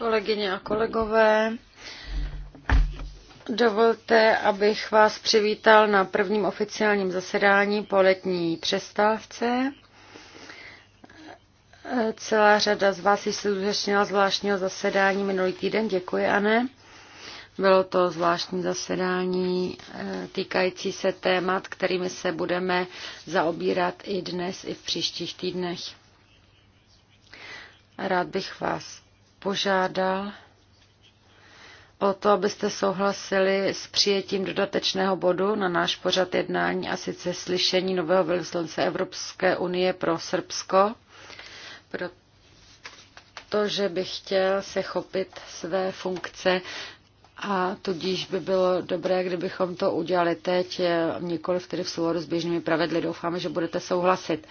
Kolegyně a kolegové, dovolte, abych vás přivítal na prvním oficiálním zasedání po letní přestávce. Celá řada z vás již se zúčastnila zvláštního zasedání minulý týden. Děkuji, Ane. Bylo to zvláštní zasedání eh, týkající se témat, kterými se budeme zaobírat i dnes, i v příštích týdnech. Rád bych vás požádal o to, abyste souhlasili s přijetím dodatečného bodu na náš pořad jednání a sice slyšení nového velvyslance Evropské unie pro Srbsko, protože bych chtěl se chopit své funkce a tudíž by bylo dobré, kdybychom to udělali teď, nikoli tedy v souladu s běžnými pravidly. Doufáme, že budete souhlasit.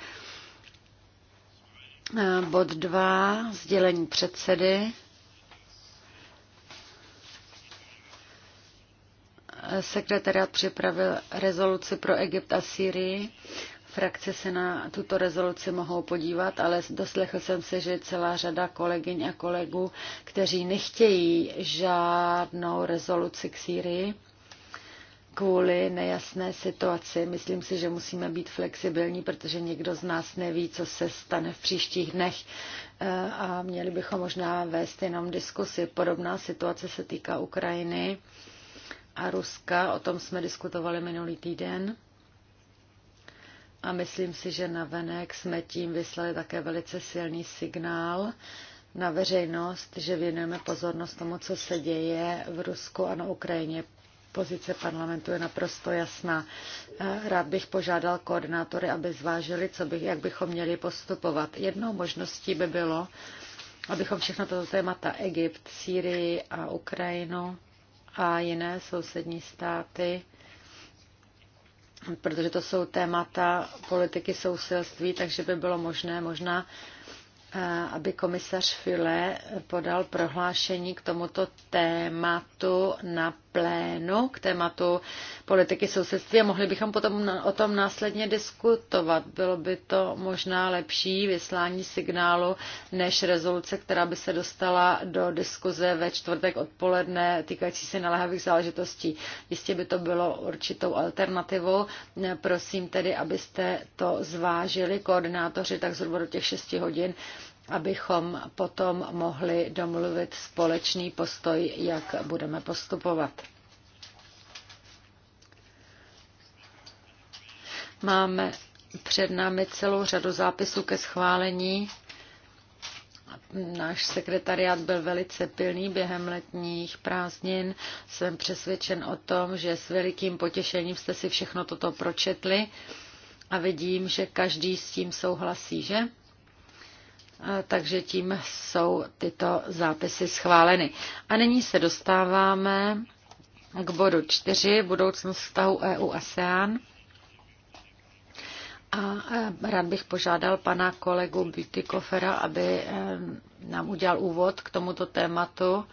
Eh, bod 2, sdělení předsedy. Eh, Sekretariat připravil rezoluci pro Egypt a Sýrii. Frakce se na tuto rezoluci mohou podívat, ale doslechl jsem se, že je celá řada kolegyň a kolegů, kteří nechtějí žádnou rezoluci k Sýrii kvůli nejasné situaci. Myslím si, že musíme být flexibilní, protože nikdo z nás neví, co se stane v příštích dnech eh, a měli bychom možná vést jenom diskusy. Podobná situace se týká Ukrajiny a Ruska, o tom jsme diskutovali minulý týden. A myslím si, že navenek jsme tím vyslali také velice silný signál na veřejnost, že věnujeme pozornost tomu, co se děje v Rusku a na Ukrajině. Pozice parlamentu je naprosto jasná. Eh, rád bych požádal koordinátory, aby zvážili, co bych, jak bychom měli postupovat. Jednou možností by bylo, abychom všechno toto témata Egypt, Sýrii a Ukrajinu a jiné sousední státy, protože to jsou témata politiky sousedství, takže by bylo možné možná, eh, aby komisař File podal prohlášení k tomuto tématu na plénu k tématu politiky sousedství a mohli bychom potom o tom následně diskutovat. Bylo by to možná lepší vyslání signálu než rezoluce, která by se dostala do diskuze ve čtvrtek odpoledne týkající se naléhavých záležitostí. Jistě by to bylo určitou alternativou. Prosím tedy, abyste to zvážili, koordinátoři, tak zhruba do těch 6 hodin abychom potom mohli domluvit společný postoj, jak budeme postupovat. Máme před námi celou řadu zápisů ke schválení. Náš sekretariát byl velice pilný během letních prázdnin. Jsem přesvědčen o tom, že s velikým potěšením jste si všechno toto pročetli a vidím, že každý s tím souhlasí, že? takže tím jsou tyto zápisy schváleny. A nyní se dostáváme k bodu 4, budoucnost vztahu EU-ASEAN. A eh, rád bych požádal pana kolegu Bütikofera, aby eh, nám udělal úvod k tomuto tématu,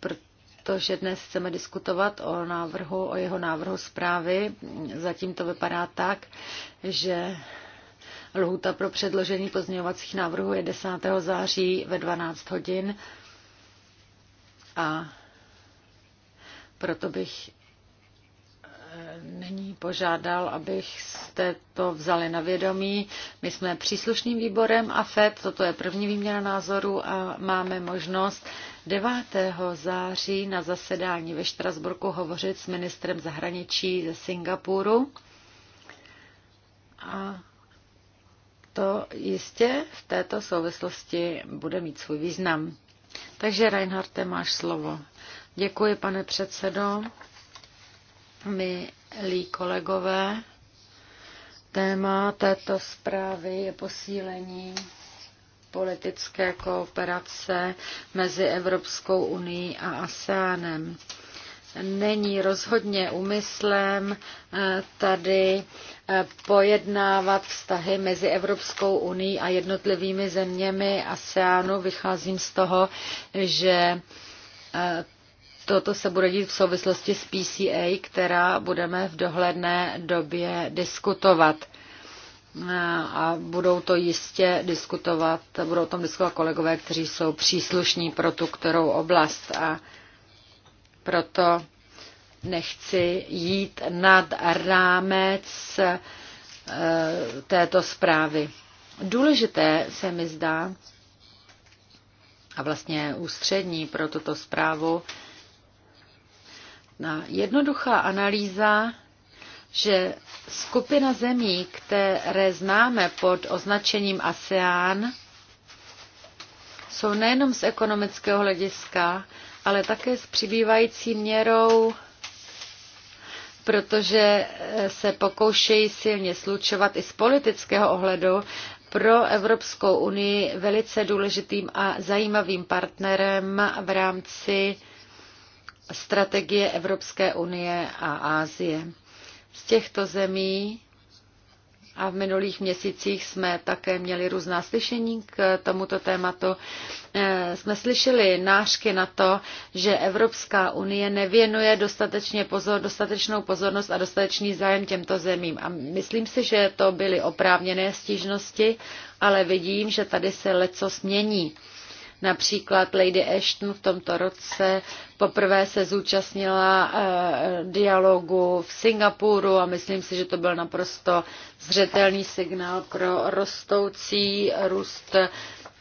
protože dnes chceme diskutovat o návrhu, o jeho návrhu zprávy. Zatím to vypadá tak, že Lhuta pro předložení pozměňovacích návrhů je 10. září ve 12 hodin. A proto bych eh, není požádal, abyste to vzali na vědomí. My jsme příslušným výborem a FED, toto je první výměna názoru a máme možnost 9. září na zasedání ve Štrasburku hovořit s ministrem zahraničí ze Singapuru. A to jistě v této souvislosti bude mít svůj význam. Takže Reinharte, máš slovo. Děkuji, pane předsedo. Milí kolegové, téma této zprávy je posílení politické kooperace mezi Evropskou unii a ASEANem není rozhodně úmyslem eh, tady eh, pojednávat vztahy mezi Evropskou unii a jednotlivými zeměmi ASEANu. Vycházím z toho, že eh, toto se bude dít v souvislosti s PCA, která budeme v dohledné době diskutovat a budou to jistě diskutovat, budou o tom diskutovat kolegové, kteří jsou příslušní pro tu kterou oblast. A proto nechci jít nad rámec eh, této zprávy. Důležité se mi zdá, a vlastně ústřední pro tuto zprávu, na jednoduchá analýza, že skupina zemí, které známe pod označením ASEAN, jsou nejenom z ekonomického hlediska, ale také s přibývající měrou protože eh, se pokoušejí silně slučovat i z politického ohledu, pro Evropskou unii velice důležitým a zajímavým partnerem v rámci strategie Evropské unie a Ázie. Z těchto zemí a v minulých měsících jsme také měli různá slyšení k tomuto tématu. Eh, jsme slyšeli nářky na to, že Evropská unie nevěnuje dostatečně pozor, dostatečnou pozornost a dostatečný zájem těmto zemím. A myslím si, že to byly oprávněné stížnosti, ale vidím, že tady se leco smění. Například Lady Ashton v tomto roce poprvé se zúčastnila eh, dialogu v Singapuru a myslím si, že to byl naprosto zřetelný signál pro rostoucí růst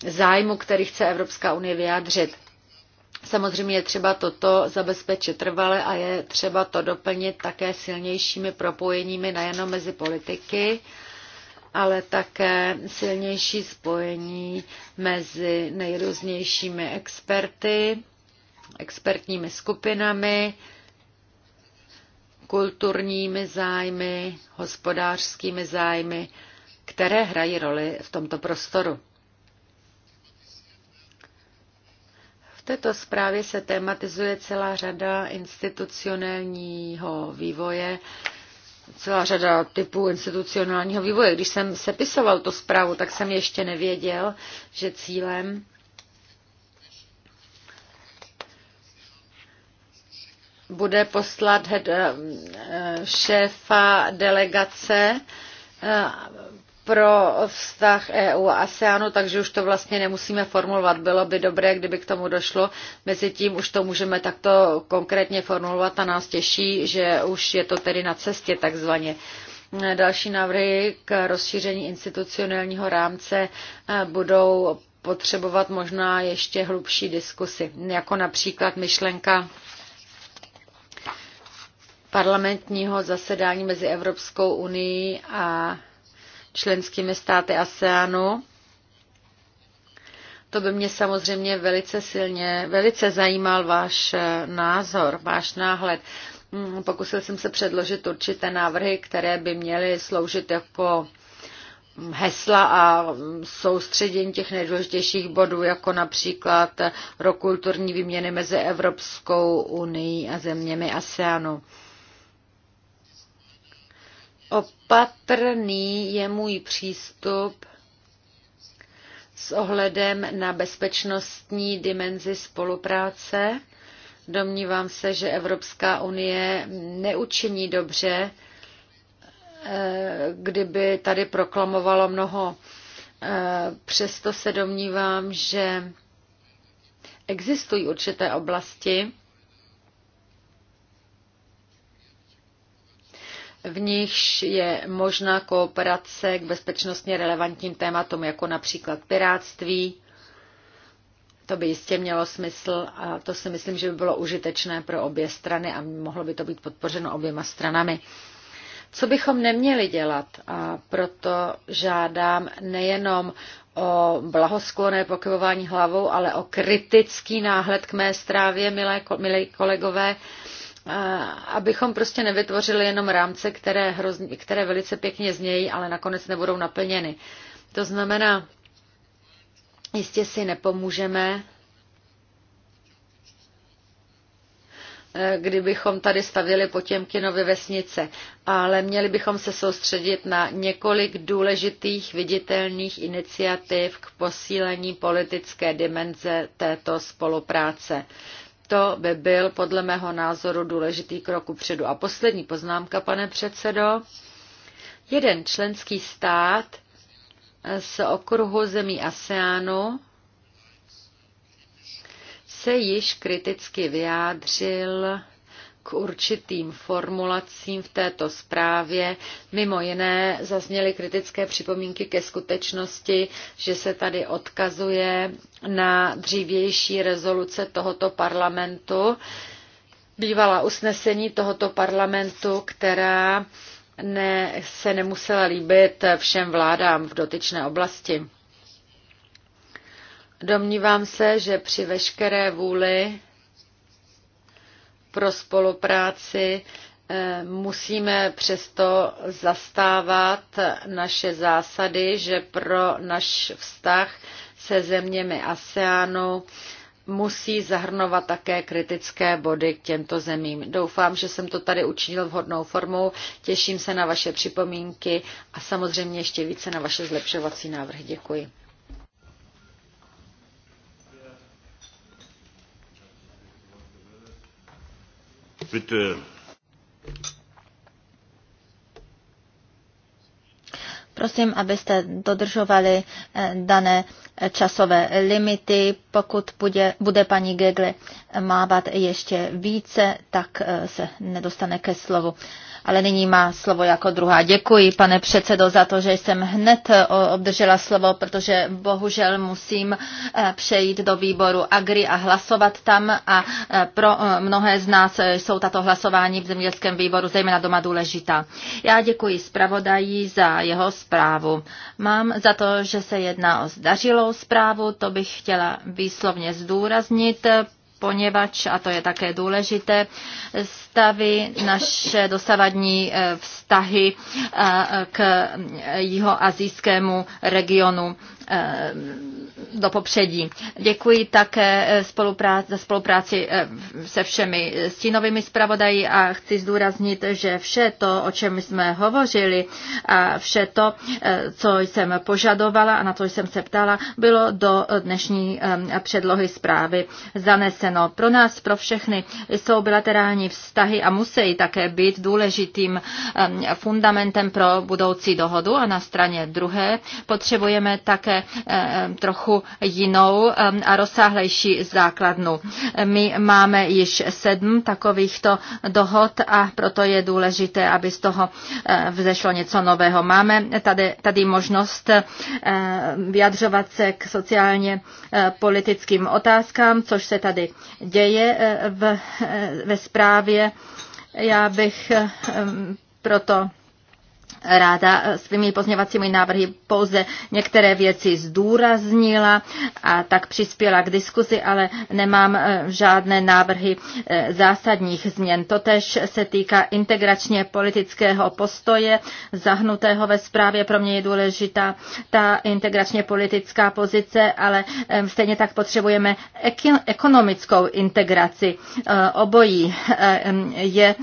zájmu, který chce Evropská unie vyjádřit. Samozřejmě je třeba toto zabezpečit trvale a je třeba to doplnit také silnějšími propojeními nejenom mezi politiky, ale také silnější spojení mezi nejrůznějšími experty, expertními skupinami, kulturními zájmy, hospodářskými zájmy, které hrají roli v tomto prostoru. V této zprávě se tematizuje celá řada institucionálního vývoje, celá řada typů institucionálního vývoje. Když jsem sepisoval tu zprávu, tak jsem ještě nevěděl, že cílem bude poslat eh, šéfa delegace eh, pro vztah EU a ASEANu, takže už to vlastně nemusíme formulovat. Bylo by dobré, kdyby k tomu došlo. Mezitím už to můžeme takto konkrétně formulovat a nás těší, že už je to tedy na cestě takzvaně. Další návrhy k rozšíření institucionálního rámce eh, budou potřebovat možná ještě hlubší diskusy, jako například myšlenka parlamentního zasedání mezi Evropskou unii a členskými státy ASEANu. To by mě samozřejmě velice silně, velice zajímal váš eh, názor, váš náhled. Mm, pokusil jsem se předložit určité návrhy, které by měly sloužit jako mm, hesla a mm, soustředění těch nejdůležitějších bodů, jako například eh, rokulturní výměny mezi Evropskou unii a zeměmi ASEANu. Opatrný je můj přístup s ohledem na bezpečnostní dimenzi spolupráce. Domnívám se, že Evropská unie neučiní dobře, eh, kdyby tady proklamovalo mnoho. Eh, přesto se domnívám, že existují určité oblasti, v nichž je možná kooperace k bezpečnostně relevantním tématům, jako například piráctví. To by jistě mělo smysl a to si myslím, že by bylo užitečné pro obě strany a mohlo by to být podpořeno oběma stranami. Co bychom neměli dělat? A proto žádám nejenom o blahosklonné pokyvování hlavou, ale o kritický náhled k mé strávě, milé, milé kolegové, abychom prostě nevytvořili jenom rámce, které, hrozně, které velice pěkně znějí, ale nakonec nebudou naplněny. To znamená, jistě si nepomůžeme, eh, kdybychom tady stavili Potěmkinovy vesnice, ale měli bychom se soustředit na několik důležitých viditelných iniciativ k posílení politické dimenze této spolupráce. To by byl podle mého názoru důležitý krok upředu. A poslední poznámka, pane předsedo. Jeden členský stát z okruhu zemí ASEANu se již kriticky vyjádřil k určitým formulacím v této zprávě. Mimo jiné zazněly kritické připomínky ke skutečnosti, že se tady odkazuje na dřívější rezoluce tohoto parlamentu, bývala usnesení tohoto parlamentu, která ne, se nemusela líbit všem vládám v dotyčné oblasti. Domnívám se, že při veškeré vůli pro spolupráci. Eh, musíme přesto zastávat naše zásady, že pro náš vztah se zeměmi ASEANu musí zahrnovat také kritické body k těmto zemím. Doufám, že jsem to tady učinil vhodnou formou. Těším se na vaše připomínky a samozřejmě ještě více na vaše zlepšovací návrhy. Děkuji. bitte. Prosím, abyste dodržovali eh, dané eh, časové limity. Pokud bude, bude paní Gegle mávat ještě více, tak eh, se nedostane ke slovu ale nyní má slovo jako druhá. Děkuji, pane předsedo, za to, že jsem hned eh, obdržela slovo, protože bohužel musím eh, přejít do výboru Agri a hlasovat tam a eh, pro mnohé z nás jsou tato hlasování v zemědělském výboru zejména doma důležitá. Já děkuji zpravodají za jeho zprávu. Mám za to, že se jedná o zdařilou zprávu, to bych chtěla výslovně zdůraznit, poněvadž, a to je také důležité, stavy naše dosavadní eh, vztahy eh, k jihoazijskému regionu do popředí. Děkuji také eh, spolupráci, za spolupráci eh, se všemi stínovými zpravodají a chci zdůraznit, že vše to, o čem jsme hovořili a vše to, eh, co jsem požadovala a na co jsem se ptala, bylo do dnešní předlohy zprávy zaneseno. Pro nás, pro všechny jsou bilaterální vztahy a musí také být důležitým fundamentem pro budoucí dohodu a na straně druhé potřebujeme také Eh, trochu jinou eh, a rozsáhlejší základnu. My máme již sedm takovýchto dohod a proto je důležité, aby z toho eh, vzešlo něco nového. Máme tady, tady možnost vyjadřovat se k sociálně politickým otázkám, což se tady děje v, ve zprávě. Já bych proto ráda svými pozněvacími návrhy pouze některé věci zdůraznila a tak přispěla k diskuzi, ale nemám eh, žádné návrhy eh, zásadních změn. Totež se týká integračně politického postoje zahnutého ve zprávě. Pro mě je důležitá ta integračně politická pozice, ale eh, stejně tak potřebujeme ekonomickou integraci. Obojí je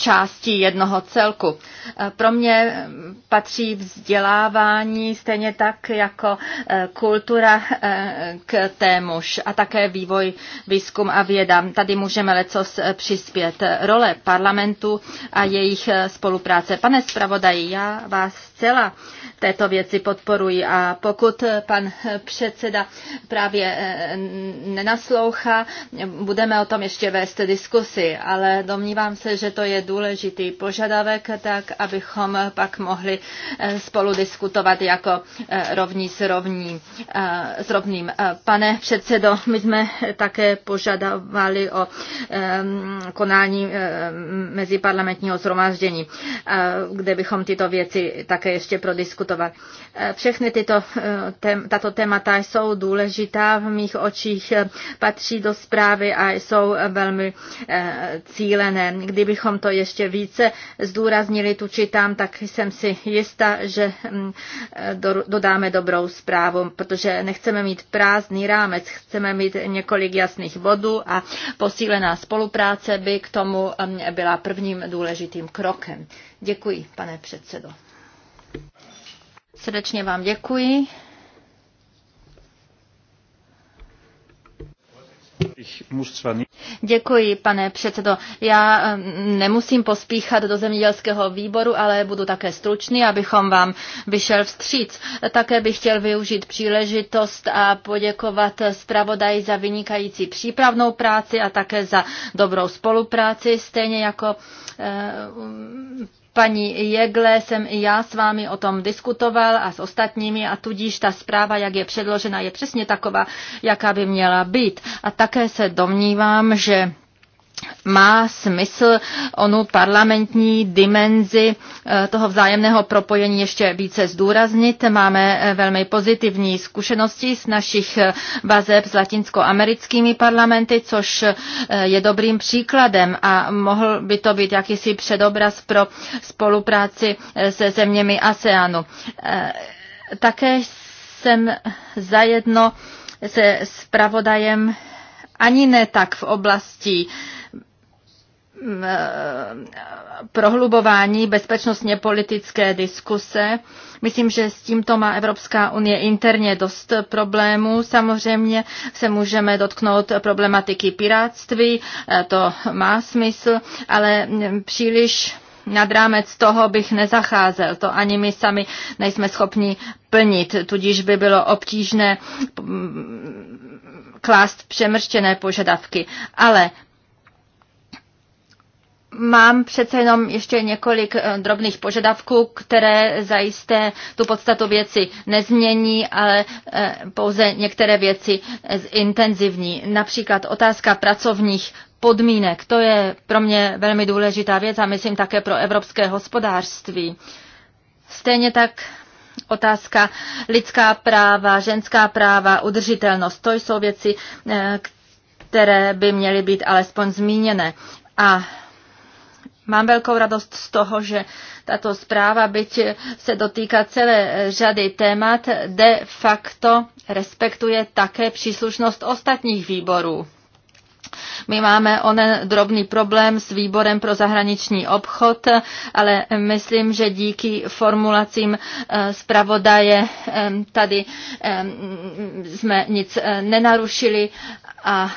částí jednoho celku. Eh, pro mě eh, patří vzdělávání stejně tak jako eh, kultura k témuž a také vývoj, výzkum a věda. Tady můžeme lecos přispět. Role parlamentu a jejich spolupráce. Pane zpravodaji, já vás zcela této věci podporují. A pokud pan předseda právě eh, nenaslouchá, budeme o tom ještě vést diskusy, ale domnívám se, že to je důležitý požadavek, tak abychom pak mohli eh, spolu diskutovat jako eh, rovní s, rovní, s rovným. Pane předsedo, my jsme také požadovali o konání meziparlamentního zhromáždění, kde bychom tyto věci také také ještě prodiskutovat. Eh, všechny tyto, eh, tato témata jsou důležitá, v mých očích eh, patří do zprávy a jsou velmi cílené. Kdybychom to ještě více zdůraznili tu či tam, tak jsem si jista, že mm, dodáme dobrou zprávu, protože nechceme mít prázdný rámec, chceme mít několik jasných bodů a posílená spolupráce by k tomu mm, byla prvním důležitým krokem. Děkuji, pane předsedo. Srdečně vám děkuji. Děkuji, pane předsedo. Já nemusím pospíchat do zemědělského výboru, ale budu také stručný, abychom vám vyšel vstříc. Také bych chtěl využít příležitost a poděkovat zpravodaji za vynikající přípravnou práci a také za dobrou spolupráci, stejně jako eh, paní Jegle jsem i já s vámi o tom diskutoval a s ostatními a tudíž ta zpráva, jak je předložena, je přesně taková, jaká by měla být. A také se domnívám, že má smysl onu parlamentní dimenzi eh, toho vzájemného propojení ještě více zdůraznit. Máme eh, velmi pozitivní zkušenosti s našich eh, vazeb s latinskoamerickými parlamenty, což je dobrým příkladem a mohl by to být jakýsi předobraz pro spolupráci se zeměmi ASEANu. Také jsem zajedno se spravodajem ani ne tak v oblasti uh, Eh, prohlubování bezpečnostně politické diskuse. Myslím, že s tímto má Evropská unie interně dost problémů. Samozřejmě se můžeme dotknout problematiky piráctví, eh, to má smysl, ale příliš nad rámec toho bych nezacházel. To ani my sami nejsme schopni plnit, tudíž by bylo obtížné klást přemrštěné požadavky. Ale Mám přece jenom ještě několik eh, drobných požadavků, které zajisté tu podstatu věci nezmění, ale eh, pouze některé věci eh, zintenzivní. Například otázka pracovních podmínek. To je pro mě velmi důležitá věc a myslím také pro evropské hospodářství. Stejně tak otázka lidská práva, ženská práva, udržitelnost. To jsou věci, které by měly být alespoň zmíněné. A Mám velkou radost z toho, že tato zpráva, byť se dotýká celé řady témat, de facto respektuje také příslušnost ostatních výborů. My máme onen drobný problém s výborem pro zahraniční obchod, ale myslím, že díky formulacím eh, zpravodaje eh, tady eh, jsme nic nenarušili a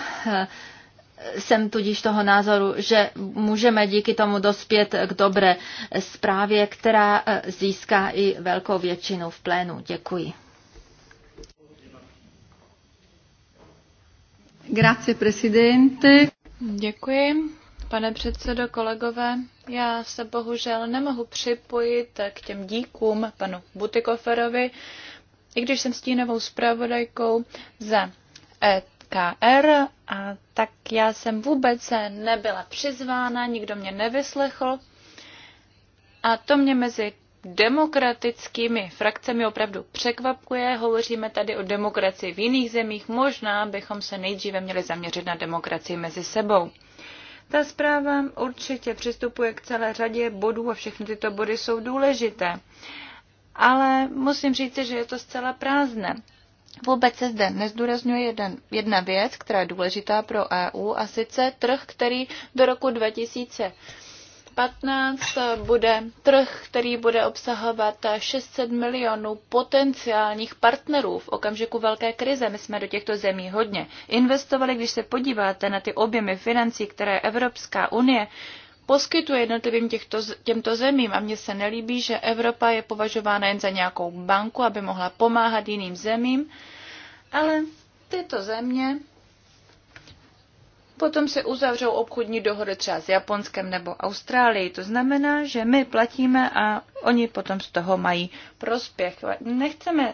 jsem tudíž toho názoru, že můžeme díky tomu dospět k dobré zprávě, která e, získá i velkou většinu v plénu. Děkuji. Grazie, presidente. Děkuji, pane předsedo, kolegové. Já se bohužel nemohu připojit k těm díkům panu Butikoferovi, i když jsem stínovou zpravodajkou za ET KR a tak já jsem vůbec nebyla přizvána, nikdo mě nevyslechl a to mě mezi demokratickými frakcemi opravdu překvapuje. Hovoříme tady o demokracii v jiných zemích. Možná bychom se nejdříve měli zaměřit na demokracii mezi sebou. Ta zpráva určitě přistupuje k celé řadě bodů a všechny tyto body jsou důležité. Ale musím říct, že je to zcela prázdné. Vůbec se zde nezdůrazňuje jedna věc, která je důležitá pro EU, a sice trh, který do roku 2015 eh, bude trh, který bude obsahovat 600 eh, milionů potenciálních partnerů v okamžiku velké krize. My jsme do těchto zemí hodně investovali. Když se podíváte na ty objemy financí, které Evropská unie poskytuje jednotlivým těchto, těmto zemím. A mně se nelíbí, že Evropa je považována jen za nějakou banku, aby mohla pomáhat jiným zemím, ale tyto země potom se uzavřou obchodní dohody třeba s Japonskem nebo Austrálií. To znamená, že my platíme a oni potom z toho mají prospěch. Nechceme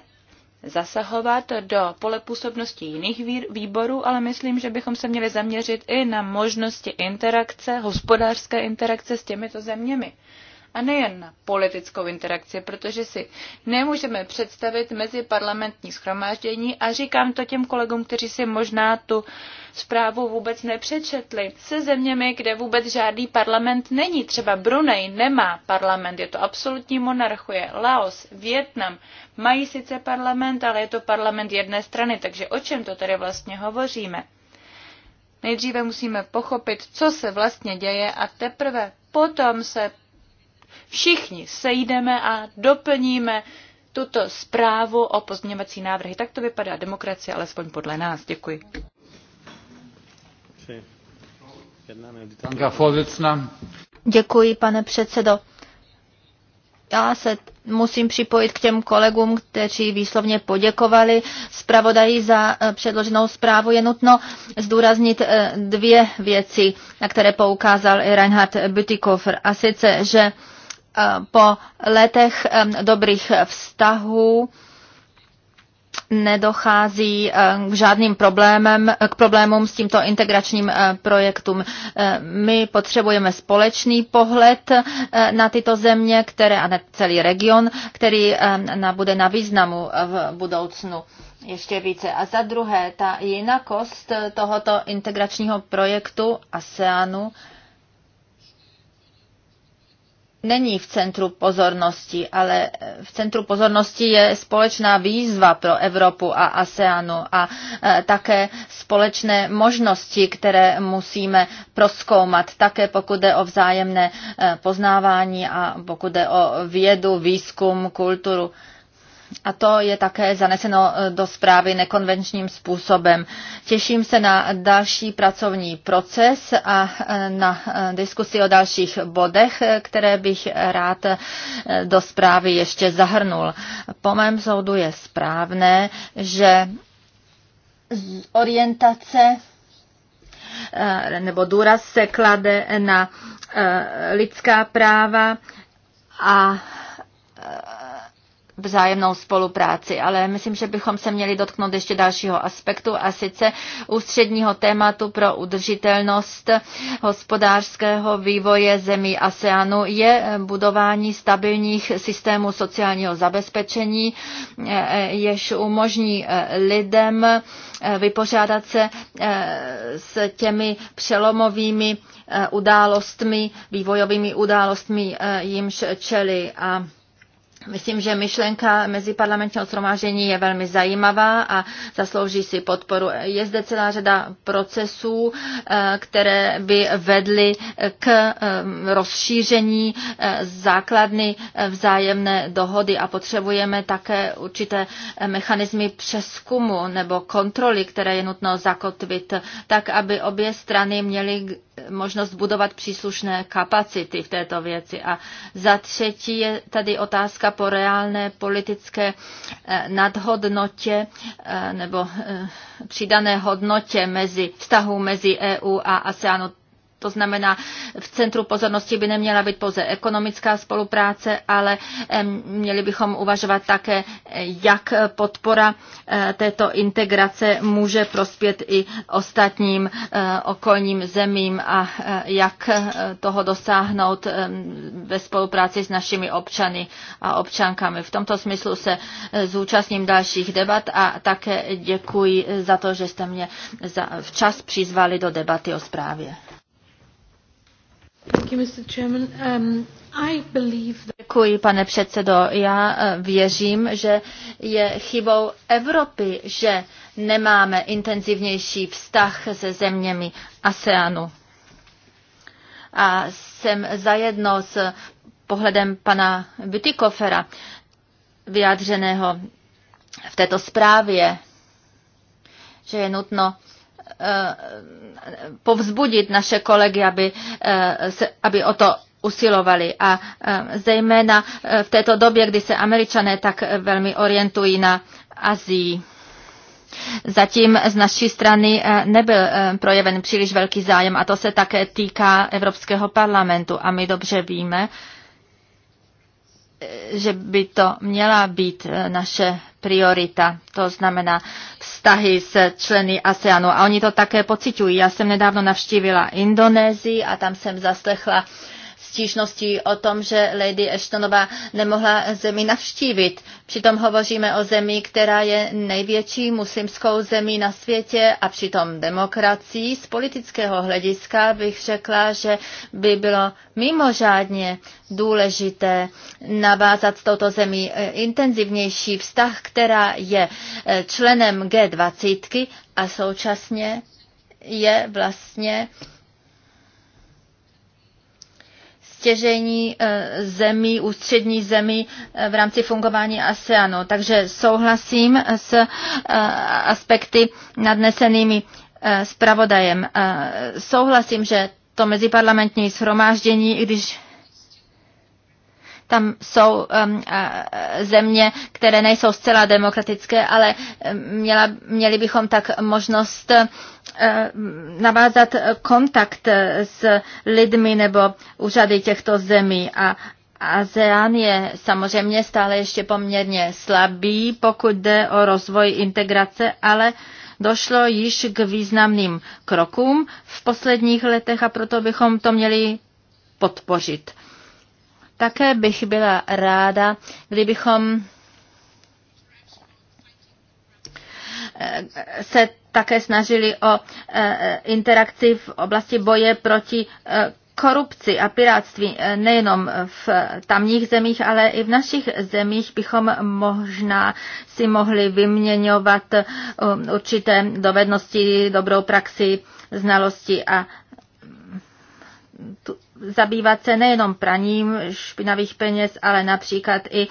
zasahovat do pole působnosti jiných výborů, ale myslím, že bychom se měli zaměřit i na možnosti interakce, hospodářské interakce s těmito zeměmi a nejen na politickou interakci, protože si nemůžeme představit mezi parlamentní schromáždění a říkám to těm kolegům, kteří si možná tu zprávu vůbec nepřečetli, se zeměmi, kde vůbec žádný parlament není. Třeba Brunei nemá parlament, je to absolutní monarchie. Laos, Vietnam mají sice parlament, ale je to parlament jedné strany, takže o čem to tady vlastně hovoříme? Nejdříve musíme pochopit, co se vlastně děje a teprve potom se všichni sejdeme a doplníme tuto zprávu o pozměňovací návrhy. Tak to vypadá demokracie, alespoň podle nás. Děkuji. Děkuji, pane předsedo. Já se musím připojit k těm kolegům, kteří výslovně poděkovali zpravodaji za eh, předloženou zprávu. Je nutno zdůraznit eh, dvě věci, na které poukázal Reinhard Bütikofer. A sice, že Eh, po letech dobrých vztahů nedochází eh, k žádným problémem, k problémům s tímto integračním eh, projektům. My potřebujeme společný pohled na tyto země, které a na celý region, který bude na významu v budoucnu ještě více. A za druhé, ta jinakost tohoto integračního projektu ASEANu není v centru pozornosti, ale v centru pozornosti je společná výzva pro Evropu a ASEANu a e, také společné možnosti, které musíme proskoumat, také pokud jde o vzájemné e, poznávání a pokud jde o vědu, výzkum, kulturu a to je také zaneseno e, do zprávy nekonvenčním způsobem. Těším se na další pracovní proces a e, na e, diskusi o dalších bodech, které bych rád do zprávy ještě zahrnul. Po mém soudu je správné, že z orientace nebo důraz se klade na lidská práva a vzájemnou spolupráci, ale myslím, že bychom se měli dotknout ještě dalšího aspektu a sice ústředního tématu pro udržitelnost hospodářského vývoje zemí ASEANu je budování stabilních systémů sociálního zabezpečení, jež umožní lidem vypořádat se s těmi přelomovými událostmi, vývojovými událostmi, jimž čeli a Myslím, že myšlenka meziparlamentního shromáždění je velmi zajímavá a zaslouží si podporu. Je zde celá řada procesů, eh, které by vedly k eh, rozšíření eh, základny vzájemné dohody a potřebujeme také určité mechanismy přeskumu nebo kontroly, které je nutno zakotvit, tak aby obě strany měly možnost budovat příslušné kapacity v této věci. A za třetí je tady otázka po reálné politické eh, nadhodnotě eh, nebo eh, přidané hodnotě mezi vztahu mezi EU a ASEANu. To znamená, v centru pozornosti by neměla být pouze ekonomická spolupráce, ale měli bychom uvažovat také, eh, jak podpora eh, této integrace může prospět i ostatním eh, okolním zemím a jak toho dosáhnout ve spolupráci s našimi občany a občankami. V tomto smyslu se zúčastním dalších debat a také děkuji za to, že jste mě včas přizvali do debaty o zprávě. Um, Děkuji, pane předsedo. Já eh, věřím, že je chybou Evropy, že nemáme intenzivnější vztah se zeměmi ASEANu. A jsem zajedno s pohledem pana Bytikofera vyjádřeného v této zprávě, že je nutno Eh, povzbudit naše kolegy, aby, eh, se, aby o to usilovali a eh, zejména v této době, kdy se američané tak velmi orientují na Azii. Zatím z naší strany nebyl projeven příliš velký zájem a to se také týká Evropského parlamentu a my dobře víme, že by to měla být naše priorita. To znamená vztahy s členy ASEANu a oni to také pociťují. Já jsem nedávno navštívila Indonésii a tam jsem zaslechla uh, stížností o tom, že Lady Ashtonová nemohla zemi navštívit. Přitom hovoříme o zemi, která je největší muslimskou zemí na světě a přitom demokracií. Z politického hlediska bych řekla, že by bylo mimořádně důležité navázat s touto zemí eh, intenzivnější vztah, která je eh, členem G20 a současně je vlastně stěžení eh, zemí, ústřední zemí eh, v rámci fungování ASEANu. Takže souhlasím s eh, aspekty nadnesenými zpravodajem. Souhlasím, že to meziparlamentní shromáždění, i když tam jsou um, země, které nejsou zcela demokratické, ale um, měla, měli bychom tak možnost uh, navázat kontakt s lidmi nebo úřady těchto zemí a ASEAN je samozřejmě stále ještě poměrně slabý, pokud jde o rozvoj integrace, ale došlo již k významným krokům v posledních letech a proto bychom to měli podpořit. Také bych byla ráda, kdybychom eh, se také snažili o eh, interakci v oblasti boje proti eh, korupci a piráctví nejenom v tamních zemích, ale i v našich zemích bychom možná si mohli vyměňovat určité dovednosti, dobrou praxi, znalosti a zabývat se nejenom praním špinavých peněz, ale například i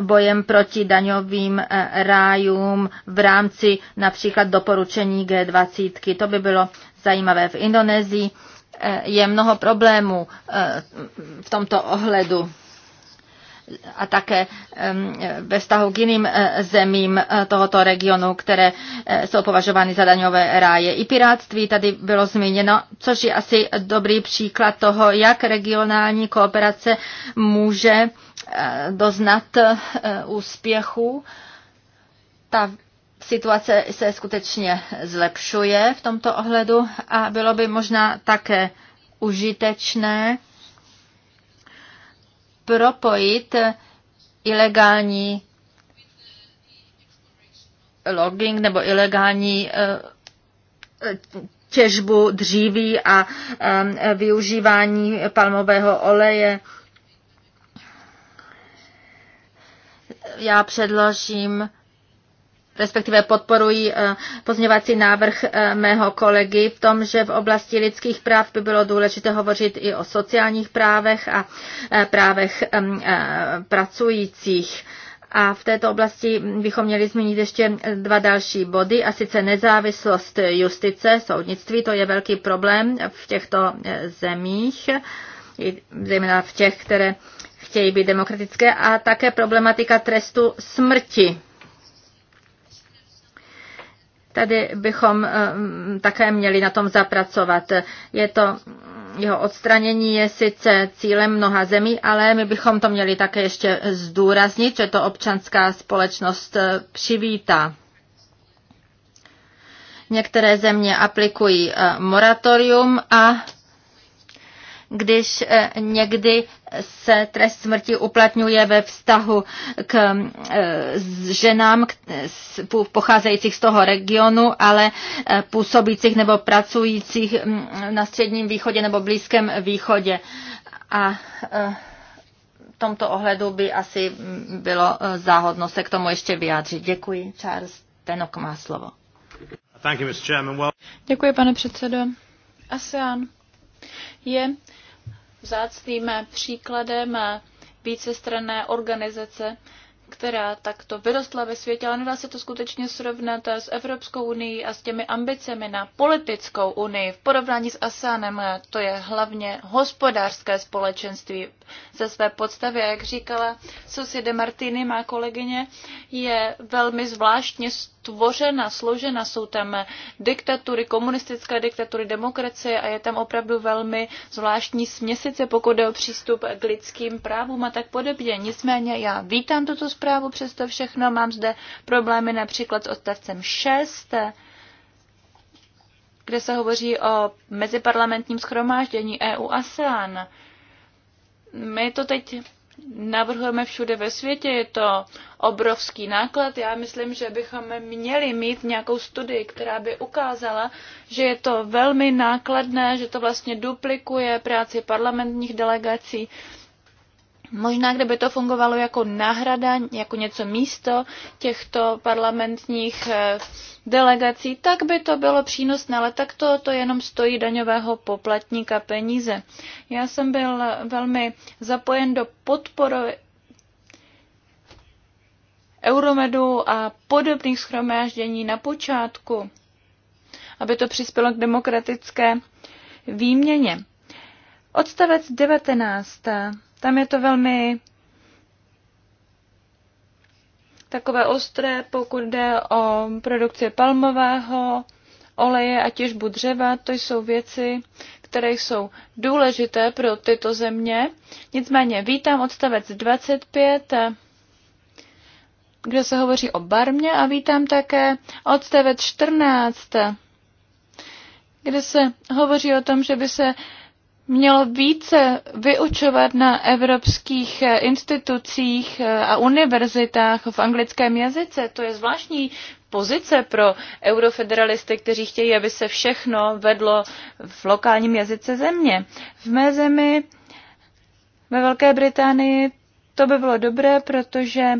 bojem proti daňovým e, rájům v rámci například doporučení G20. To by bylo zajímavé v Indonésii e, je mnoho problémů e, v tomto ohledu a také ve vztahu k jiným eh, zemím eh, tohoto regionu, které eh, jsou považovány za daňové ráje. I piráctví tady bylo zmíněno, což je asi dobrý příklad toho, jak regionální kooperace může doznat úspěchu. Ta situace se skutečně zlepšuje v tomto ohledu a bylo by možná také užitečné propojit ilegální logging nebo ilegální eh, těžbu dříví a eh, využívání palmového oleje. Já předložím respektive podporují eh, pozměňovací návrh eh, mého kolegy v tom, že v oblasti lidských práv by bylo důležité hovořit i o sociálních právech a eh, právech pracujících. A v této oblasti bychom měli zmínit ještě dva další body, a sice nezávislost justice, soudnictví, to je velký problém v těchto zemích, zejména v těch, které chtějí být demokratické, a také problematika trestu smrti Tady bychom eh, také měli na tom zapracovat. Je to jeho odstranění je sice cílem mnoha zemí, ale my bychom to měli také ještě zdůraznit, že to občanská společnost eh, přivítá. Některé země aplikují eh, moratorium a když eh, někdy se trest smrti uplatňuje ve vztahu k eh, ženám pocházejících z toho regionu, ale eh, působících nebo pracujících mm, na Středním východě nebo Blízkém východě. A v tomto ohledu by asi mm, bylo záhodno se k tomu ještě vyjádřit. Děkuji. Charles Tenok má slovo. Děkuji, pane předsedo. ASEAN je vzácným příkladem vícestranné organizace, která takto vyrostla ve světě, ale nedá se to skutečně srovnat s Evropskou unii a s těmi ambicemi na politickou unii. V porovnání s ASANem to je hlavně hospodářské společenství ze své podstavy. A jak říkala Susie de Martini, má kolegyně, je velmi zvláštně stvořena, složena. Jsou tam diktatury, komunistické diktatury, demokracie a je tam opravdu velmi zvláštní směsice, pokud jde o přístup k lidským právům a tak podobně. Nicméně já vítám tuto zprávu, přesto všechno mám zde problémy například s odstavcem 6, kde se hovoří o meziparlamentním schromáždění EU-ASEAN. My to teď navrhujeme všude ve světě, je to obrovský náklad. Já myslím, že bychom měli mít nějakou studii, která by ukázala, že je to velmi nákladné, že to vlastně duplikuje práci parlamentních delegací. Možná, kdyby to fungovalo jako náhrada, jako něco místo těchto parlamentních eh, delegací, tak by to bylo přínosné, ale tak to, to jenom stojí daňového poplatníka peníze. Já jsem byl velmi zapojen do podporu Euromedu a podobných schromáždění na počátku, aby to přispělo k demokratické výměně. Odstavec 19 tam je to velmi takové ostré, pokud jde o produkci palmového oleje a těžbu dřeva. To jsou věci, které jsou důležité pro tyto země. Nicméně vítám odstavec 25, kde se hovoří o barmě a vítám také odstavec 14, kde se hovoří o tom, že by se mělo více vyučovat na evropských eh, institucích eh, a univerzitách v anglickém jazyce. To je zvláštní pozice pro eurofederalisty, kteří chtějí, aby se všechno vedlo v lokálním jazyce země. V mé zemi ve Velké Británii to by bylo dobré, protože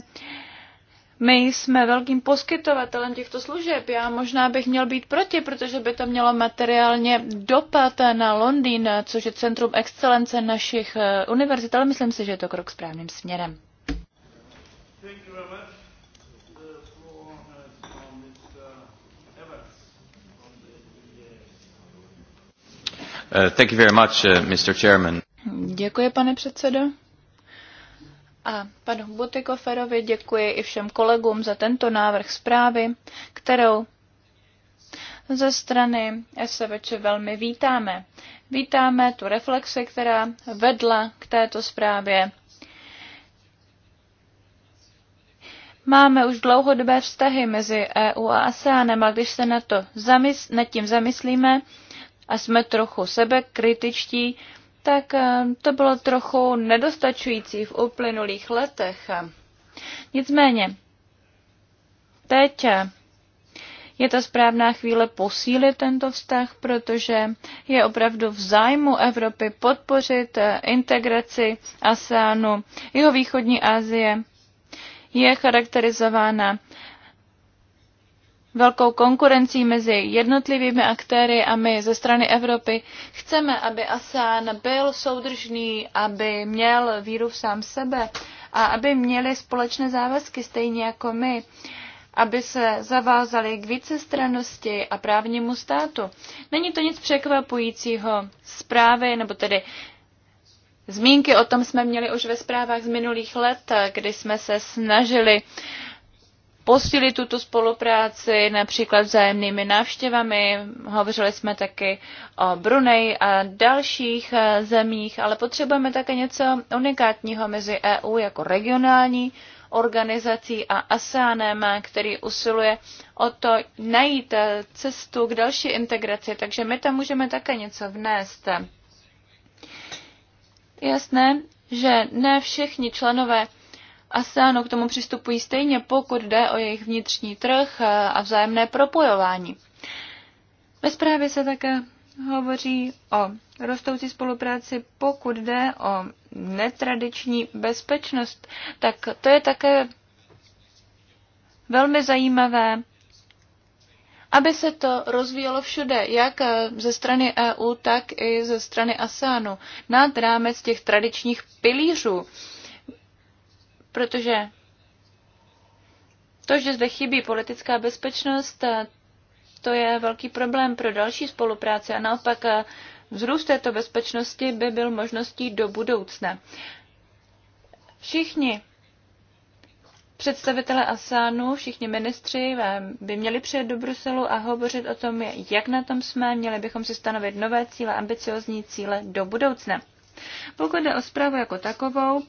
my jsme velkým poskytovatelem těchto služeb. Já možná bych měl být proti, protože by to mělo materiálně dopad na Londýn, což je centrum excelence našich eh, univerzit, ale myslím si, že je to krok správným směrem. Děkuji, pane předsedo. A panu Butikoferovi děkuji i všem kolegům za tento návrh zprávy, kterou ze strany SVČ velmi vítáme. Vítáme tu reflexi, která vedla k této zprávě. Máme už dlouhodobé vztahy mezi EU a ASEANem a když se na to zamysl- nad tím zamyslíme a jsme trochu sebekritičtí, tak eh, to bylo trochu nedostačující v uplynulých letech. Nicméně, teď eh, je ta správná chvíle posílit tento vztah, protože je opravdu v zájmu Evropy podpořit eh, integraci ASEANu. Jeho východní Asie je charakterizována velkou konkurencí mezi jednotlivými aktéry a my ze strany Evropy chceme, aby ASEAN byl soudržný, aby měl víru v sám sebe a aby měli společné závazky stejně jako my aby se zavázali k vícestrannosti a právnímu státu. Není to nic překvapujícího. Zprávy, nebo tedy zmínky o tom jsme měli už ve zprávách z minulých let, kdy jsme se snažili posílit tuto spolupráci například vzájemnými návštěvami. Hovořili jsme taky o Brunei a dalších eh, zemích, ale potřebujeme také něco unikátního mezi EU jako regionální organizací a ASEANem, který usiluje o to najít eh, cestu k další integraci, takže my tam můžeme také něco vnést. Jasné, že ne všichni členové ASEANu k tomu přistupují stejně, pokud jde o jejich vnitřní trh a vzájemné propojování. Ve zprávě se také hovoří o rostoucí spolupráci, pokud jde o netradiční bezpečnost, tak to je také velmi zajímavé, aby se to rozvíjelo všude, jak eh, ze strany EU, tak i ze strany ASEANu, nad rámec těch tradičních pilířů protože to, že zde chybí politická bezpečnost, eh, to je velký problém pro další spolupráci a naopak eh, vzrůst této bezpečnosti by byl možností do budoucna. Všichni představitelé Asánu, všichni ministři eh, by měli přijet do Bruselu a hovořit o tom, jak na tom jsme, měli bychom si stanovit nové cíle, ambiciozní cíle do budoucna. Pokud jde o zprávu jako takovou,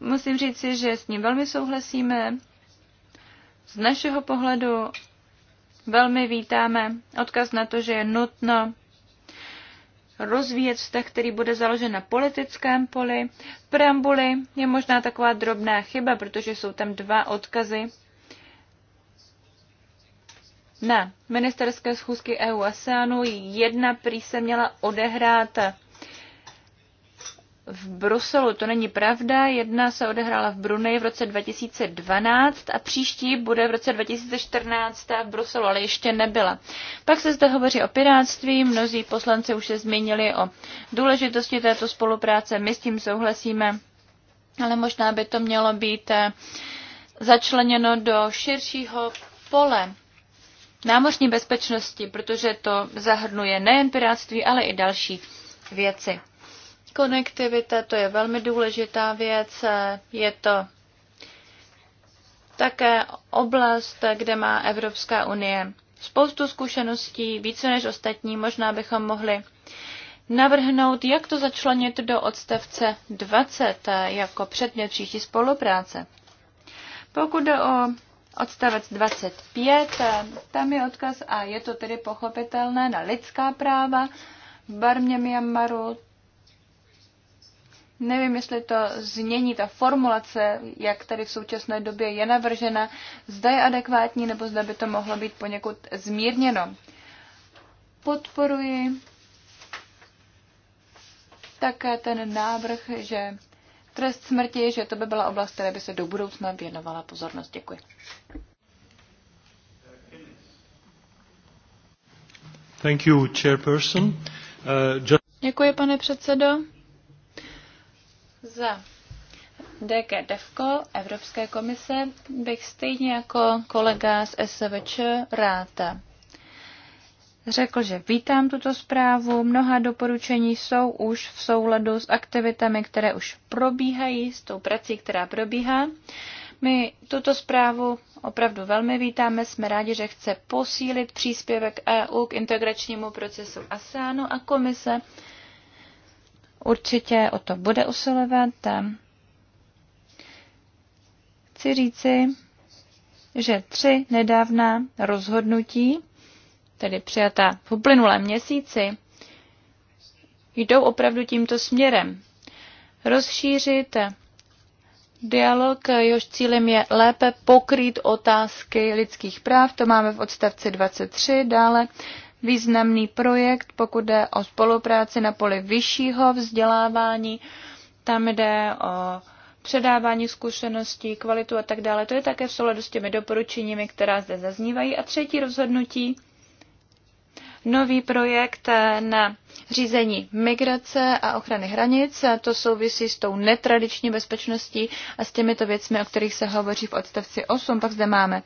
Musím říci, že s ním velmi souhlasíme. Z našeho pohledu velmi vítáme odkaz na to, že je nutno rozvíjet vztah, který bude založen na politickém poli. V preambuli je možná taková drobná chyba, protože jsou tam dva odkazy na ministerské schůzky EU ASEANu. Jedna prý se měla odehrát v Bruselu. To není pravda, jedna se odehrála v Brunei v roce 2012 a příští bude v roce 2014 v Bruselu, ale ještě nebyla. Pak se zde hovoří o piráctví, mnozí poslanci už se zmínili o důležitosti této spolupráce, my s tím souhlasíme, ale možná by to mělo být eh, začleněno do širšího pole námořní bezpečnosti, protože to zahrnuje nejen piráctví, ale i další věci. Konektivita, to je velmi důležitá věc. Je to také oblast, kde má Evropská unie spoustu zkušeností, více než ostatní. Možná bychom mohli navrhnout, jak to začlenit do odstavce 20 jako předmět příští spolupráce. Pokud jde o odstavec 25, tam je odkaz a je to tedy pochopitelné na lidská práva v Barmě Myanmaru, Nevím, jestli to změní ta formulace, jak tady v současné době je navržena, zda je adekvátní, nebo zda by to mohlo být poněkud zmírněno. Podporuji také ten návrh, že trest smrti, že to by byla oblast, které by se do budoucna věnovala pozornost. Děkuji. Thank you, chairperson. Uh, just... Děkuji, pane předsedo. Za DG DEFCO Evropské komise bych stejně jako kolega z SVČ ráta Řekl, že vítám tuto zprávu, mnoha doporučení jsou už v souladu s aktivitami, které už probíhají, s tou prací, která probíhá. My tuto zprávu opravdu velmi vítáme, jsme rádi, že chce posílit příspěvek EU k integračnímu procesu ASEANu a komise určitě o to bude usilovat. Chci říci, že tři nedávná rozhodnutí, tedy přijatá v uplynulém měsíci, jdou opravdu tímto směrem. Rozšířit dialog, jehož cílem je lépe pokrýt otázky lidských práv, to máme v odstavci 23, dále významný projekt, pokud jde o spolupráci na poli vyššího vzdělávání. Tam jde o předávání zkušeností, kvalitu a tak dále. To je také v souladu s těmi doporučeními, která zde zaznívají. A třetí rozhodnutí, nový projekt na řízení migrace a ochrany hranic. A to souvisí s tou netradiční bezpečností a s těmito věcmi, o kterých se hovoří v odstavci 8. Pak zde máme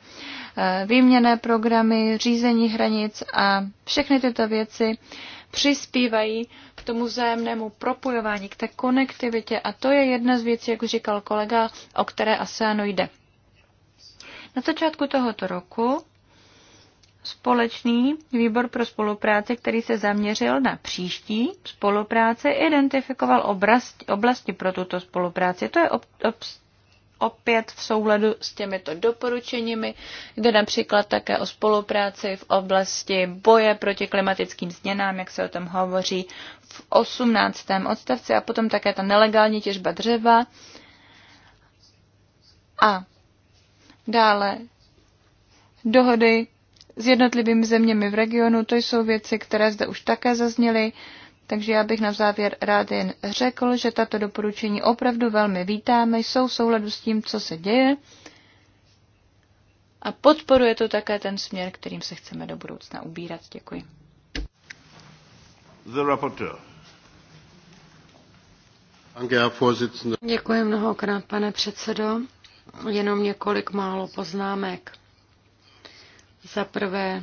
eh, výměné programy, řízení hranic a všechny tyto věci přispívají k tomu vzájemnému propojování, k té konektivitě. A to je jedna z věcí, jak už říkal kolega, o které ASEANu jde. Na začátku tohoto roku společný výbor pro spolupráci, který se zaměřil na příští spolupráci, identifikoval oblasti, oblasti pro tuto spolupráci. To je ob, ob, opět v souladu s těmito doporučeními. Jde například také o spolupráci v oblasti boje proti klimatickým změnám, jak se o tom hovoří v 18. odstavci, a potom také ta nelegální těžba dřeva. A dále dohody s jednotlivými zeměmi v regionu. To jsou věci, které zde už také zazněly. Takže já bych na závěr rád jen řekl, že tato doporučení opravdu velmi vítáme, jsou v souladu s tím, co se děje a podporuje to také ten směr, kterým se chceme do budoucna ubírat. Děkuji. The rapporteur. Děkuji mnohokrát, pane předsedo. Jenom několik málo poznámek. Za prvé,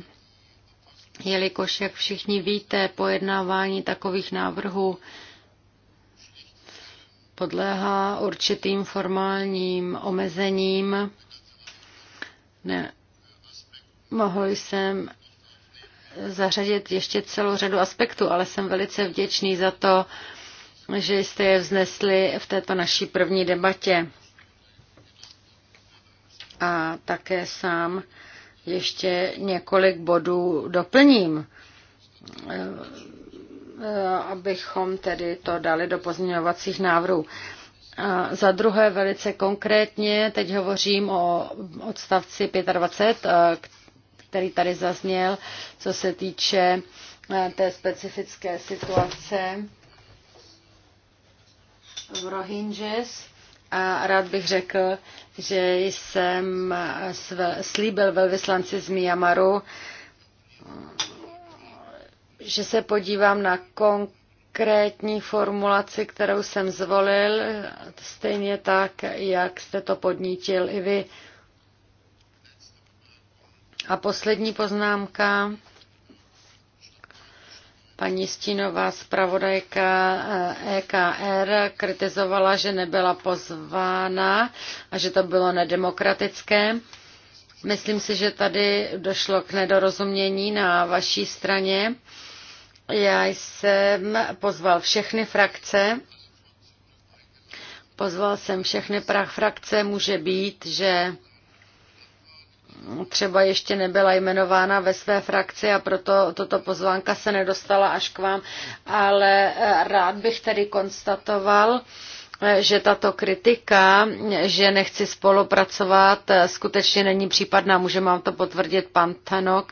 jelikož, jak všichni víte, pojednávání takových návrhů podléhá určitým formálním omezením. Ne, mohl jsem zařadit ještě celou řadu aspektů, ale jsem velice vděčný za to, že jste je vznesli v této naší první debatě. A také sám ještě několik bodů doplním, e, e, abychom tedy to dali do pozměňovacích návrhů. A e, za druhé velice konkrétně, teď hovořím o odstavci 25, který tady zazněl, co se týče té specifické situace v Rohingyas a rád bych řekl, že jsem slíbil velvyslanci z Myanmaru, že se podívám na konkrétní formulaci, kterou jsem zvolil, stejně tak, jak jste to podnítil i vy. A poslední poznámka. Paní Stínová zpravodajka EKR eh, e kritizovala, že nebyla pozvána a že to bylo nedemokratické. Myslím si, že tady došlo k nedorozumění na vaší straně. Já jsem pozval všechny frakce. Pozval jsem všechny frakce. Může být, že třeba ještě nebyla jmenována ve své frakci a proto toto pozvánka se nedostala až k vám, ale eh, rád bych tedy konstatoval, eh, že tato kritika, že nechci spolupracovat, eh, skutečně není případná. Může vám to potvrdit pan Tanok,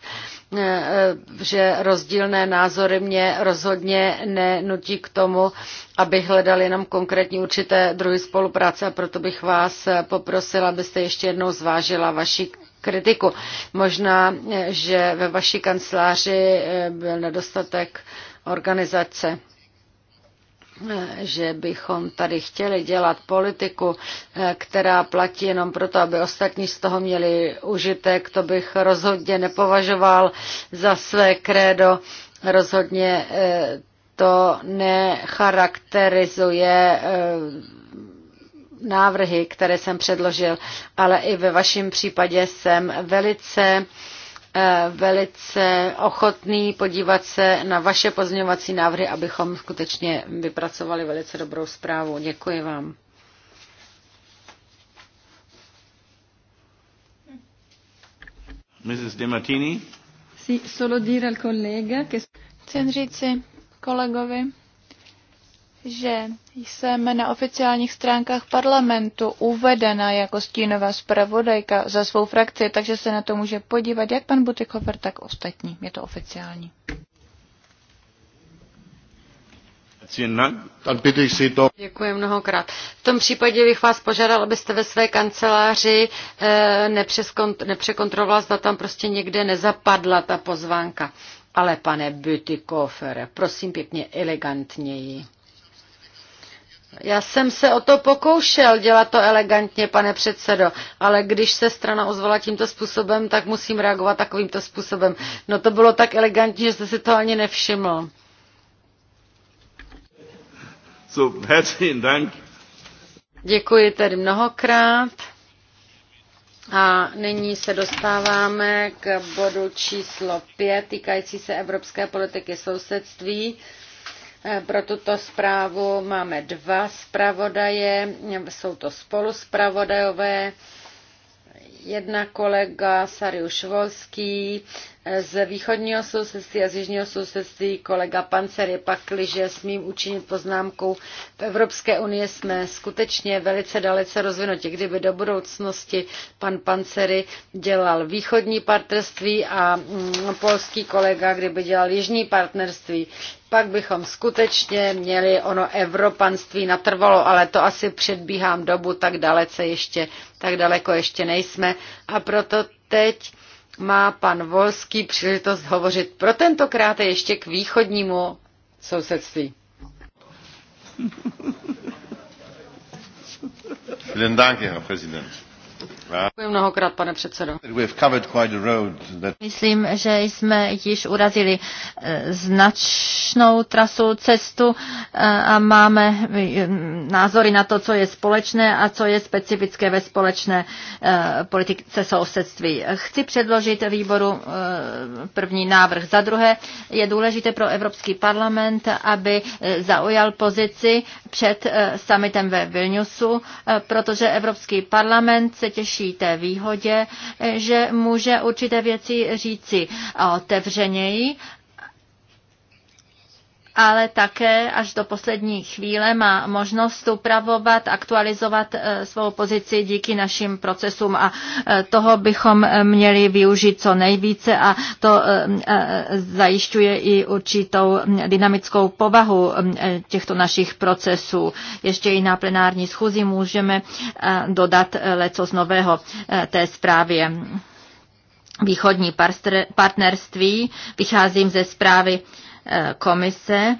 že rozdílné názory mě rozhodně nenutí k tomu, abych hledal jenom konkrétní určité druhy spolupráce a proto bych vás poprosila, abyste ještě jednou zvážila vaši kritiku. Možná, že ve vaší kanceláři eh, byl nedostatek organizace eh, že bychom tady chtěli dělat politiku, eh, která platí jenom proto, aby ostatní z toho měli užitek, to bych rozhodně nepovažoval za své krédo. Rozhodně to necharakterizuje návrhy, které jsem předložil, ale i ve vašem případě jsem velice eh, velice ochotný podívat se na vaše pozměňovací návrhy, abychom skutečně vypracovali velice dobrou zprávu. Děkuji vám. Mrs. De Martini. Chci jen říci kolegovi, že jsem na oficiálních stránkách parlamentu uvedena jako stínová zpravodajka za svou frakci, takže se na to může podívat jak pan Butikofer, tak ostatní. Je to oficiální. Děkuji mnohokrát. V tom případě bych vás požádal, abyste ve své kanceláři eh, nepřekontrolovala, zda tam prostě někde nezapadla ta pozvánka. Ale pane Bütikofere, prosím pěkně elegantněji. Já jsem se o to pokoušel dělat to elegantně, pane předsedo, ale když se strana ozvala tímto způsobem, tak musím reagovat takovýmto způsobem. No to bylo tak elegantní, že jste si to ani nevšiml. So, herzlichen Dank. Děkuji tedy mnohokrát. A nyní se dostáváme k bodu číslo 5, týkající se evropské politiky sousedství. E, pro tuto zprávu. Máme dva zpravodaje, jsou to spoluspravodajové. Jedna kolega Sariuš Volský z východního sousedství a z jižního sousedství kolega pak, pakliže smím učinit poznámku. v Evropské unii jsme skutečně velice dalece rozvinuti. Kdyby do budoucnosti pan Pancery dělal východní partnerství a mm, polský kolega, kdyby dělal jižní partnerství, pak bychom skutečně měli ono evropanství natrvalo, ale to asi předbíhám dobu, tak dalece ještě, tak daleko ještě nejsme. A proto teď má pan Volský příležitost hovořit pro tentokrát ještě k východnímu sousedství. Vielen Dank, Herr Präsident. Děkuji mnohokrát, pane předsedo. Myslím, že jsme již urazili eh, značnou trasu cestu eh, a máme eh, názory na to, co je společné a co je specifické ve společné politice sousedství. Chci předložit výboru první návrh. Za druhé je důležité pro Evropský parlament, aby zaujal pozici před summitem ve Vilniusu, protože Evropský parlament se těší té výhodě, že může určité věci říci otevřeněji ale také až do poslední chvíle má možnost upravovat, aktualizovat eh, svou pozici díky našim procesům a eh, toho bychom eh, měli využít co nejvíce a to zajišťuje i určitou hm, dynamickou povahu hm, těchto našich procesů. Ještě i na plenární schůzi můžeme dodat leco z nového té zprávě východní partnerství. Vycházím ze zprávy komise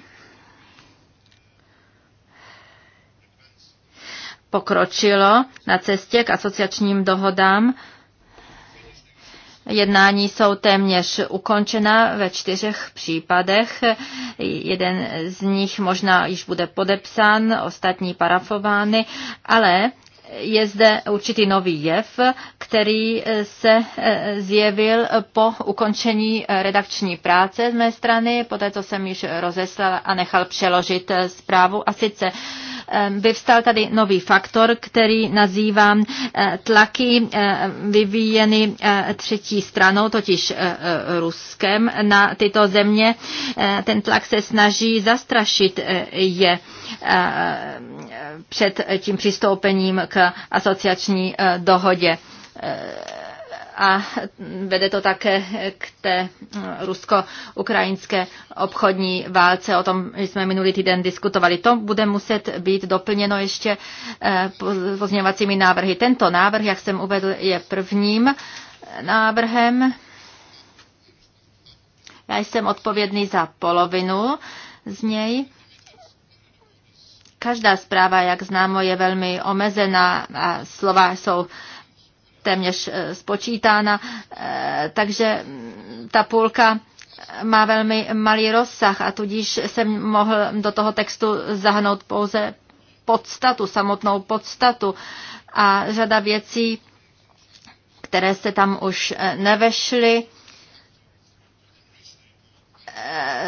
pokročilo na cestě k asociačním dohodám. Jednání jsou téměř ukončena ve čtyřech případech. Jeden z nich možná již bude podepsán, ostatní parafovány, ale je zde určitý nový jev, který se eh, zjevil po ukončení eh, redakční práce z mé strany, po té, co jsem již rozeslal a nechal přeložit eh, zprávu. A sice Ehm, vyvstal tady nový faktor, který nazývám eh, tlaky eh, vyvíjeny eh, třetí stranou, totiž Ruskem na tyto země. Ten tlak se snaží zastrašit je před tím přistoupením k asociační dohodě a vede to také k té rusko-ukrajinské obchodní válce. O tom jsme minulý týden diskutovali. To bude muset být doplněno ještě eh, pozměňovacími návrhy. Tento návrh, jak jsem uvedl, je prvním návrhem. Já jsem odpovědný za polovinu z něj. Každá zpráva, jak známo, je velmi omezená a slova jsou téměř eh, spočítána, eh, takže ta půlka má velmi malý rozsah a tudíž jsem mohl do toho textu zahnout pouze podstatu, samotnou podstatu a řada věcí, které se tam už eh, nevešly,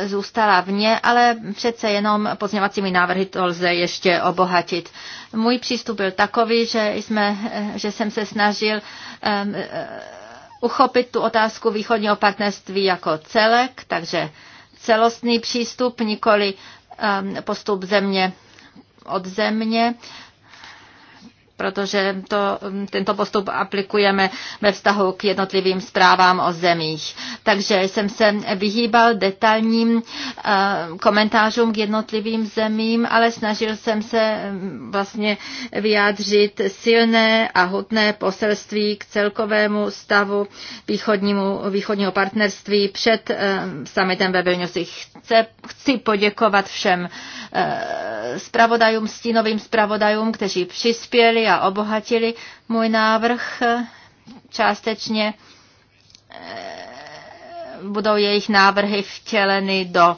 zůstala vně, ale přece jenom pozněvacími návrhy to lze ještě obohatit. Můj přístup byl takový, že, jsme, že jsem se snažil eh, uchopit tu otázku východního partnerství jako celek, takže celostný přístup, nikoli postup země od země protože to, mm, tento postup aplikujeme ve vztahu k jednotlivým zprávám o zemích. Takže jsem se vyhýbal detailním eh, komentářům k jednotlivým zemím, ale snažil jsem se mm, vlastně vyjádřit silné a hodné poselství k celkovému stavu východnímu, východního partnerství před eh, summitem ve Vilniusi. Chce, chci poděkovat všem eh, spravodajům, stínovým spravodajům, kteří přispěli a obohatili můj návrh eh, částečně eh, budou jejich návrhy vtěleny do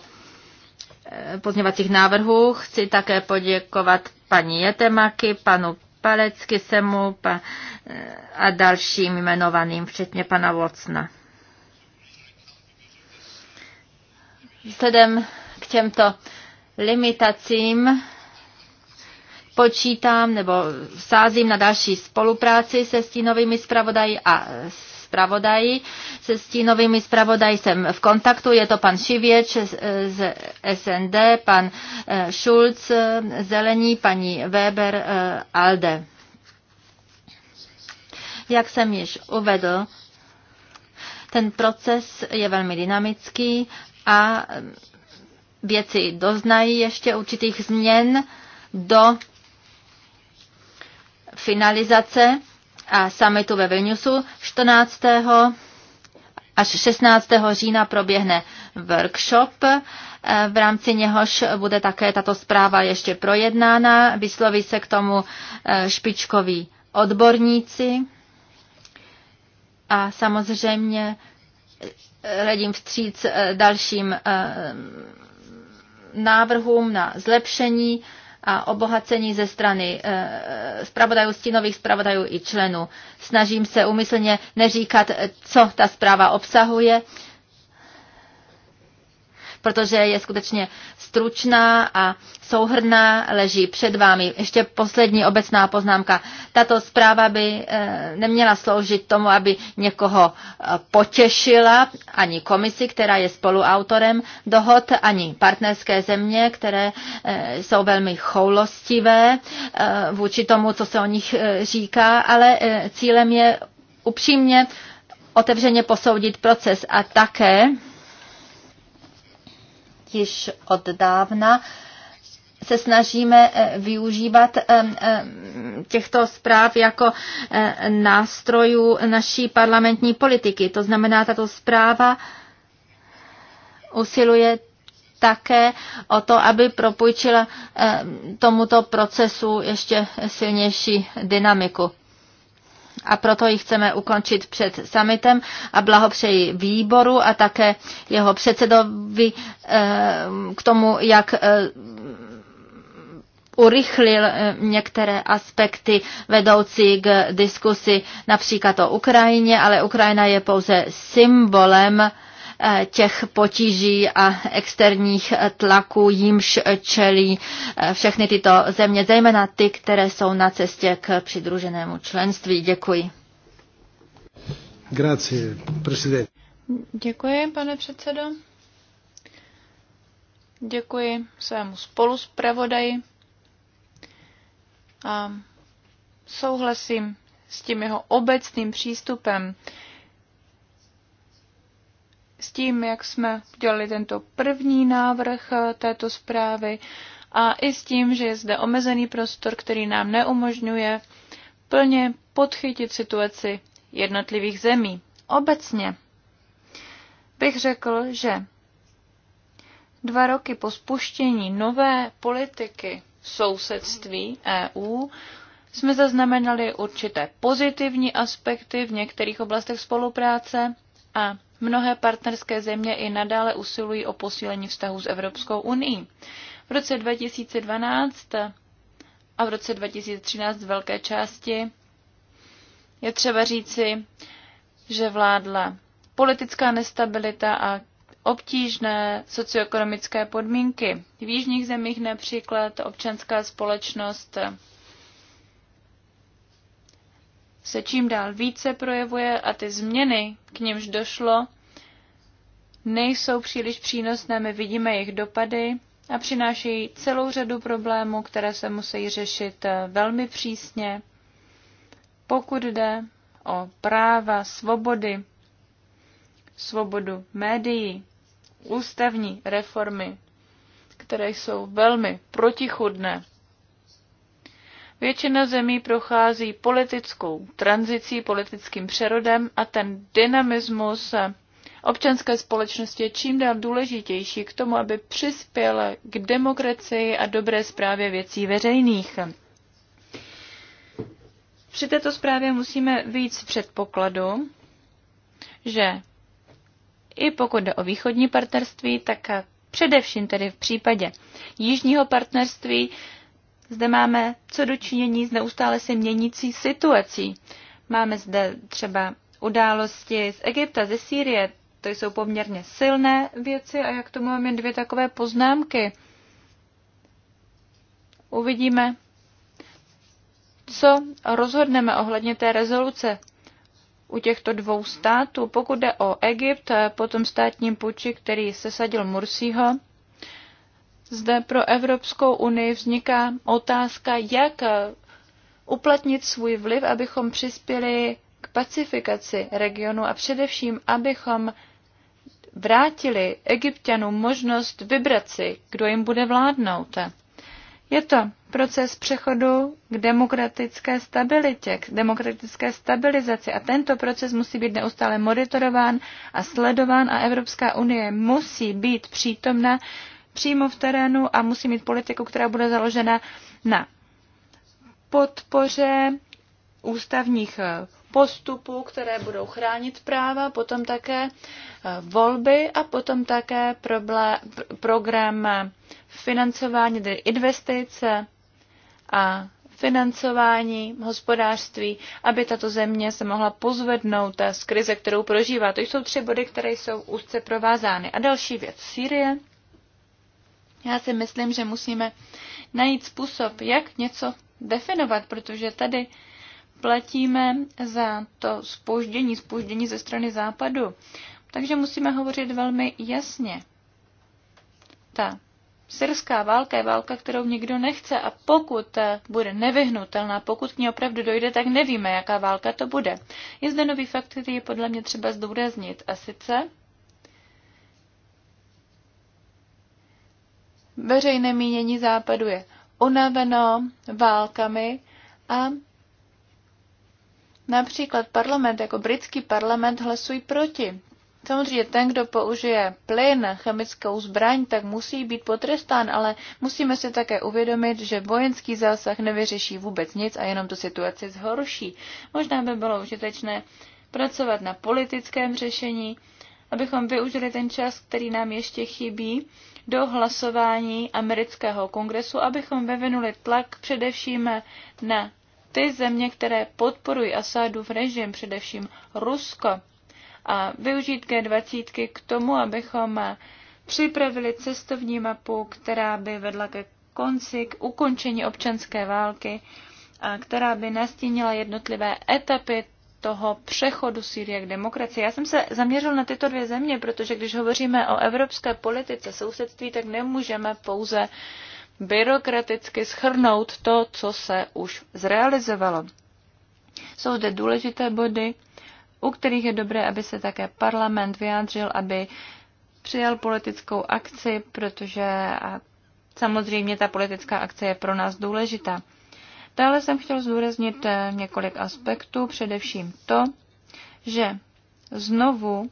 eh, pozměvacích návrhů. Chci také poděkovat paní Jetemaky, panu Palecky semu pa, a dalším jmenovaným, včetně pana Vocna. Vzhledem k těmto limitacím počítám nebo sázím na další spolupráci se stínovými zpravodaji a zpravodaji. Se stínovými zpravodaji jsem v kontaktu, je to pan Šivěč z SND, pan eh, Schulz eh, Zelení, paní Weber eh, Alde. Jak jsem již uvedl, ten proces je velmi dynamický a věci doznají ještě určitých změn do finalizace a summitu ve Vilniusu 14. až 16. října proběhne workshop, e, v rámci něhož bude také tato zpráva ještě projednána. Vysloví se k tomu e, špičkoví odborníci a samozřejmě e, radím vstříc dalším návrhům na zlepšení a obohacení ze strany spravodajů, eh, stínových spravodajů i členů. Snažím se umyslně neříkat, eh, co ta zpráva obsahuje, protože je skutečně stručná a souhrná, leží před vámi. Ještě poslední obecná poznámka. Tato zpráva by eh, neměla sloužit tomu, aby někoho eh, potěšila, ani komisi, která je spoluautorem dohod, ani partnerské země, které eh, jsou velmi choulostivé vůči tomu, co se o nich říká, ale cílem je upřímně otevřeně posoudit proces a také již od dávna se snažíme eh, využívat eh, eh, těchto zpráv jako nástrojů naší parlamentní politiky. To znamená, tato zpráva usiluje také o to, aby propůjčila tomuto procesu ještě silnější dynamiku a proto ji chceme ukončit před summitem a blahopřeji výboru a také jeho předsedovi eh, k tomu, jak eh, urychlil eh, některé aspekty vedoucí k diskusi například o Ukrajině, ale Ukrajina je pouze symbolem Eh, těch potíží a externích tlaků, jimž čelí eh, všechny tyto země, zejména ty, které jsou na cestě k přidruženému členství. Děkuji. Grazie, Děkuji, pane předsedo. Děkuji svému spoluspravodaji a souhlasím s tím jeho obecným přístupem s tím, jak jsme dělali tento první návrh eh, této zprávy a i s tím, že je zde omezený prostor, který nám neumožňuje plně podchytit situaci jednotlivých zemí. Obecně bych řekl, že dva roky po spuštění nové politiky sousedství EU jsme zaznamenali určité pozitivní aspekty v některých oblastech spolupráce a Mnohé partnerské země i nadále usilují o posílení vztahů s Evropskou unii. V roce 2012 a v roce 2013 z velké části je třeba říci, že vládla politická nestabilita a obtížné socioekonomické podmínky. V jižních zemích například občanská společnost se čím dál více projevuje a ty změny, k nimž došlo, nejsou příliš přínosné. My vidíme jejich dopady a přinášejí celou řadu problémů, které se musí řešit eh, velmi přísně. Pokud jde o práva, svobody, svobodu médií, ústavní reformy, které jsou velmi protichudné Většina zemí prochází politickou tranzicí, politickým přerodem a ten dynamismus občanské společnosti je čím dál důležitější k tomu, aby přispěl k demokracii a dobré zprávě věcí veřejných. Při této zprávě musíme víc předpokladu, že i pokud jde o východní partnerství, tak především tedy v případě jižního partnerství zde máme co dočinění s neustále se měnící situací. Máme zde třeba události z Egypta, ze Sýrie, to jsou poměrně silné věci a jak tomu mám jen dvě takové poznámky. Uvidíme, co rozhodneme ohledně té rezoluce u těchto dvou států. Pokud jde o Egypt, potom státním puči, který sesadil Mursího, zde pro Evropskou unii vzniká otázka, jak uplatnit svůj vliv, abychom přispěli k pacifikaci regionu a především, abychom vrátili egyptianům možnost vybrat si, kdo jim bude vládnout. Je to proces přechodu k demokratické stabilitě, k demokratické stabilizaci a tento proces musí být neustále monitorován a sledován a Evropská unie musí být přítomna přímo v terénu a musí mít politiku, která bude založena na podpoře ústavních eh, postupů, které budou chránit práva, potom také eh, volby a potom také program eh, financování, tedy investice a financování hospodářství, aby tato země se mohla pozvednout z krize, kterou prožívá. To jsou tři body, které jsou úzce provázány. A další věc, Sýrie. Já si myslím, že musíme najít způsob, jak něco definovat, protože tady platíme za to spoždění, spoždění ze strany západu. Takže musíme hovořit velmi jasně. Ta syrská válka je válka, kterou nikdo nechce a pokud bude nevyhnutelná, pokud k ní opravdu dojde, tak nevíme, jaká válka to bude. Je zde nový fakt, který je podle mě třeba zdůraznit a sice, Veřejné mínění západu je unaveno válkami a například parlament, jako britský parlament, hlasují proti. Samozřejmě ten, kdo použije plyn, chemickou zbraň, tak musí být potrestán, ale musíme se také uvědomit, že vojenský zásah nevyřeší vůbec nic a jenom tu situaci zhorší. Možná by bylo užitečné pracovat na politickém řešení, abychom využili ten čas, který nám ještě chybí do hlasování amerického kongresu, abychom vyvinuli tlak především na ty země, které podporují Asádův režim, především Rusko, a využít G20 k tomu, abychom připravili cestovní mapu, která by vedla ke konci, k ukončení občanské války, a která by nastínila jednotlivé etapy toho přechodu Sýrie k demokracii. Já jsem se zaměřil na tyto dvě země, protože když hovoříme o evropské politice sousedství, tak nemůžeme pouze byrokraticky schrnout to, co se už zrealizovalo. Jsou zde důležité body, u kterých je dobré, aby se také parlament vyjádřil, aby přijal politickou akci, protože samozřejmě ta politická akce je pro nás důležitá. Dále jsem chtěl zdůraznit eh, několik aspektů, především to, že znovu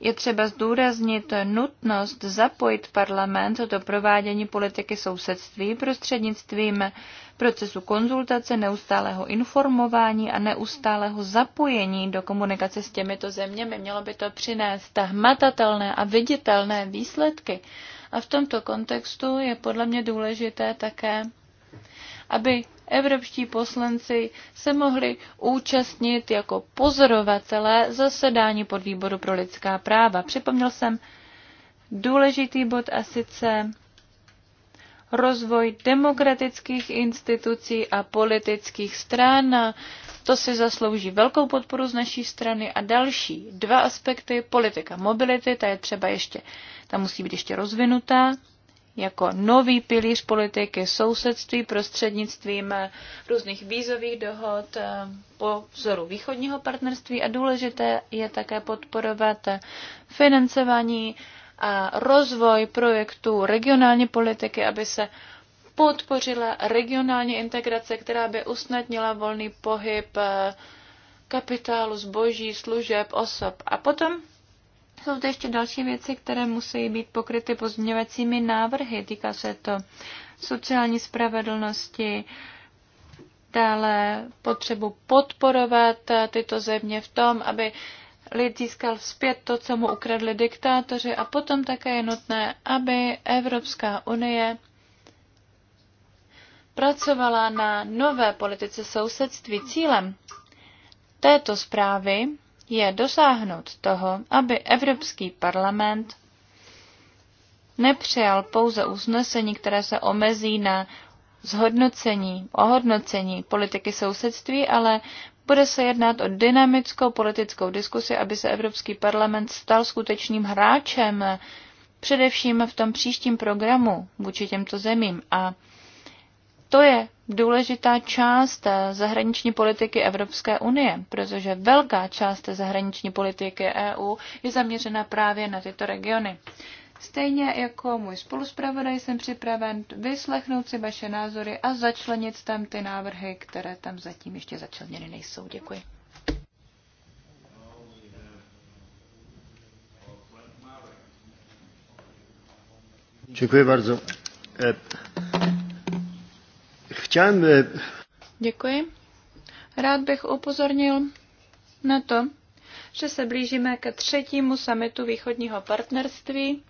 je třeba zdůraznit nutnost zapojit parlament do provádění politiky sousedství prostřednictvím procesu konzultace, neustálého informování a neustálého zapojení do komunikace s těmito zeměmi. Mělo by to přinést hmatatelné a viditelné výsledky. A v tomto kontextu je podle mě důležité také aby evropští poslanci se mohli účastnit jako pozorovatelé zasedání podvýboru pro lidská práva. Připomněl jsem důležitý bod a sice rozvoj demokratických institucí a politických stran. To si zaslouží velkou podporu z naší strany a další dva aspekty, politika mobility, ta je třeba ještě, ta musí být ještě rozvinutá jako nový pilíř politiky sousedství prostřednictvím různých vízových dohod eh, po vzoru východního partnerství a důležité je také podporovat financování a rozvoj projektů regionální politiky, aby se podpořila regionální integrace, která by usnadnila volný pohyb eh, kapitálu, zboží, služeb, osob. A potom jsou to ještě další věci, které musí být pokryty pozměňovacími návrhy. Týká se to sociální spravedlnosti, dále potřebu podporovat tyto země v tom, aby lid získal zpět to, co mu ukradli diktátoři a potom také je nutné, aby Evropská unie pracovala na nové politice sousedství cílem této zprávy je dosáhnout toho, aby Evropský parlament nepřijal pouze usnesení, které se omezí na zhodnocení, ohodnocení politiky sousedství, ale bude se jednat o dynamickou politickou diskusi, aby se Evropský parlament stal skutečným hráčem, především v tom příštím programu vůči těmto zemím. A to je důležitá část eh, zahraniční politiky Evropské unie, protože velká část zahraniční politiky EU je zaměřena právě na tyto regiony. Stejně jako můj spoluspravodaj jsem připraven vyslechnout si vaše názory a začlenit tam ty návrhy, které tam zatím ještě začleněny nejsou. Děkuji. Děkuji bardzo. Eh, Chciałem... Eh, Děkuji. Rád bych upozornil na to, že se blížíme ke třetímu samitu východního partnerství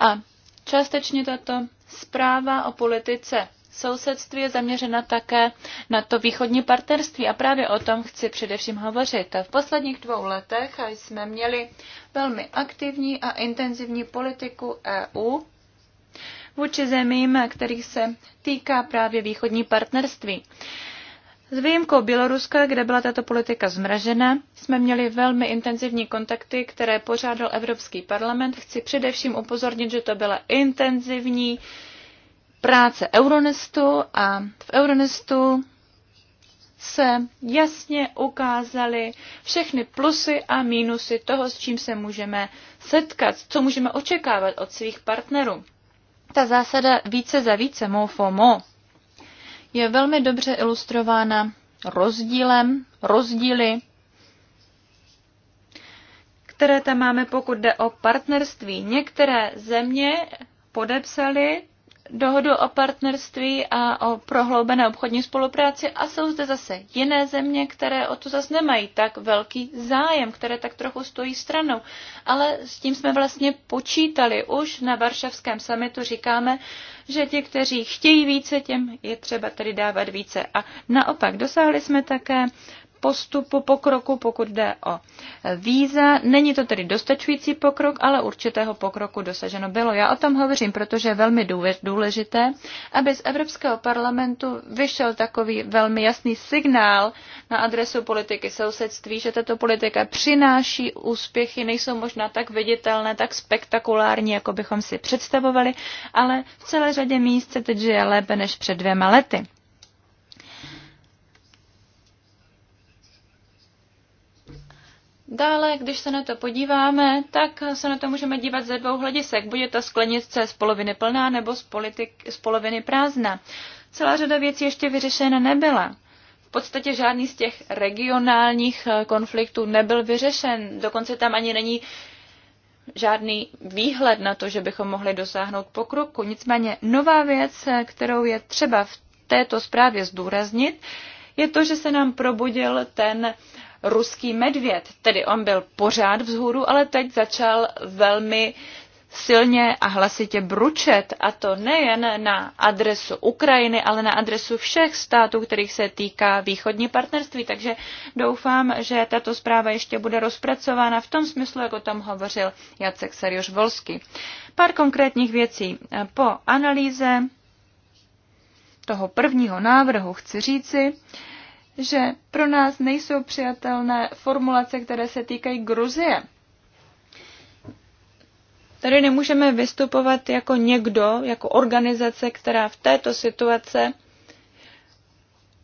a částečně tato zpráva o politice sousedství je zaměřena také na to východní partnerství a právě o tom chci především hovořit. V posledních dvou letech jsme měli velmi aktivní a intenzivní politiku EU vůči zemím, kterých se týká právě východní partnerství. S výjimkou Běloruska, kde byla tato politika zmražena, jsme měli velmi intenzivní kontakty, které pořádal Evropský parlament. Chci především upozornit, že to byla intenzivní práce Euronestu a v Euronestu se jasně ukázaly všechny plusy a mínusy toho, s čím se můžeme setkat, co můžeme očekávat od svých partnerů ta zásada více za více, mo fo mo, je velmi dobře ilustrována rozdílem, rozdíly, které tam máme, pokud jde o partnerství. Některé země podepsaly dohodu o partnerství a o prohloubené obchodní spolupráci a jsou zde zase jiné země, které o to zase nemají tak velký zájem, které tak trochu stojí stranou. Ale s tím jsme vlastně počítali. Už na Varšavském samitu říkáme, že ti, kteří chtějí více, těm je třeba tedy dávat více. A naopak dosáhli jsme také postupu, pokroku, pokud jde o víza. Není to tedy dostačující pokrok, ale určitého pokroku dosaženo bylo. Já o tom hovořím, protože je velmi důležité, aby z Evropského parlamentu vyšel takový velmi jasný signál na adresu politiky sousedství, že tato politika přináší úspěchy, nejsou možná tak viditelné, tak spektakulární, jako bychom si představovali, ale v celé řadě míst se teď žije lépe než před dvěma lety. Dále, když se na to podíváme, tak se na to můžeme dívat ze dvou hledisek. Bude ta sklenice z poloviny plná nebo z, politik, z poloviny prázdná. Celá řada věcí ještě vyřešena nebyla. V podstatě žádný z těch regionálních eh, konfliktů nebyl vyřešen. Dokonce tam ani není žádný výhled na to, že bychom mohli dosáhnout pokroku. Nicméně nová věc, eh, kterou je třeba v této zprávě zdůraznit, je to, že se nám probudil ten ruský medvěd. Tedy on byl pořád vzhůru, ale teď začal velmi silně a hlasitě bručet, a to nejen na adresu Ukrajiny, ale na adresu všech států, kterých se týká východní partnerství. Takže doufám, že tato zpráva ještě bude rozpracována v tom smyslu, jak o tom hovořil Jacek Sarioš Volsky. Pár konkrétních věcí. Po analýze toho prvního návrhu chci říci, že pro nás nejsou přijatelné formulace, které se týkají Gruzie. Tady nemůžeme vystupovat jako někdo, jako organizace, která v této situace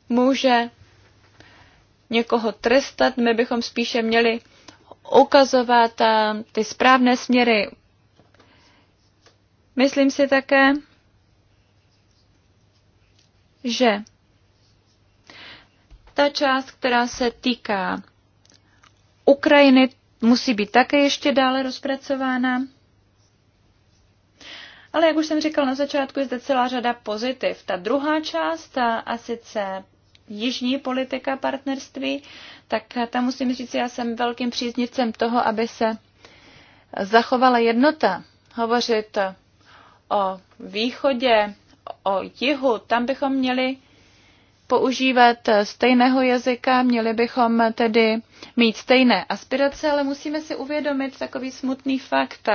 může někoho trestat. My bychom spíše měli ukazovat eh, ty správné směry. Myslím si také, že ta část, která se týká Ukrajiny, musí být také ještě dále rozpracována. Ale jak už jsem říkal na začátku, je zde celá řada pozitiv. Ta druhá část, ta a sice jižní politika partnerství, tak tam musím říct, já jsem velkým příznivcem toho, aby se zachovala jednota. Hovořit o východě, o jihu, tam bychom měli používat stejného jazyka, měli bychom tedy mít stejné aspirace, ale musíme si uvědomit takový smutný fakt.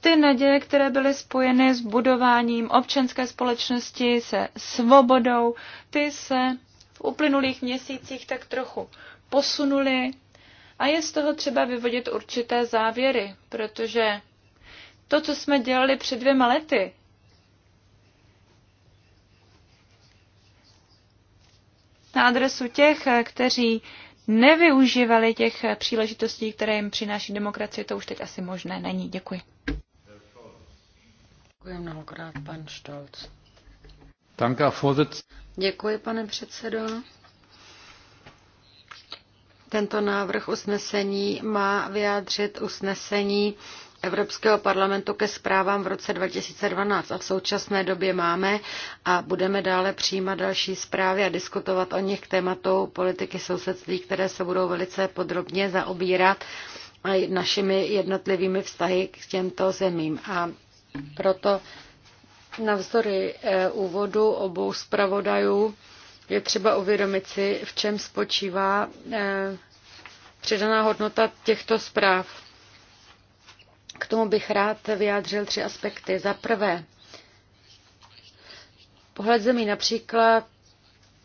Ty naděje, které byly spojeny s budováním občanské společnosti, se svobodou, ty se v uplynulých měsících tak trochu posunuly a je z toho třeba vyvodit určité závěry, protože to, co jsme dělali před dvěma lety, na adresu těch, eh, kteří nevyužívali těch eh, příležitostí, které jim přináší demokracie, to už teď asi možné není. Děkuji. Děkuji mnohokrát, pan Štolc. Děkuji, pane předsedo. Tento návrh usnesení má vyjádřit usnesení Evropského parlamentu ke zprávám v roce 2012 a v současné době máme a budeme dále přijímat další zprávy a diskutovat o nich k tématu politiky sousedství, které se budou velice podrobně zaobírat našimi jednotlivými vztahy k těmto zemím. A proto navzdory eh, úvodu obou zpravodajů je třeba uvědomit si, v čem spočívá eh, přidaná hodnota těchto zpráv k tomu bych rád vyjádřil tři aspekty. Za prvé, pohled zemí například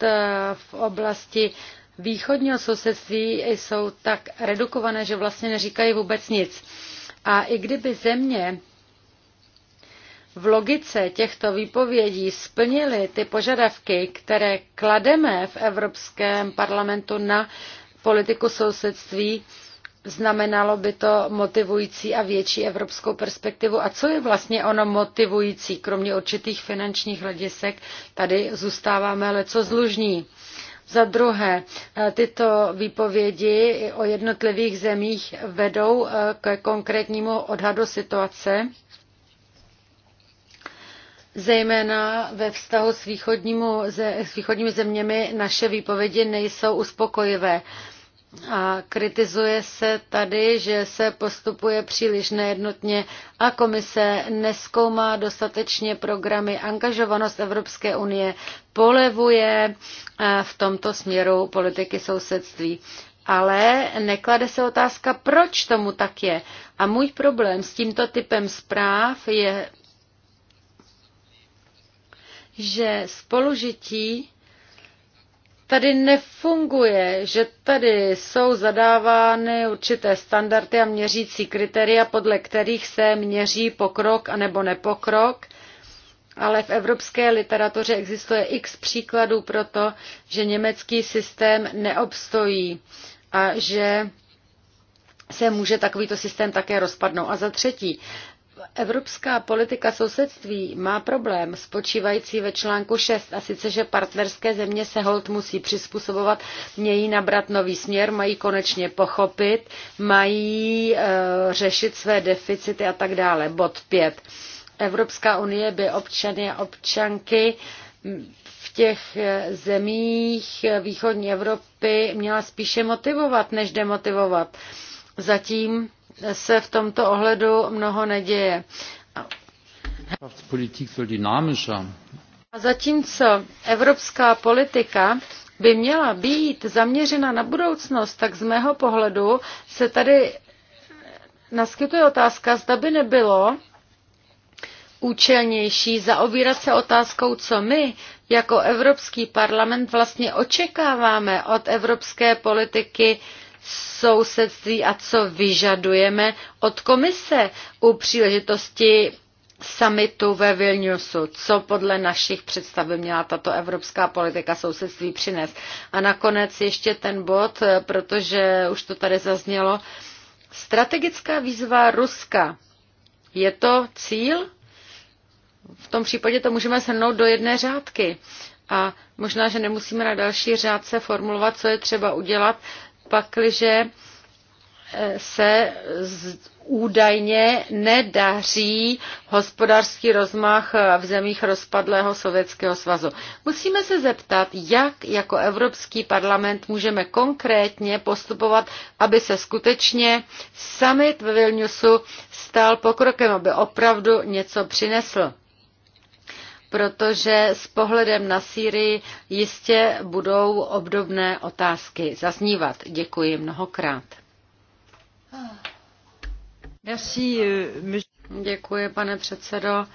eh, v oblasti východního sousedství jsou tak redukované, že vlastně neříkají vůbec nic. A i kdyby země v logice těchto výpovědí splnily ty požadavky, které klademe v Evropském parlamentu na politiku sousedství, Znamenalo by to motivující a větší evropskou perspektivu. A co je vlastně ono motivující? Kromě určitých finančních hledisek tady zůstáváme leco zlužní. Za druhé, eh, tyto výpovědi o jednotlivých zemích vedou eh, k konkrétnímu odhadu situace, zejména ve vztahu s, východnímu, s východními zeměmi naše výpovědi nejsou uspokojivé. A kritizuje se tady, že se postupuje příliš nejednotně a komise neskoumá dostatečně programy. Angažovanost Evropské unie polevuje eh, v tomto směru politiky sousedství. Ale neklade se otázka, proč tomu tak je. A můj problém s tímto typem zpráv je, že spolužití tady nefunguje, že tady jsou zadávány určité standardy a měřící kritéria, podle kterých se měří pokrok anebo nepokrok, ale v evropské literatuře existuje x příkladů pro to, že německý systém neobstojí a že se může takovýto systém také rozpadnout. A za třetí, Evropská politika sousedství má problém spočívající ve článku 6 a sice, že partnerské země se hold musí přizpůsobovat, mějí nabrat nový směr, mají konečně pochopit, mají e, řešit své deficity a tak dále. Bod 5. Evropská unie by občany a občanky v těch eh, zemích eh, východní Evropy měla spíše motivovat, než demotivovat. Zatím se v tomto ohledu mnoho neděje. A zatímco evropská politika by měla být zaměřena na budoucnost, tak z mého pohledu se tady naskytuje otázka, zda by nebylo účelnější zaobírat se otázkou, co my jako Evropský parlament vlastně očekáváme od evropské politiky sousedství a co vyžadujeme od komise u příležitosti samitu ve Vilniusu, co podle našich představ by měla tato evropská politika sousedství přinést. A nakonec ještě ten bod, protože už to tady zaznělo, strategická výzva Ruska. Je to cíl? V tom případě to můžeme shrnout do jedné řádky. A možná, že nemusíme na další řádce formulovat, co je třeba udělat, pakliže eh, se údajně nedaří hospodářský rozmach eh, v zemích rozpadlého Sovětského svazu. Musíme se zeptat, jak jako Evropský parlament můžeme konkrétně postupovat, aby se skutečně summit ve Vilniusu stal pokrokem, aby opravdu něco přinesl protože s pohledem na Sýrii jistě budou obdobné otázky zaznívat. Děkuji mnohokrát. Euh, Děkuji, pane předsedo.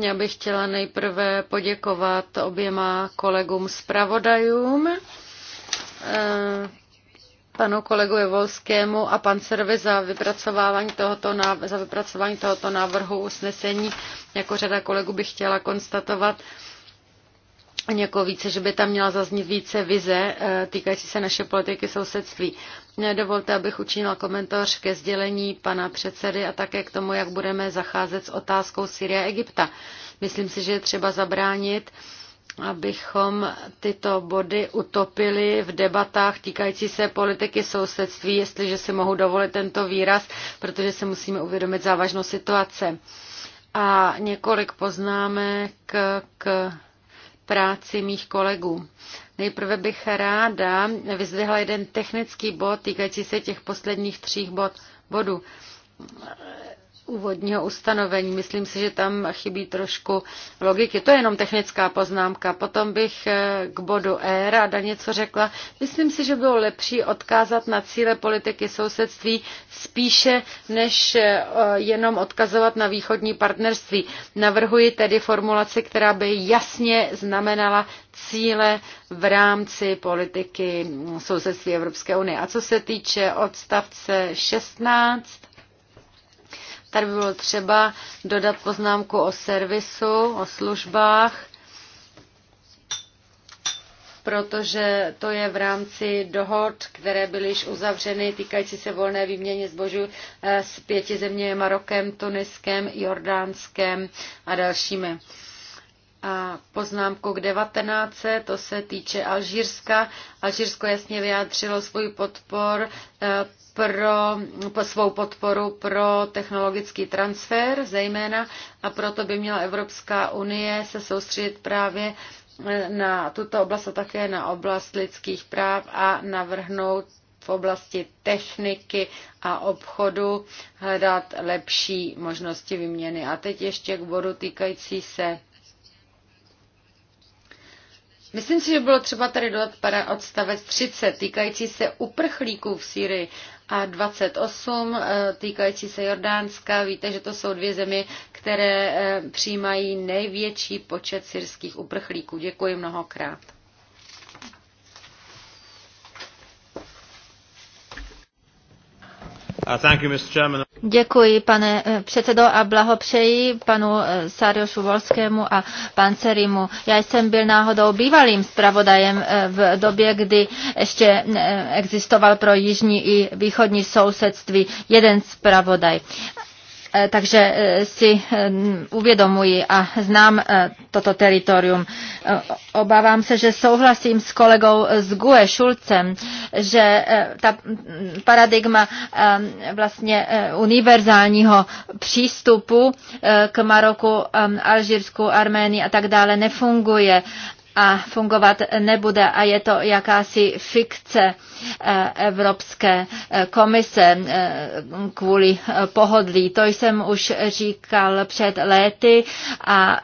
Já bych chtěla nejprve poděkovat oběma kolegům zpravodajům eh, panu kolegu Volskému a pan Servi za vypracovávání tohoto, návrhu, za vypracování tohoto návrhu usnesení. Jako řada kolegů bych chtěla konstatovat, někoho více, že by tam měla zaznít více vize eh, týkající se naše politiky sousedství. Dovolte, abych učinila komentář ke sdělení pana předsedy a také k tomu, jak budeme zacházet s otázkou Syrie a Egypta. Myslím si, že je třeba zabránit abychom tyto body utopili v debatách týkající se politiky sousedství, jestliže si mohu dovolit tento výraz, protože se musíme uvědomit závažnou situace. A několik poznámek k práci mých kolegů. Nejprve bych ráda vyzvihla jeden technický bod týkající se těch posledních tří bod, bodů úvodního ustanovení. Myslím si, že tam chybí trošku logiky. To je jenom technická poznámka. Potom bych eh, k bodu E ráda něco řekla. Myslím si, že bylo lepší odkázat na cíle politiky sousedství spíše, než eh, jenom odkazovat na východní partnerství. Navrhuji tedy formulaci, která by jasně znamenala cíle v rámci politiky sousedství Evropské unie. A co se týče odstavce 16, Tady by bylo třeba dodat poznámku o servisu, o službách, protože to je v rámci dohod, které byly již uzavřeny týkající se volné výměny zbožů eh, s pěti zeměmi Marokem, Tuniskem, Jordánskem a dalšími. A poznámku k 19. to se týče Alžírska. Alžírsko jasně vyjádřilo svůj podpor eh, pro po svou podporu pro technologický transfer zejména a proto by měla Evropská unie se soustředit právě eh, na tuto oblast a také na oblast lidských práv a navrhnout v oblasti techniky a obchodu hledat lepší možnosti výměny. A teď ještě k bodu týkající se. Myslím si, že bylo třeba tady dodat odstavec 30 týkající se uprchlíků v Syrii a 28 eh, týkající se Jordánska. Víte, že to jsou dvě země, které eh, přijímají největší počet syrských uprchlíků. Děkuji mnohokrát. Uh, thank you, Mr. Chairman. Děkuji, pane eh, předsedo, a blahopřeji panu eh, Sariošu Volskému a Pancerimu. Já jsem byl náhodou bývalým zpravodajem eh, v době, kdy ještě existoval pro jižní i východní sousedství jeden zpravodaj. Eh, takže eh, si eh, uvědomuji a znám toto teritorium. Obávám se, že souhlasím s kolegou z GUE Šulcem, že ta paradigma vlastně univerzálního přístupu k Maroku, Alžírsku, Arménii a tak dále nefunguje a fungovat nebude a je to jakási fikce eh, Evropské eh, komise eh, kvůli pohodlí. To jsem už říkal před léty a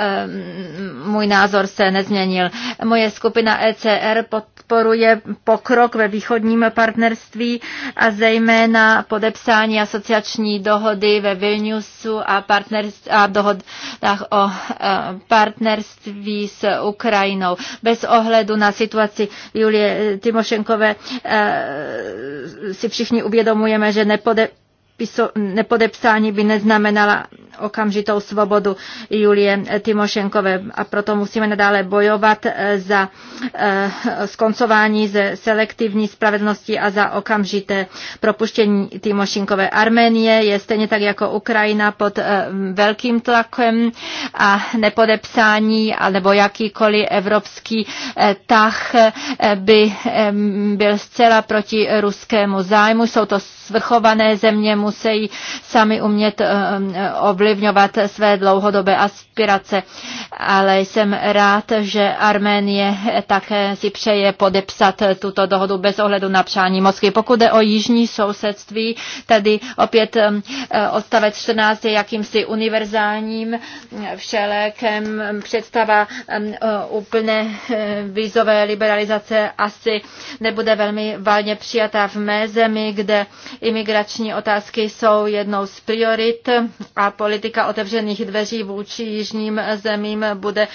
můj názor se nezměnil. Moje skupina ECR podporuje pokrok ve východním partnerství a zejména podepsání asociační dohody ve Vilniusu a, a dohodách o partnerství s Ukrajinou bez ohledu na situaci Julie Timošenkové eh, si všichni uvědomujeme, že nepodepsání by neznamenala okamžitou svobodu Julie Timošenkové a proto musíme nadále bojovat eh, za eh, skoncování ze selektivní spravedlnosti a za okamžité propuštění Timošenkové. Arménie je stejně tak jako Ukrajina pod eh, velkým tlakem a nepodepsání nebo jakýkoliv evropský tah by byl zcela proti ruskému zájmu. Jsou to svrchované země, musí sami umět ovlivnit ovlivňovat své dlouhodobé aspirace, ale jsem rád, že Arménie také si přeje podepsat tuto dohodu bez ohledu na přání Moskvy. Pokud jde o jižní sousedství, tady opět um, eh, odstavec 14 je jakýmsi univerzálním eh, všelékem mm, představa mm, eh, úplné vízové liberalizace asi nebude velmi válně přijatá v mé zemi, kde imigrační otázky jsou jednou z priorit a politika politika otevřených dveří vůči jižním zemím bude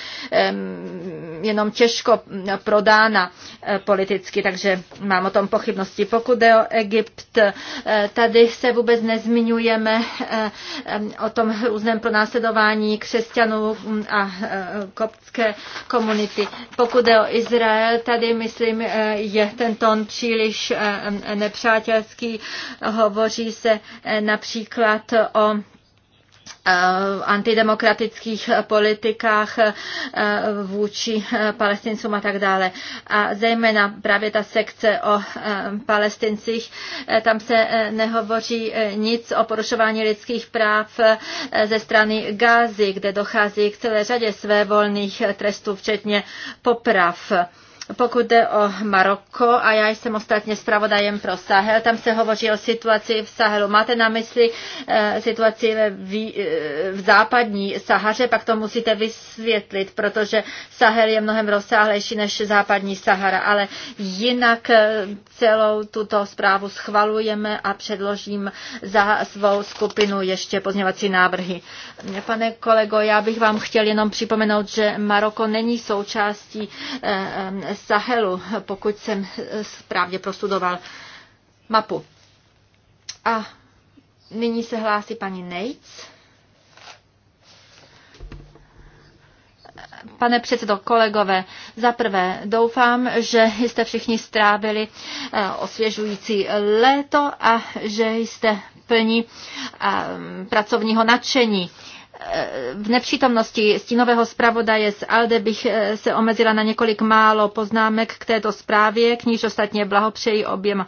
jenom těžko prodána eh, politicky, takže mám o tom pochybnosti. Pokud je o Egypt, eh, tady se vůbec nezmiňujeme eh, o tom různém pronásledování křesťanů mm, a koptské komunity. Pokud je o Izrael, tady myslím, je ten tón příliš nepřátelský. Hovoří se například o Eh, antidemokratických politikách eh, vůči eh, palestincům a tak dále. A zejména právě ta sekce o palestincích, tam se nehovoří nic o porušování lidských práv ze strany Gázy, kde dochází k celé řadě volných trestů, včetně poprav. Pokud jde o Maroko, a já jsem ostatně zpravodajem pro Sahel, tam se hovoří o situaci v Sahelu. Máte na mysli e, situaci ve, eh, v západní Sahaře, pak to musíte vysvětlit, protože Sahel je mnohem rozsáhlejší než západní Sahara, ale jinak eh, celou tuto zprávu schvalujeme a předložím za svou skupinu ještě pozněvací návrhy. Pane kolego, já bych vám chtěl jenom připomenout, že Maroko není součástí e, Sahelu, pokud jsem eh, správně prostudoval mapu. A nyní se hlásí paní Nejc. Pane předsedo, kolegové, za prvé doufám, že jste všichni strávili eh, osvěžující léto a že jste plní eh, pracovního nadšení v nepřítomnosti stínového zpravodaje z ALDE bych eh, se omezila na několik málo poznámek k této zprávě, k níž ostatně blahopřeji oběma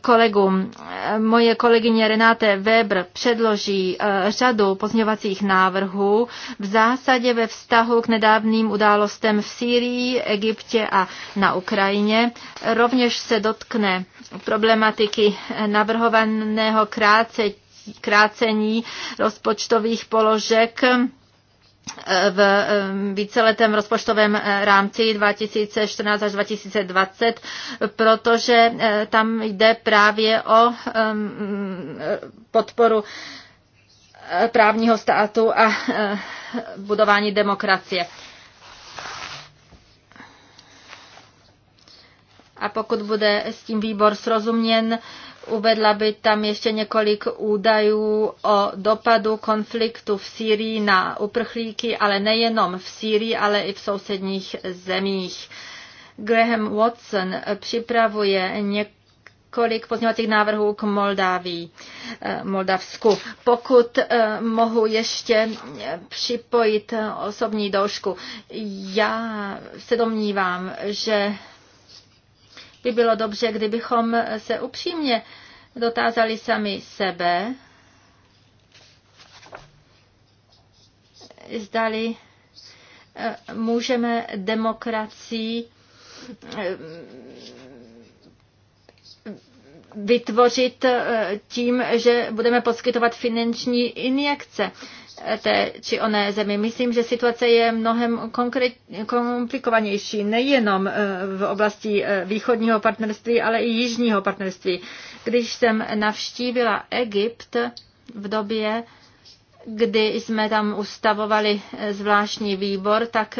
kolegům. Eh, moje kolegyně Renáte Weber předloží eh, řadu pozměňovacích návrhů v zásadě ve vztahu k nedávným událostem v Sýrii, Egyptě a na Ukrajině. Rovněž se dotkne problematiky navrhovaného krácení krácení rozpočtových položek eh, v eh, víceletém rozpočtovém eh, rámci 2014 až 2020, protože tam jde právě o ehm, podporu právního státu a budování demokracie. A pokud bude s tím výbor srozuměn, Uvedla by tam ještě několik údajů o dopadu konfliktu v Sýrii na uprchlíky, ale nejenom v Sýrii, ale i v sousedních zemích. Graham Watson připravuje několik několik pozměňovacích návrhů k Moldávii, eh, Moldavsku. Pokud eh, mohu ještě eh, připojit osobní doušku, já se domnívám, že by bylo dobře, kdybychom se upřímně dotázali sami sebe, zdali eh, můžeme demokracii eh, vytvořit eh, tím, že budeme poskytovat finanční injekce té či oné zemi. Myslím, že situace je mnohem konkrét, komplikovanější, nejenom e, v oblasti e, východního partnerství, ale i jižního partnerství. Když jsem navštívila Egypt v době, kdy jsme tam ustavovali e, zvláštní výbor, tak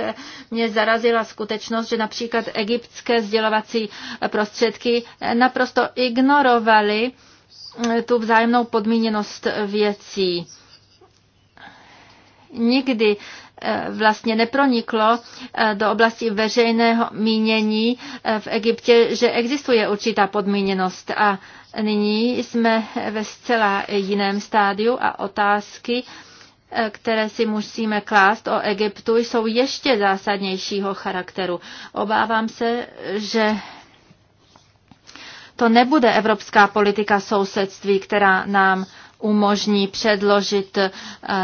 mě zarazila skutečnost, že například egyptské sdělovací prostředky naprosto ignorovaly tu vzájemnou podmíněnost věcí nikdy eh, vlastně neproniklo eh, do oblasti veřejného mínění eh, v Egyptě, že existuje určitá podmíněnost. A nyní jsme ve zcela jiném stádiu a otázky, které si musíme klást o Egyptu, jsou ještě zásadnějšího charakteru. Obávám se, že to nebude evropská politika sousedství, která nám umožní předložit eh,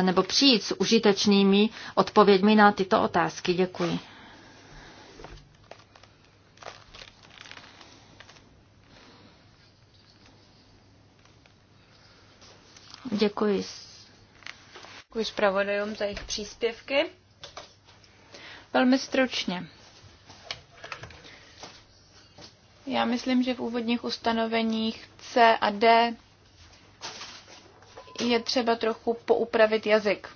nebo přijít s užitečnými odpověďmi na tyto otázky. Děkuji. Děkuji. Děkuji zpravodajům za jejich příspěvky. Velmi stručně. Já myslím, že v úvodních ustanoveních C a D je třeba trochu poupravit jazyk.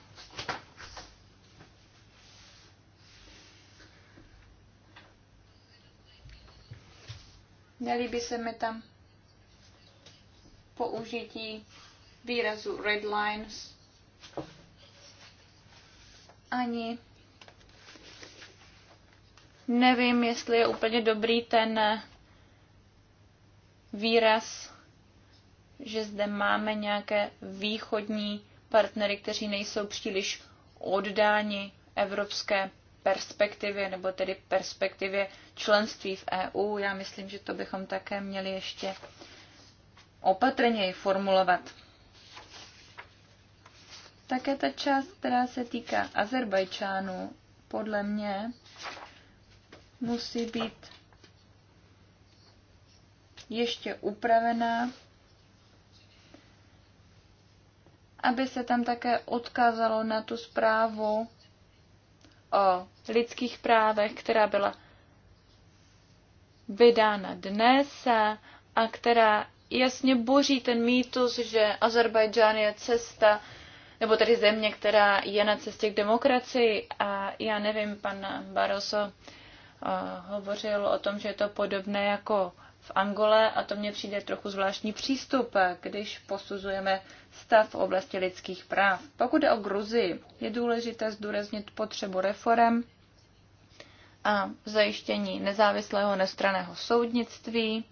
Nelíbí se mi tam použití výrazu red lines ani nevím, jestli je úplně dobrý ten výraz, že zde máme nějaké východní partnery, kteří nejsou příliš oddáni evropské perspektivě, nebo tedy perspektivě členství v EU. Já myslím, že to bychom také měli ještě opatrněji formulovat. Také ta část, která se týká Azerbajčánu, podle mě musí být ještě upravená, aby se tam také odkázalo na tu zprávu o lidských právech, která byla vydána dnes a která jasně boří ten mýtus, že Azerbajdžán je cesta, nebo tedy země, která je na cestě k demokracii. A já nevím, pan Barroso eh, hovořil o tom, že je to podobné jako v Angole a to mně přijde trochu zvláštní přístup, když posuzujeme stav v oblasti lidských práv. Pokud je o Gruzii, je důležité zdůraznit potřebu reform a zajištění nezávislého nestraného soudnictví,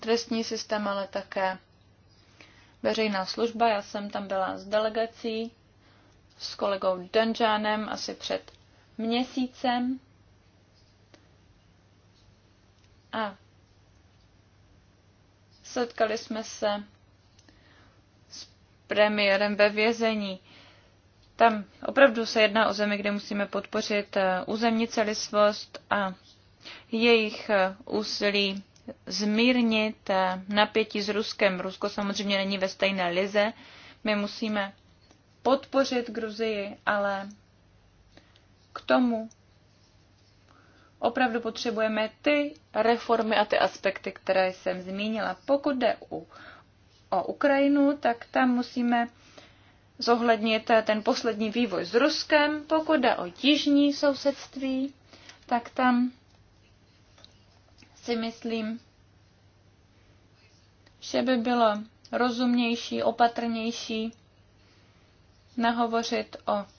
trestní systém, ale také veřejná služba. Já jsem tam byla s delegací, s kolegou Danžánem asi před měsícem A setkali jsme se s premiérem ve vězení. Tam opravdu se jedná o zemi, kde musíme podpořit eh, územní celistvost a jejich eh, úsilí zmírnit eh, napětí s Ruskem. Rusko samozřejmě není ve stejné lize. My musíme podpořit Gruzii, ale k tomu opravdu potřebujeme ty reformy a ty aspekty, které jsem zmínila. Pokud jde u, o Ukrajinu, tak tam musíme zohlednit ten poslední vývoj s Ruskem. Pokud jde o jižní sousedství, tak tam si myslím, že by bylo rozumnější, opatrnější nahovořit o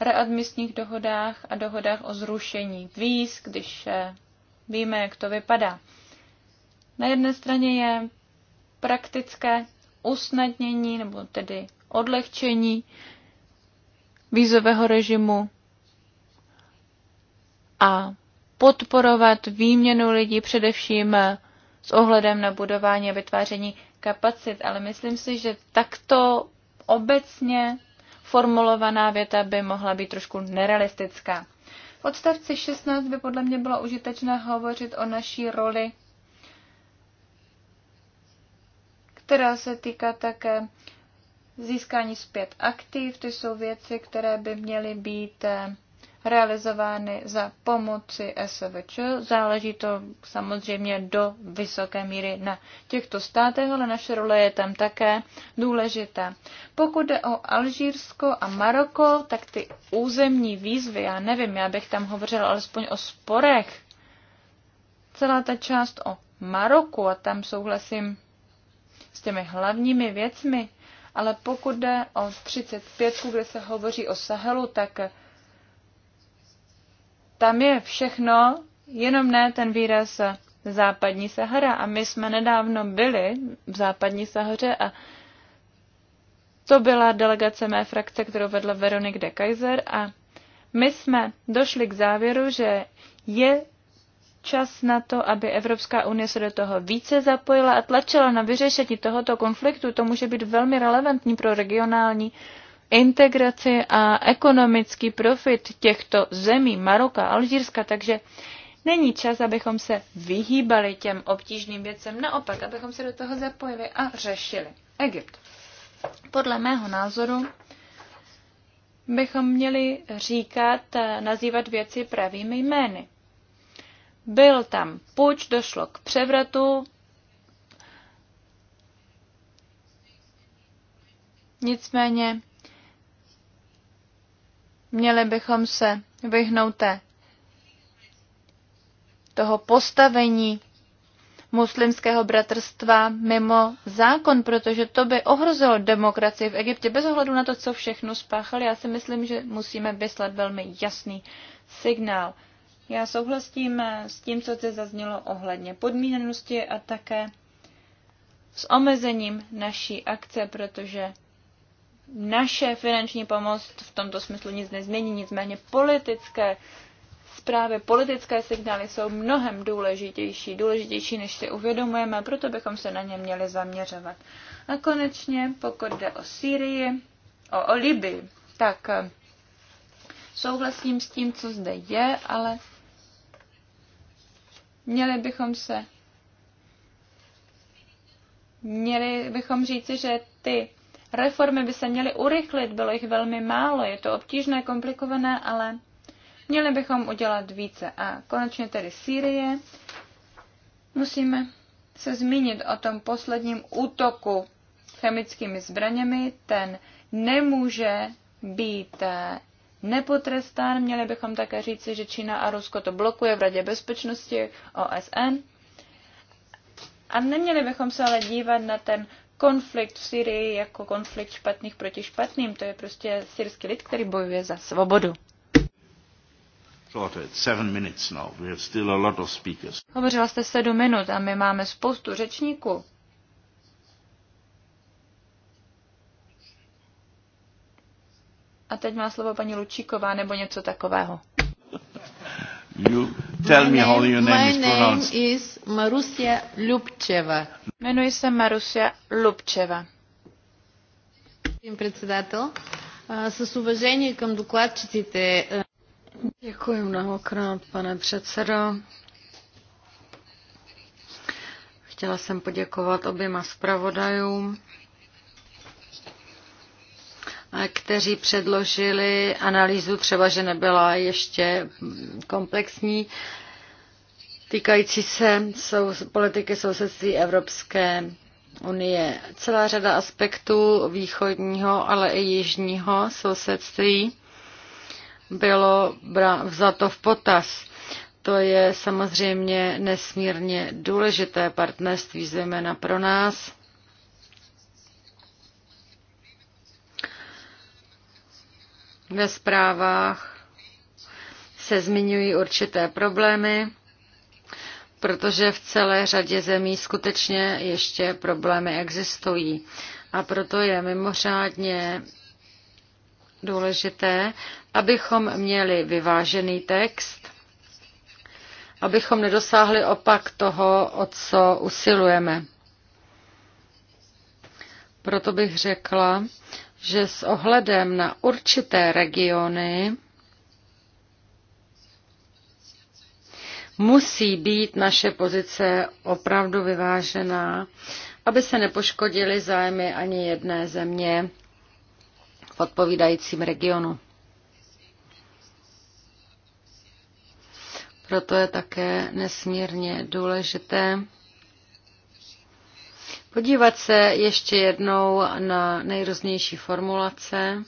readmisních dohodách a dohodách o zrušení víz, když eh, víme, jak to vypadá. Na jedné straně je praktické usnadnění nebo tedy odlehčení vízového režimu a podporovat výměnu lidí především eh, s ohledem na budování a vytváření kapacit, ale myslím si, že takto obecně formulovaná věta by mohla být trošku nerealistická. V odstavci 16 by podle mě bylo užitečné hovořit o naší roli, která se týká také získání zpět aktiv. To jsou věci, které by měly být eh, realizovány za pomoci SVČ. Záleží to samozřejmě do vysoké míry na těchto státech, ale naše role je tam také důležitá. Pokud jde o Alžírsko a Maroko, tak ty územní výzvy, já nevím, já bych tam hovořila alespoň o sporech. Celá ta část o Maroku, a tam souhlasím s těmi hlavními věcmi, ale pokud jde o 35, kde se hovoří o Sahelu, tak tam je všechno, jenom ne ten výraz západní Sahara. A my jsme nedávno byli v západní Sahoře a to byla delegace mé frakce, kterou vedla Veronik de Kaiser a my jsme došli k závěru, že je čas na to, aby Evropská unie se do toho více zapojila a tlačila na vyřešení tohoto konfliktu. To může být velmi relevantní pro regionální integraci a ekonomický profit těchto zemí, Maroka, Alžírska, takže není čas, abychom se vyhýbali těm obtížným věcem, naopak, abychom se do toho zapojili a řešili. Egypt. Podle mého názoru bychom měli říkat, eh, nazývat věci pravými jmény. Byl tam puč, došlo k převratu, nicméně Měli bychom se vyhnout té toho postavení muslimského bratrstva mimo zákon, protože to by ohrozilo demokracii v Egyptě. Bez ohledu na to, co všechno spáchali, já si myslím, že musíme vyslat velmi jasný signál. Já souhlasím s tím, co se zaznělo ohledně podmíněnosti a také s omezením naší akce, protože naše finanční pomoc v tomto smyslu nic nezmění, nicméně politické zprávy, politické signály jsou mnohem důležitější, důležitější, než si uvědomujeme, proto bychom se na ně měli zaměřovat. A konečně, pokud jde o Sýrii, o, o Libii, tak eh, souhlasím s tím, co zde je, ale měli bychom se měli bychom říci, že ty Reformy by se měly urychlit, bylo jich velmi málo, je to obtížné, komplikované, ale měli bychom udělat více. A konečně tedy Sýrie. Musíme se zmínit o tom posledním útoku chemickými zbraněmi. Ten nemůže být eh, nepotrestán. Měli bychom také říci, že Čína a Rusko to blokuje v Radě bezpečnosti OSN. A neměli bychom se ale dívat na ten konflikt v Syrii jako konflikt špatných proti špatným. To je prostě syrský lid, který bojuje za svobodu. Hovořila jste sedm minut a my máme spoustu řečníků. A teď má slovo paní Lučíková nebo něco takového. You tell my me how your name, is pronounced. My name is Marusia Lubčeva. Jmenuji se Marusia Lubčeva. Председател, с уважение към докладчиците. Děkuji mnohokrát, pane předsedo. Chtěla jsem poděkovat oběma zpravodajům kteří předložili analýzu, třeba že nebyla ještě komplexní, týkající se sou, politiky sousedství Evropské unie. Celá řada aspektů východního, ale i jižního sousedství bylo vzato v potaz. To je samozřejmě nesmírně důležité partnerství, zejména pro nás, Ve zprávách se zmiňují určité problémy, protože v celé řadě zemí skutečně ještě problémy existují. A proto je mimořádně důležité, abychom měli vyvážený text, abychom nedosáhli opak toho, o co usilujeme. Proto bych řekla, že s ohledem na určité regiony musí být naše pozice opravdu vyvážená, aby se nepoškodily zájmy ani jedné země v odpovídajícím regionu. Proto je také nesmírně důležité, podívat se ještě jednou na nejrůznější formulace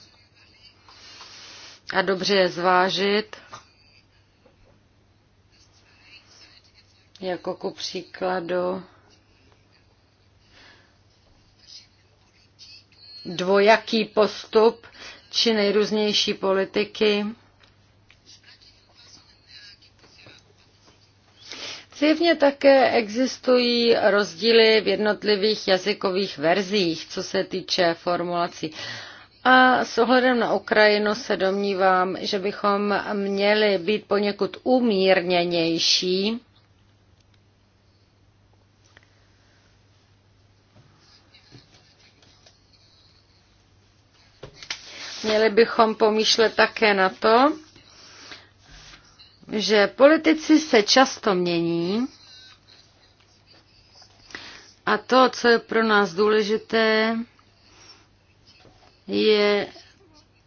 a dobře je zvážit, jako ku příkladu dvojaký postup či nejrůznější politiky Zjevně také existují rozdíly v jednotlivých jazykových verzích, co se týče formulací. A s ohledem na Ukrajinu se domnívám, že bychom měli být poněkud umírněnější. Měli bychom pomýšlet také na to, že politici se často mění a to, co je pro nás důležité, je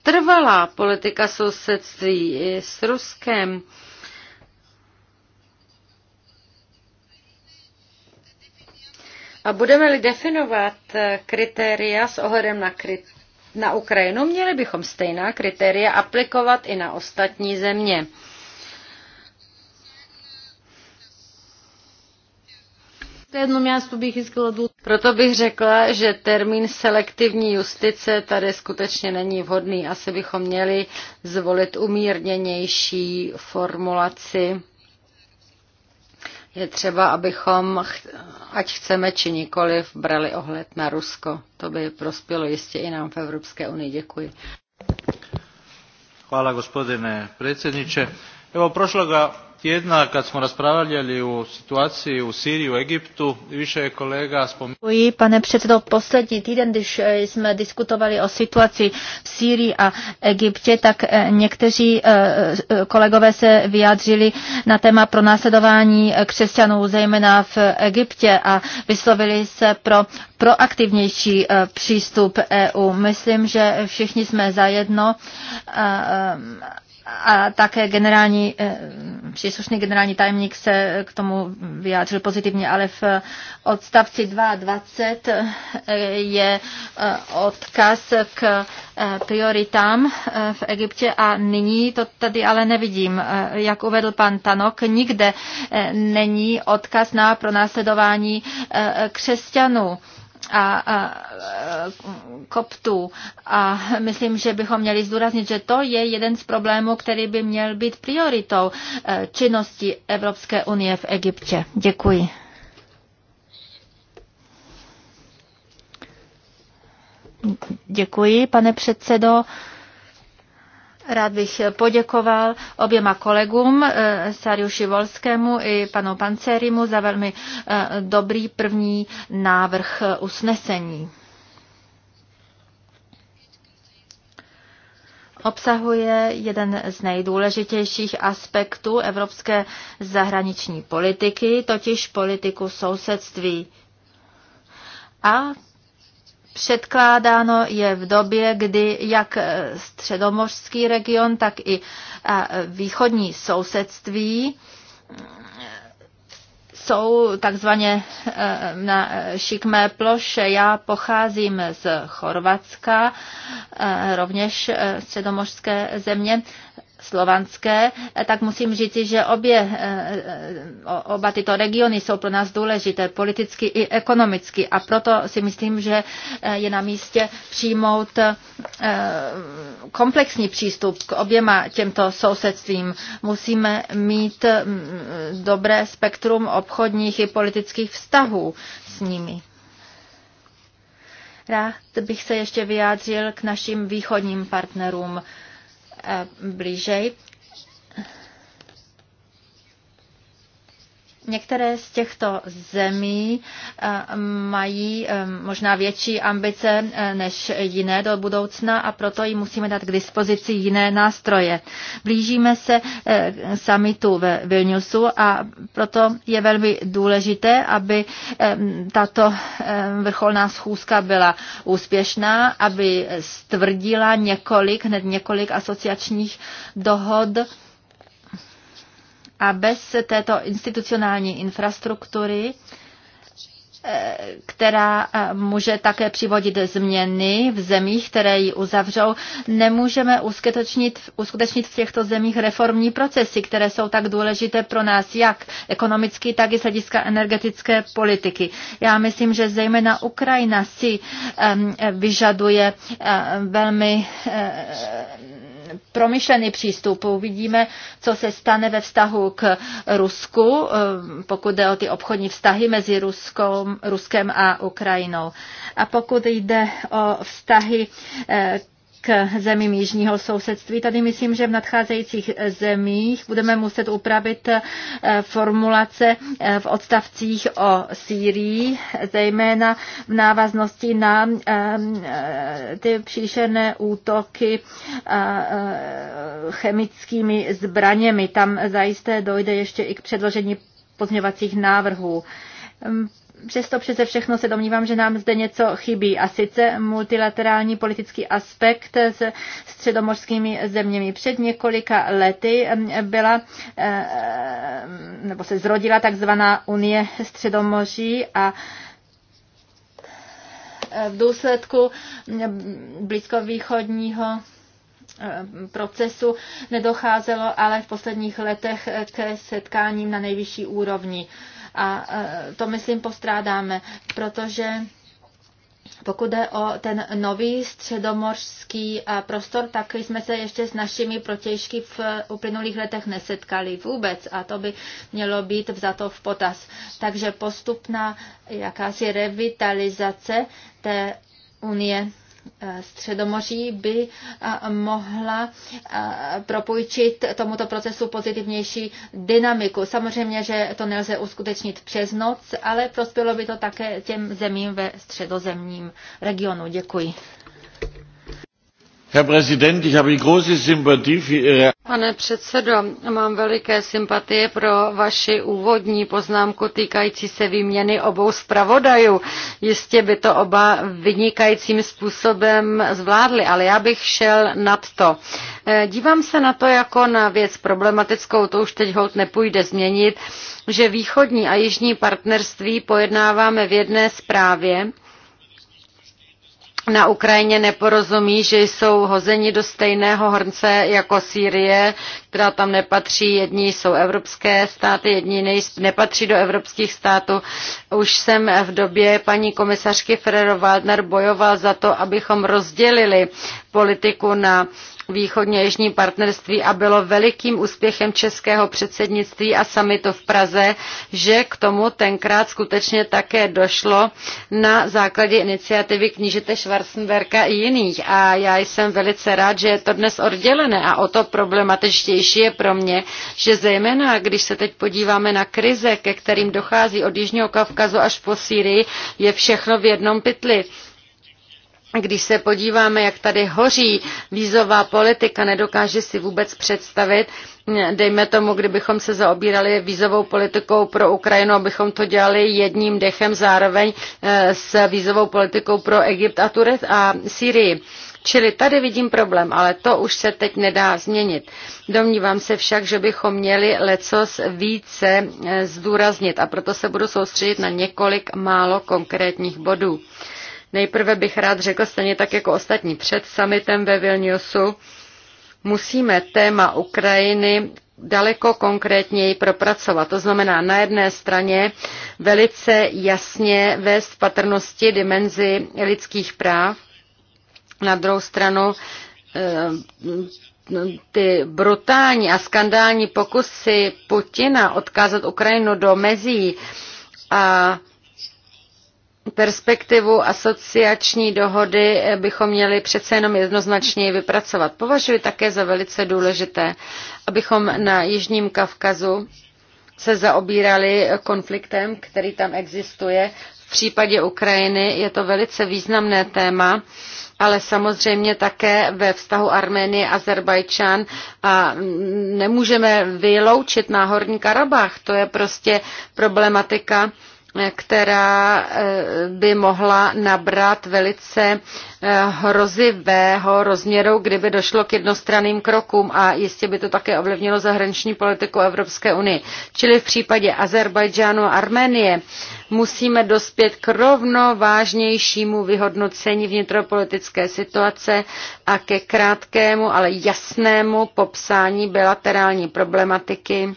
trvalá politika sousedství s Ruskem. A budeme-li definovat kritéria s ohledem na, kri- na Ukrajinu, měli bychom stejná kritéria aplikovat i na ostatní země. Jedno město bych chtěla Proto bych řekla, že termín selektivní justice tady skutečně není vhodný. Asi bychom měli zvolit umírněnější formulaci. Je třeba, abychom, ať chceme či nikoliv, brali ohled na Rusko. To by prospělo jistě i nám v Evropské unii. Děkuji. Hvala, gospodine predsjedniče. Evo, prošloga tjedna kad smo raspravljali o situaciji u Syrii, u Egyptu, više je kolega spomenuo. pane předsedo, poslední týden, když eh, jsme diskutovali o situaci v Syrii a Egyptě, tak eh, někteří eh, kolegové se vyjádřili na téma pro následování křesťanů, zejména v Egyptě a vyslovili se pro proaktivnější přístup EU. Myslím, že všichni jsme zajedno a také generální, eh, příslušný generální tajemník se k tomu vyjádřil pozitivně, ale v eh, odstavci 22 eh, je odkaz k prioritám v Egyptě a nyní to tady ale nevidím. Jak uvedl pan Tanok, nikde není odkaz na pronásledování křesťanů a koptů. A myslím, že bychom měli zdůraznit, že to je jeden z problémů, který by měl být prioritou e, činnosti Evropské unie v Egyptě. Děkuji. Děkuji, pane předsedo. Rád bych poděkoval oběma kolegům, eh, Sariuši Volskému i panu Pancerimu, za velmi eh, dobrý první návrh eh, usnesení. obsahuje jeden z nejdůležitějších aspektů evropské zahraniční politiky, totiž politiku sousedství. A předkládáno je v době, kdy jak eh, středomořský region, tak i eh, východní sousedství eh, jsou takzvaně na šikmé ploše. Já pocházím z Chorvatska, rovněž středomořské země slovanské, tak musím říci, že obě, eh, eh, oba tyto regiony jsou pro nás důležité politicky i ekonomicky a proto si myslím, že eh, je na místě přijmout komplexní přístup k oběma těmto sousedstvím. Musíme mít mm, dobré spektrum obchodních i politických vztahů s nimi. Rád bych se ještě vyjádřil k našim východním partnerům. Eh, blíže. Některé z těchto zemí eh, mají eh, možná větší ambice eh, než jiné do budoucna a proto jim musíme dát k dispozici jiné nástroje. Blížíme se k samitu ve Vilniusu a proto je velmi důležité, aby tato vrcholná schůzka byla úspěšná, aby stvrdila několik, hned několik asociačních dohod, a bez této institucionální infrastruktury eh, která eh, může také přivodit změny v zemích, které ji uzavřou, nemůžeme uskutečnit, uskutečnit v těchto zemích reformní procesy, které jsou tak důležité pro nás, jak ekonomicky, tak i z hlediska energetické politiky. Já myslím, že zejména Ukrajina si ehm, vyžaduje ehm, velmi eh, promyšlený přístup. Uvidíme, co se stane ve vztahu k Rusku, eh, pokud jde o ty obchodní vztahy mezi Ruskom, Ruskem a Ukrajinou. A pokud jde o vztahy eh, k zemím jižního sousedství. Tady myslím, že v nadcházejících zemích budeme muset upravit eh, formulace eh, v odstavcích o Sýrii, zejména v návaznosti na eh, ty příšerné útoky chemickými zbraněmi. Tam zajisté dojde ještě i k předložení pozměvacích návrhů přesto přece všechno se domnívám, že nám zde něco chybí a sice multilaterální politický aspekt s středomorskými zeměmi. Před několika lety byla nebo se zrodila takzvaná Unie středomoří a e, v důsledku blízkovýchodního e, procesu nedocházelo ale v posledních letech ke setkáním na nejvyšší úrovni. A e, to, myslím, postrádáme, protože pokud jde o ten nový středomořský e, prostor, tak jsme se ještě s našimi protěžky v uplynulých letech nesetkali vůbec a to by mělo být vzato v potaz. Takže postupná jakási revitalizace té unie Eh, Středomoří by eh, mohla eh, propůjčit tomuto procesu pozitivnější dynamiku. Samozřejmě, že to nelze uskutečnit přes noc, ale prospělo by to také těm zemím ve středozemním regionu. Děkuji. Pane předsedo, mám veliké sympatie pro vaši úvodní poznámku týkající se výměny obou zpravodajů. Jistě by to oba vynikajícím způsobem zvládli, ale já bych šel nad to. Eh, dívám se na to jako na věc problematickou, to už teď holt nepůjde změnit, že východní a jižní partnerství pojednáváme v jedné zprávě, na Ukrajině neporozumí, že jsou hozeni do stejného hrnce jako Sýrie, která tam nepatří. Jedni jsou evropské státy, jedni nepatří do evropských států. Už jsem v době paní komisařky Ferrero-Waldner bojoval za to, abychom rozdělili politiku na uh, východně-jižní partnerství a bylo velikým úspěchem českého předsednictví a samitu v Praze, že k tomu tenkrát skutečně také došlo na základě iniciativy knížete Schwarzenberka i jiných. A já jsem velice rád, že je to dnes oddělené a o to problematičtější je pro mě, že zejména když se teď podíváme na krize, ke kterým dochází od Jižního Kavkazu až po Sýrii, je všechno v jednom pytli když se podíváme, jak tady hoří vízová politika, nedokáže si vůbec představit, dejme tomu, kdybychom se zaobírali vízovou politikou pro Ukrajinu, abychom to dělali jedním dechem zároveň eh, s vízovou politikou pro Egypt a, Turec a Syrii. Čili tady vidím problém, ale to už se teď nedá změnit. Domnívám se však, že bychom měli lecos více eh, zdůraznit a proto se budu soustředit na několik málo konkrétních bodů. Nejprve bych rád řekl, stejně tak jako ostatní před summitem ve Vilniusu, musíme téma Ukrajiny daleko konkrétněji propracovat. To znamená na jedné straně velice jasně vést patrnosti dimenzi lidských práv, na druhou stranu eh, ty brutální a skandální pokusy Putina odkázat Ukrajinu do mezí a perspektivu asociační dohody bychom měli přece jenom jednoznačněji vypracovat. Považuji také za velice důležité, abychom na Jižním Kavkazu se zaobírali konfliktem, který tam existuje. V případě Ukrajiny je to velice významné téma, ale samozřejmě také ve vztahu Arménie a Azerbajčan a nemůžeme vyloučit náhorní Karabach. To je prostě problematika, která eh, by mohla nabrat velice eh, hrozivého rozměru, kdyby došlo k jednostranným krokům a jistě by to také ovlivnilo zahraniční politiku Evropské unie. Čili v případě Azerbajdžánu a Arménie musíme dospět k rovnovážnějšímu vyhodnocení vnitropolitické situace a ke krátkému, ale jasnému popsání bilaterální problematiky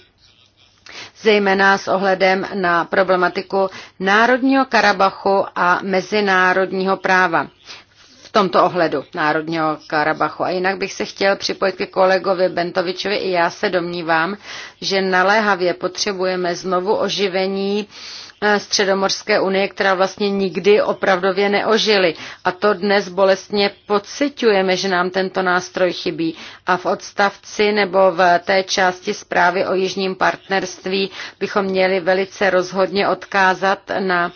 zejména s ohledem na problematiku Národního Karabachu a mezinárodního práva v tomto ohledu Národního Karabachu. A jinak bych se chtěl připojit ke kolegovi Bentovičovi. I já se domnívám, že naléhavě potřebujeme znovu oživení uh, Eh, Středomorské unie, která vlastně nikdy opravdově neožily. A to dnes bolestně pocitujeme, že nám tento nástroj chybí. A v odstavci nebo v té části zprávy o jižním partnerství bychom měli velice rozhodně odkázat na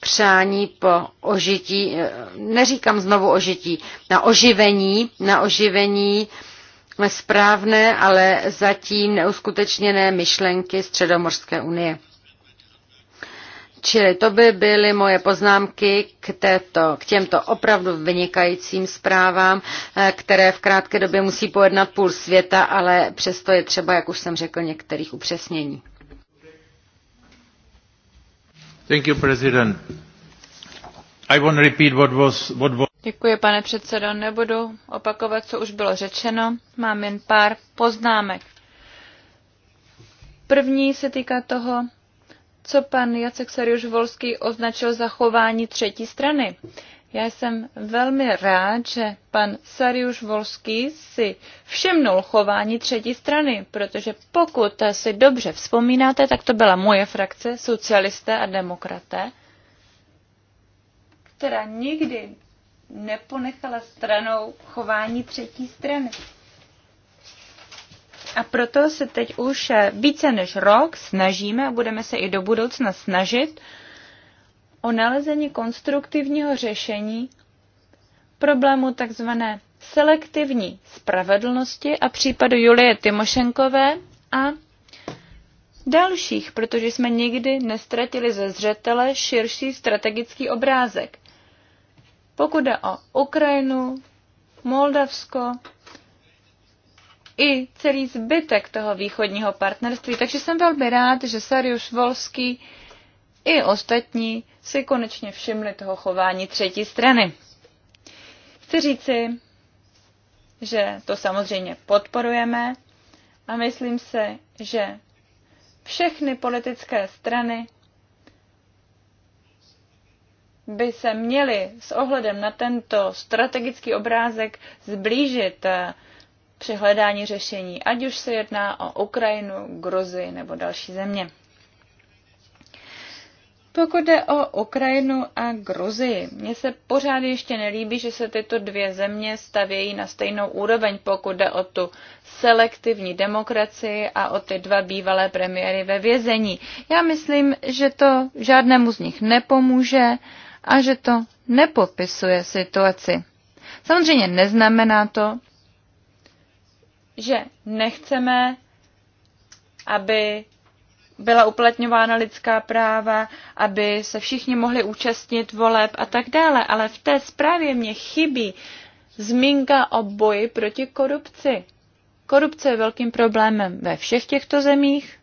přání po ožití, eh, neříkám znovu ožití, na oživení, na oživení správné, ale zatím neuskutečněné myšlenky Středomorské unie. Čili to by byly moje poznámky k, této, k těmto opravdu vynikajícím zprávám, eh, které v krátké době musí pojednat půl světa, ale přesto je třeba, jak už jsem řekl, některých upřesnění. Thank you, President. I won't repeat what was, what was... Děkuji, pane předsedo. Nebudu opakovat, co už bylo řečeno. Mám jen pár poznámek. První se týká toho, co pan Jacek Sariuš Volský označil za chování třetí strany. Já jsem velmi rád, že pan Sariuš Volský si všimnul chování třetí strany, protože pokud si dobře vzpomínáte, tak to byla moje frakce, socialisté a demokraté, která nikdy neponechala stranou chování třetí strany. A proto se teď už eh, více než rok snažíme a budeme se i do budoucna snažit o nalezení konstruktivního řešení problému takzvané selektivní spravedlnosti a případu Julie Timošenkové a dalších, protože jsme nikdy nestratili ze zřetele širší strategický obrázek. Pokud jde o Ukrajinu, Moldavsko, i celý zbytek toho východního partnerství. Takže jsem velmi rád, že Sariusz Volský i ostatní si konečně všimli toho chování třetí strany. Chci říci, že to samozřejmě podporujeme a myslím se, že všechny politické strany by se měly s ohledem na tento strategický obrázek zblížit eh, při hledání řešení, ať už se jedná o Ukrajinu, Gruzi nebo další země. Pokud jde o Ukrajinu a Gruzii, mně se pořád ještě nelíbí, že se tyto dvě země stavějí na stejnou úroveň, pokud jde o tu selektivní demokracii a o ty dva bývalé premiéry ve vězení. Já myslím, že to žádnému z nich nepomůže a že to nepopisuje situaci. Samozřejmě neznamená to, že nechceme, aby byla uplatňována lidská práva, aby se všichni mohli účastnit voleb a tak dále. Ale v té zprávě mě chybí zmínka o boji proti korupci. Korupce je velkým problémem ve všech těchto zemích.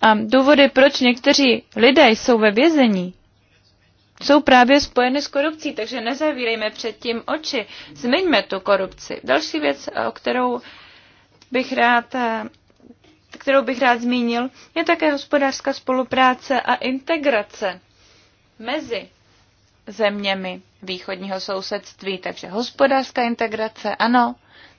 A důvody, proč někteří lidé jsou ve vězení, jsou právě spojeny s korupcí, takže nezavírejme předtím oči, zmiňme tu korupci. Další věc, o kterou bych rád eh, kterou bych rád zmínil, je také hospodářská spolupráce a integrace mezi zeměmi východního sousedství. Takže hospodářská integrace, ano,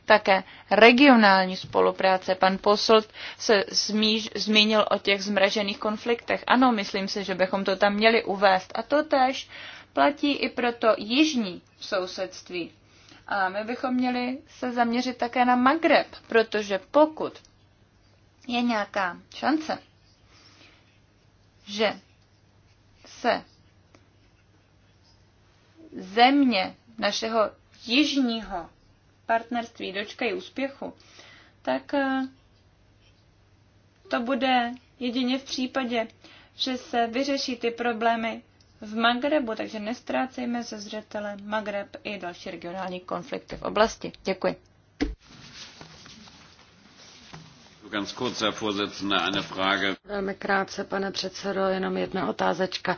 také regionální spolupráce. Pan posolt se zmíž, zmínil o těch zmražených konfliktech. Ano, myslím si, že bychom to tam měli uvést. A to tež platí i pro to jižní sousedství. A my bychom měli se zaměřit také na Magreb, protože pokud je nějaká šance, že se země našeho jižního partnerství dočkají úspěchu, tak eh, to bude jedině v případě, že se vyřeší ty problémy v Magrebu, takže nestrácejme ze zřetele Magreb i další regionální konflikty v oblasti. Děkuji. Velmi krátce, pane předsedo, jenom jedna otázečka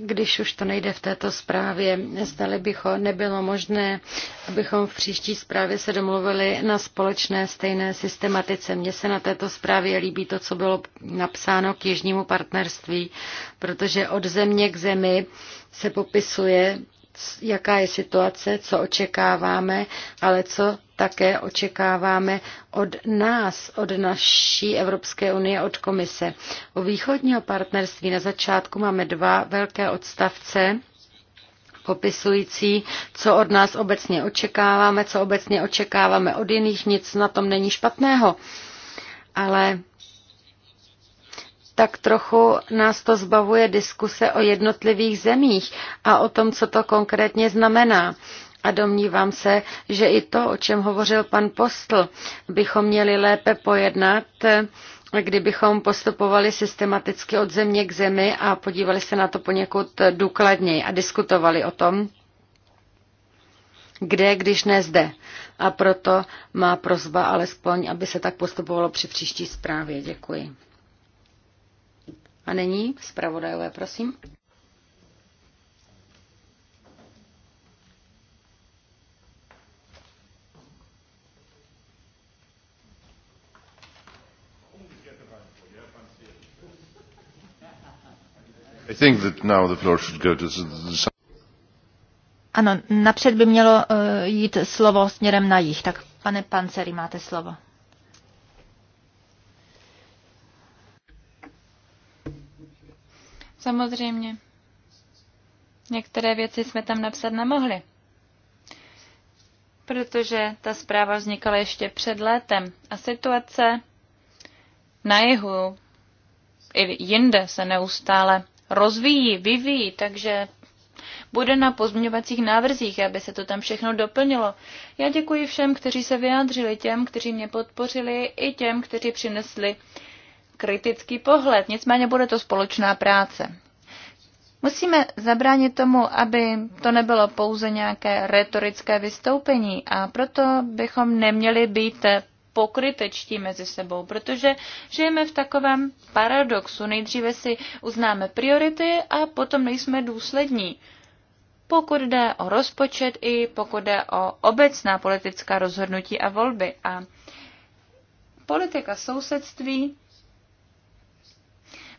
když už to nejde v této zprávě, zdali bychom nebylo možné, abychom v příští zprávě se domluvili na společné stejné systematice. Mně se na této zprávě líbí to, co bylo napsáno k jižnímu partnerství, protože od země k zemi se popisuje jaká je situace, co očekáváme, ale co také očekáváme od nás, od naší Evropské unie, od komise. U východního partnerství na začátku máme dva velké odstavce popisující, co od nás obecně očekáváme, co obecně očekáváme od jiných, nic na tom není špatného. Ale tak trochu nás to zbavuje diskuse o jednotlivých zemích a o tom, co to konkrétně znamená. A domnívám se, že i to, o čem hovořil pan Postl, bychom měli lépe pojednat, kdybychom postupovali systematicky od země k zemi a podívali se na to poněkud důkladněji a diskutovali o tom, kde, když ne zde. A proto má prozba alespoň, aby se tak postupovalo při příští zprávě. Děkuji. A není zpravodajové, prosím. Ano, napřed by mělo eh, jít slovo směrem na jich. Tak pane Panceri, máte slovo. Samozřejmě. Některé věci jsme tam napsat nemohli, protože ta zpráva vznikala ještě před létem a situace na jihu i jinde se neustále rozvíjí, vyvíjí, takže bude na pozměňovacích návrzích, aby se to tam všechno doplnilo. Já děkuji všem, kteří se vyjádřili, těm, kteří mě podpořili, i těm, kteří přinesli kritický pohled, nicméně bude to společná práce. Musíme zabránit tomu, aby to nebylo pouze nějaké retorické vystoupení a proto bychom neměli být pokrytečtí mezi sebou, protože žijeme v takovém paradoxu. Nejdříve si uznáme priority a potom nejsme důslední. Pokud jde o rozpočet i pokud jde o obecná politická rozhodnutí a volby. A politika sousedství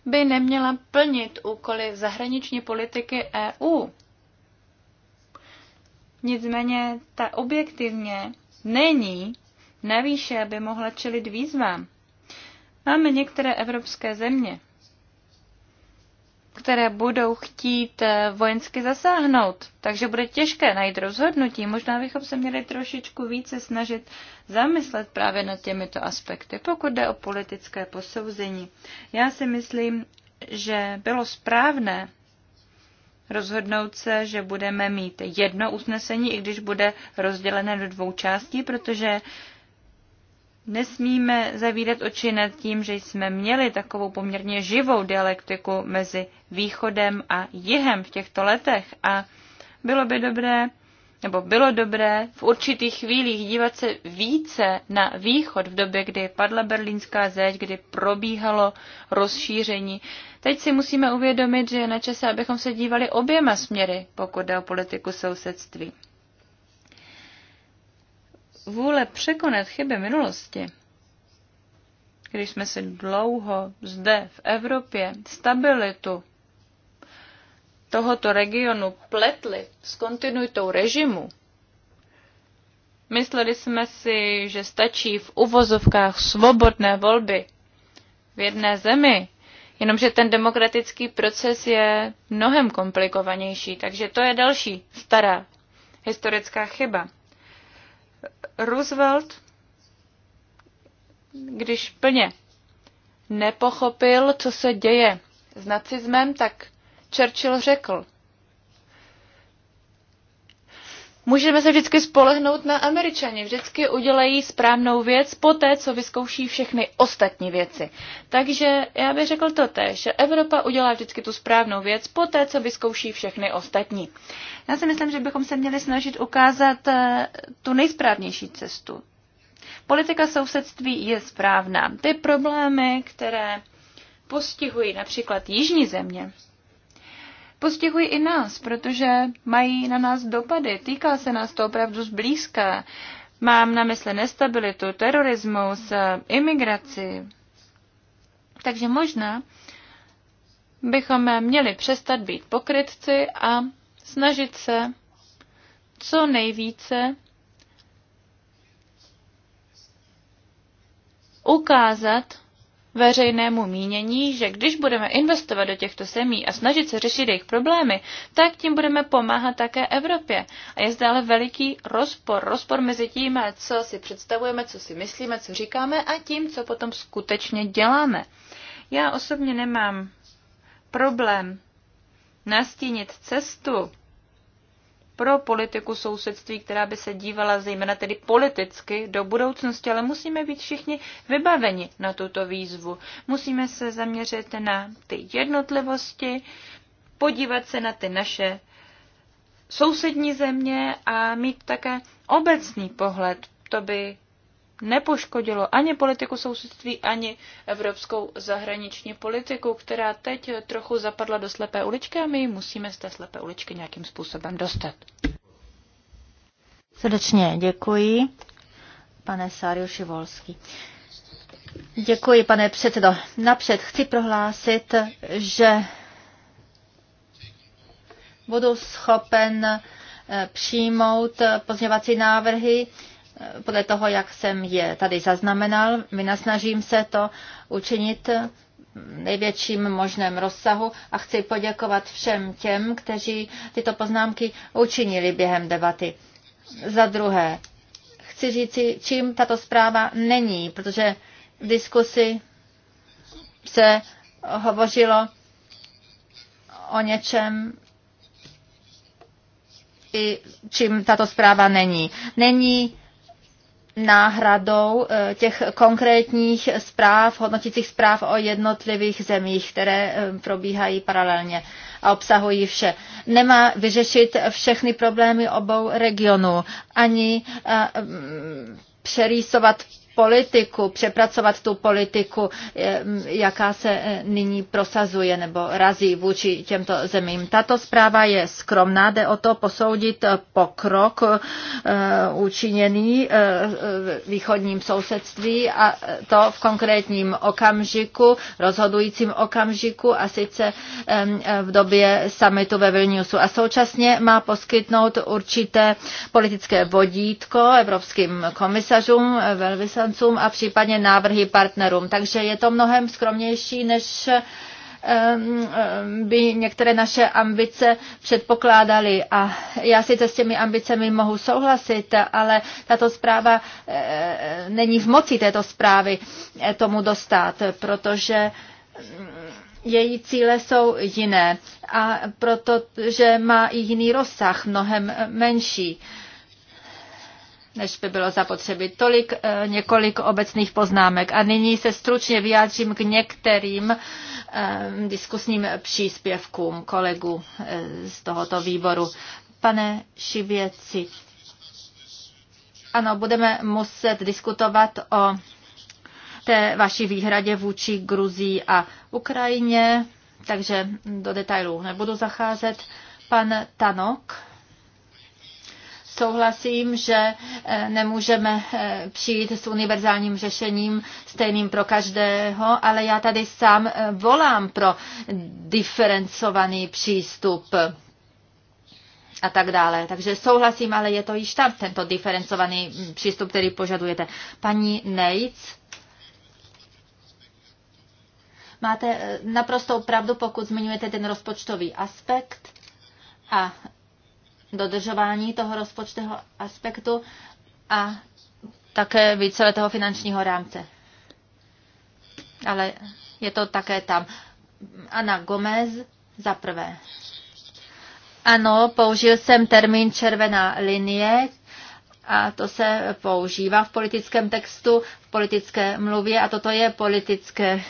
by neměla plnit úkoly zahraniční politiky EU. Nicméně ta objektivně není navýše, aby mohla čelit výzvám. Máme některé evropské země, které budou chtít eh, vojensky zasáhnout. Takže bude těžké najít rozhodnutí. Možná bychom se měli trošičku více snažit zamyslet právě nad těmito aspekty, pokud jde o politické posouzení. Já si myslím, že bylo správné rozhodnout se, že budeme mít jedno usnesení, i když bude rozdělené do dvou částí, protože nesmíme zavírat oči nad tím, že jsme měli takovou poměrně živou dialektiku mezi východem a jihem v těchto letech a bylo by dobré, nebo bylo dobré v určitých chvílích dívat se více na východ v době, kdy padla berlínská zeď, kdy probíhalo rozšíření. Teď si musíme uvědomit, že je na čase, abychom se dívali oběma směry, pokud jde o politiku sousedství vůle překonat chyby minulosti, když jsme si dlouho zde v Evropě stabilitu tohoto regionu pletli s kontinuitou režimu, mysleli jsme si, že stačí v uvozovkách svobodné volby v jedné zemi, jenomže ten demokratický proces je mnohem komplikovanější, takže to je další stará historická chyba. Roosevelt, když plně nepochopil, co se děje s nacismem, tak Churchill řekl, Můžeme se vždycky spolehnout na Američany. Vždycky udělají správnou věc po té, co vyzkouší všechny ostatní věci. Takže já bych řekl to tež, že Evropa udělá vždycky tu správnou věc po té, co vyzkouší všechny ostatní. Já si myslím, že bychom se měli snažit ukázat eh, tu nejsprávnější cestu. Politika sousedství je správná. Ty problémy, které postihují například jižní země, postihují i nás, protože mají na nás dopady. Týká se nás to opravdu zblízka. Mám na mysli nestabilitu, terorismus, imigraci. Takže možná bychom měli přestat být pokrytci a snažit se co nejvíce ukázat veřejnému mínění, že když budeme investovat do těchto zemí a snažit se řešit jejich problémy, tak tím budeme pomáhat také Evropě. A je zde ale veliký rozpor. Rozpor mezi tím, co si představujeme, co si myslíme, co říkáme a tím, co potom skutečně děláme. Já osobně nemám problém nastínit cestu, pro politiku sousedství, která by se dívala zejména tedy politicky do budoucnosti, ale musíme být všichni vybaveni na tuto výzvu. Musíme se zaměřit na ty jednotlivosti, podívat se na ty naše sousední země a mít také obecný pohled. To by nepoškodilo ani politiku sousedství, ani evropskou zahraniční politiku, která teď trochu zapadla do slepé uličky a my musíme z té slepé uličky nějakým způsobem dostat. Srdečně děkuji, pane Sáriu Šivolský. Děkuji, pane předsedo. Napřed chci prohlásit, že budu schopen eh, přijmout eh, pozměvací návrhy, podle toho, jak jsem je tady zaznamenal. Vynasnažím se to učinit největším možném rozsahu a chci poděkovat všem těm, kteří tyto poznámky učinili během debaty. Za druhé, chci říci, čím tato zpráva není, protože v diskusi se hovořilo o něčem, i čím tato zpráva není. Není náhradou eh, těch konkrétních zpráv, hodnotících zpráv o jednotlivých zemích, které eh, probíhají paralelně a obsahují vše. Nemá vyřešit všechny problémy obou regionů, ani eh, přerýsovat politiku, přepracovat tu politiku, eh, jaká se eh, nyní prosazuje nebo razí vůči těmto zemím. Tato zpráva je skromná, jde o to posoudit eh, pokrok učiněný v východním sousedství a to v konkrétním okamžiku, rozhodujícím okamžiku a sice v době summitu ve Vilniusu. A současně má poskytnout určité politické vodítko evropským komisařům, velvyslanům, zaměstnancům a případně návrhy partnerům. Takže je to mnohem skromnější než by některé naše ambice předpokládaly. A já sice s těmi ambicemi mohu souhlasit, ale tato zpráva e, není v moci této zprávy e, tomu dostat, protože mm, její cíle jsou jiné a protože má i jiný rozsah, mnohem menší. Uh, než by bylo zapotřebí. Tolik eh, několik obecných poznámek. A nyní se stručně vyjádřím k některým eh, diskusním příspěvkům kolegů eh, z tohoto výboru. Pane Šivěci, ano, budeme muset diskutovat o té vaší výhradě vůči Gruzii a Ukrajině, takže do detailů nebudu zacházet. Pan Tanok. Souhlasím, že eh, nemůžeme eh, přijít s univerzálním řešením stejným pro každého, ale já tady sám eh, volám pro diferencovaný přístup a tak dále. Takže souhlasím, ale je to již tam tento diferencovaný hm, přístup, který požadujete. Paní Nejc, máte naprostou pravdu, pokud zmiňujete ten rozpočtový aspekt a dodržování toho rozpočtového aspektu a také víceletého finančního rámce. Ale je to také tam. Ana Gomez za prvé. Ano, použil jsem termín červená linie a to se používá v politickém textu, v politické mluvě a toto je politické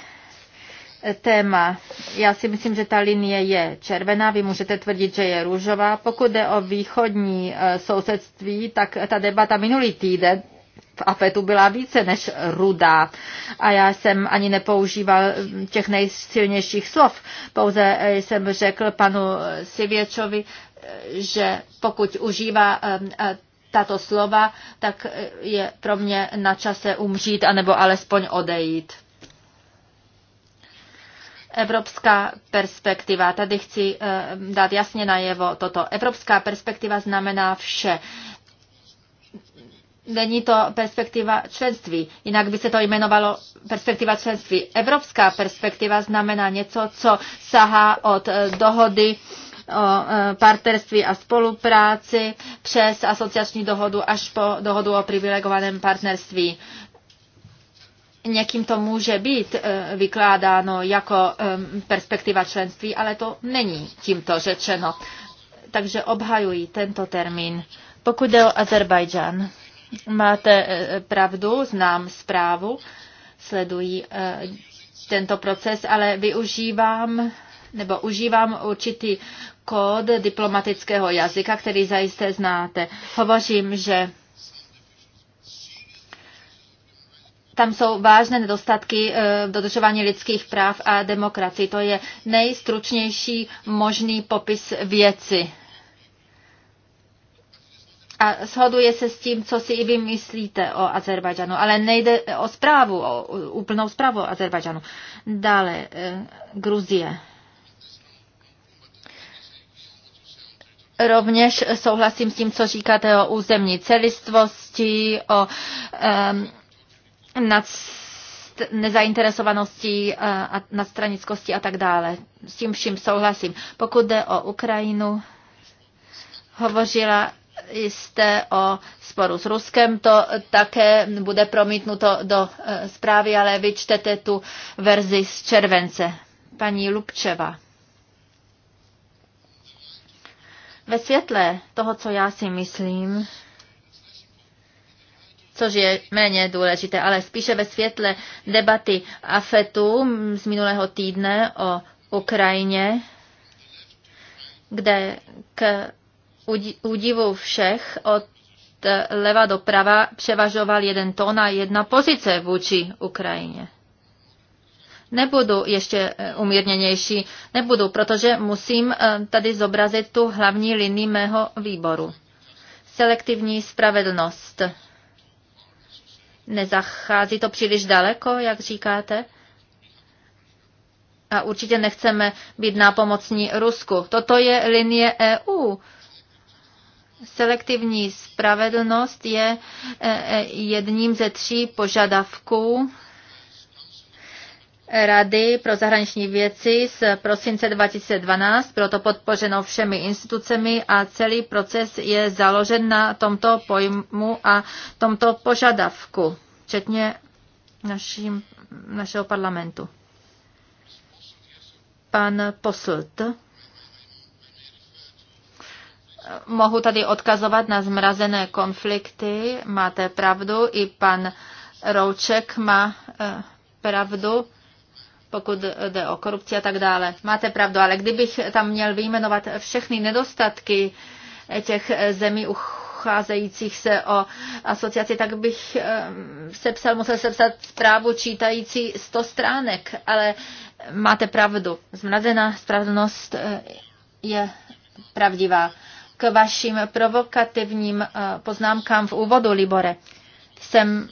téma. Já si myslím, že ta linie je červená, vy můžete tvrdit, že je růžová. Pokud jde o východní e, sousedství, tak ta debata minulý týden v APETu byla více než rudá. A já jsem ani nepoužíval těch nejsilnějších slov. Pouze e, jsem řekl panu Sivěčovi, e, že pokud užívá tato slova, tak je pro mě na čase umřít anebo alespoň odejít. Evropská perspektiva. Tady chci eh, dát jasně najevo toto. Evropská perspektiva znamená vše. Není to perspektiva členství, jinak by se to jmenovalo perspektiva členství. Evropská perspektiva znamená něco, co sahá od eh, dohody o eh, partnerství a spolupráci přes asociační dohodu až po dohodu o privilegovaném partnerství někým to může být eh, vykládáno jako eh, perspektiva členství, ale to není tímto řečeno. Takže obhajují tento termín. Pokud jde o Azerbajdžan, máte eh, pravdu, znám zprávu, sledují tento proces, ale využívám nebo užívám určitý kód diplomatického jazyka, který zajisté znáte. Hovořím, že tam jsou vážné nedostatky eh, v dodržování lidských práv a demokracii. To je nejstručnější možný popis věci. A shoduje se s tím, co si i vy myslíte o Azerbajdžanu, ale nejde o zprávu, o úplnou zprávu o Azerbajdžanu. Dále, eh, Gruzie. Rovněž souhlasím s tím, co říkáte o územní celistvosti, o um, nad nezainteresovaností eh, a nadstranickosti a tak dále. S tím vším souhlasím. Pokud jde o Ukrajinu, hovořila jste o sporu s Ruskem, to také bude promítnuto do eh, zprávy, ale vy čtete tu verzi z července. Paní Lubčeva. Ve světle toho, co já si myslím, což je méně důležité, ale spíše ve světle debaty AFETu z minulého týdne o Ukrajině, kde k údivu všech od e, leva prava převažoval jeden tón a jedna pozice vůči Ukrajině. Nebudu ještě e, umírněnější, nebudu, protože musím e, tady zobrazit tu hlavní linii mého výboru. Selektivní spravedlnost Nezachází to příliš daleko, jak říkáte? A určitě nechceme být nápomocní Rusku. Toto je linie EU. Selektivní spravedlnost je e, e, jedním ze tří požadavků Rady pro zahraniční věci z prosince 2012, to podpořeno všemi institucemi a celý proces je založen na tomto pojmu a tomto požadavku, včetně naším, našeho parlamentu. Pan Poslt. Mohu tady odkazovat na zmrazené konflikty, máte pravdu, i pan Rouček má eh, pravdu pokud jde o korupci a tak dále. Máte pravdu, ale kdybych tam měl vyjmenovat všechny nedostatky těch zemí ucházejících se o asociaci, tak bych eh, sepsal, musel sepsat zprávu čítající 100 stránek, ale máte pravdu. Zmrazená spravedlnost eh, je pravdivá. K vašim provokativním eh, poznámkám v úvodu, Libore jsem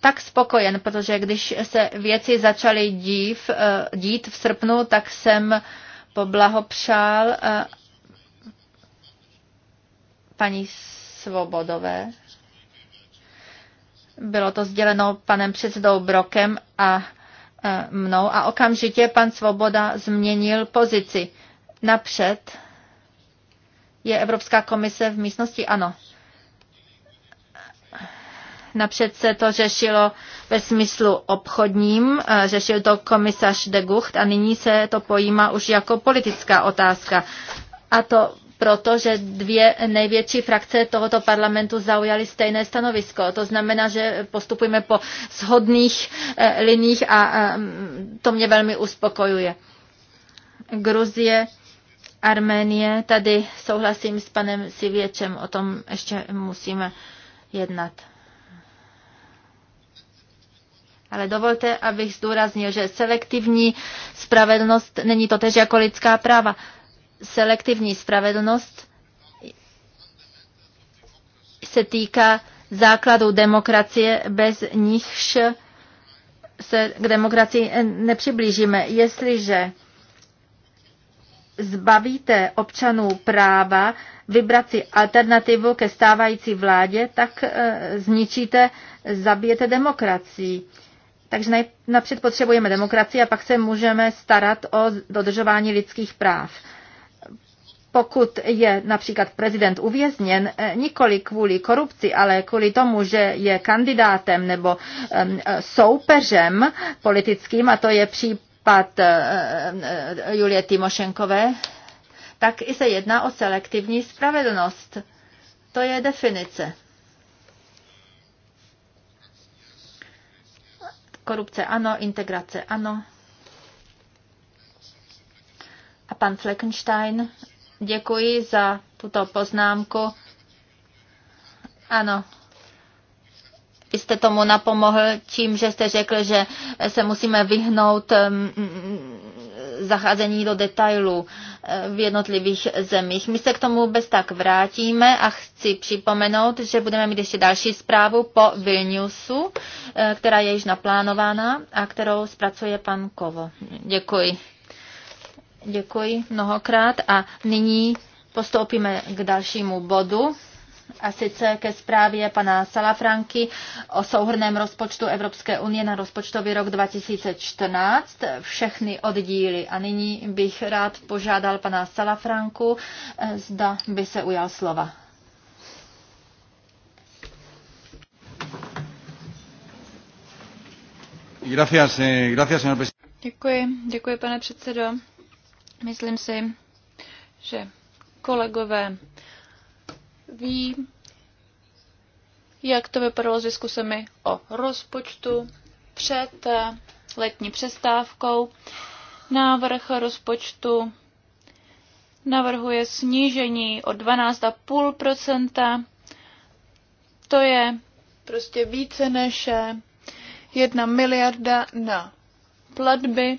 tak spokojen, protože když se věci začaly dív, eh, dít v srpnu, tak jsem poblahopřál eh, paní Svobodové. Bylo to sděleno panem předsedou Brokem a eh, mnou a okamžitě pan Svoboda změnil pozici. Napřed je Evropská komise v místnosti? Ano. Napřed se to řešilo ve smyslu obchodním, eh, řešil to komisař de Gucht a nyní se to pojímá už jako politická otázka. A to proto, že dvě největší frakce tohoto parlamentu zaujaly stejné stanovisko. To znamená, že postupujeme po shodných eh, liních a eh, to mě velmi uspokojuje. Gruzie, Arménie, tady souhlasím s panem Sivěčem, o tom ještě musíme jednat. Ale dovolte, abych zdůraznil, že selektivní spravedlnost není to, tež jako lidská práva. Selektivní spravedlnost se týká základů demokracie, bez nichž se k demokracii nepřiblížíme. Jestliže zbavíte občanů práva vybrat si alternativu ke stávající vládě, tak eh, zničíte, zabijete demokracii. Takže napřed potřebujeme demokracii a pak se můžeme starat o dodržování lidských práv. Pokud je například prezident uvězněn eh, nikoli kvůli korupci, ale kvůli tomu, že je kandidátem nebo soupeřem politickým, a to je případ eh, eh, Julie Timošenkové, tak i se jedná o selektivní spravedlnost. To je definice. Korupce ano, integrace ano. A pan Fleckenstein, děkuji za tuto poznámku. Ano, vy jste tomu napomohl tím, že jste řekl, že se musíme vyhnout mm, mm, zacházení do detailů eh, v jednotlivých zemích. My se k tomu bez tak vrátíme a chci připomenout, že budeme mít ještě další zprávu po Vilniusu, eh, která je již naplánována a kterou zpracuje pan Kovo. Děkuji. Děkuji mnohokrát a nyní postoupíme k dalšímu bodu a sice ke zprávě pana Salafranky o souhrném rozpočtu Evropské unie na rozpočtový rok 2014, všechny oddíly. A nyní bych rád požádal pana Salafranku, eh, zda by se ujal slova. Eh, děkuji, děkuji, pane předsedo. Myslím si, že kolegové ví, jak to vypadalo s diskusemi o rozpočtu před eh, letní přestávkou. Návrh rozpočtu navrhuje snížení o 12,5%. To je prostě více než 1 eh, miliarda na platby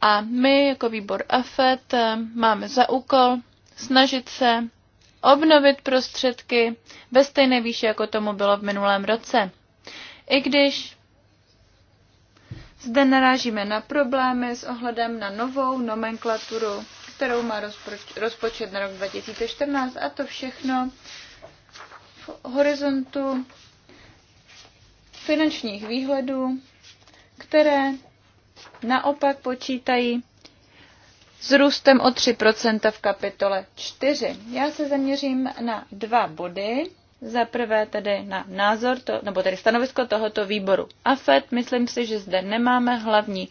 a my jako výbor AFET eh, máme za úkol snažit se obnovit prostředky ve stejné výši, jako tomu bylo v minulém roce. I když zde narážíme na problémy s ohledem na novou nomenklaturu, kterou má rozpočet na rok 2014 a to všechno v horizontu finančních výhledů, které naopak počítají s růstem o 3% v kapitole 4. Já se zaměřím na dva body. Za prvé tedy na názor, to, nebo tedy stanovisko tohoto výboru AFED. Myslím si, že zde nemáme hlavní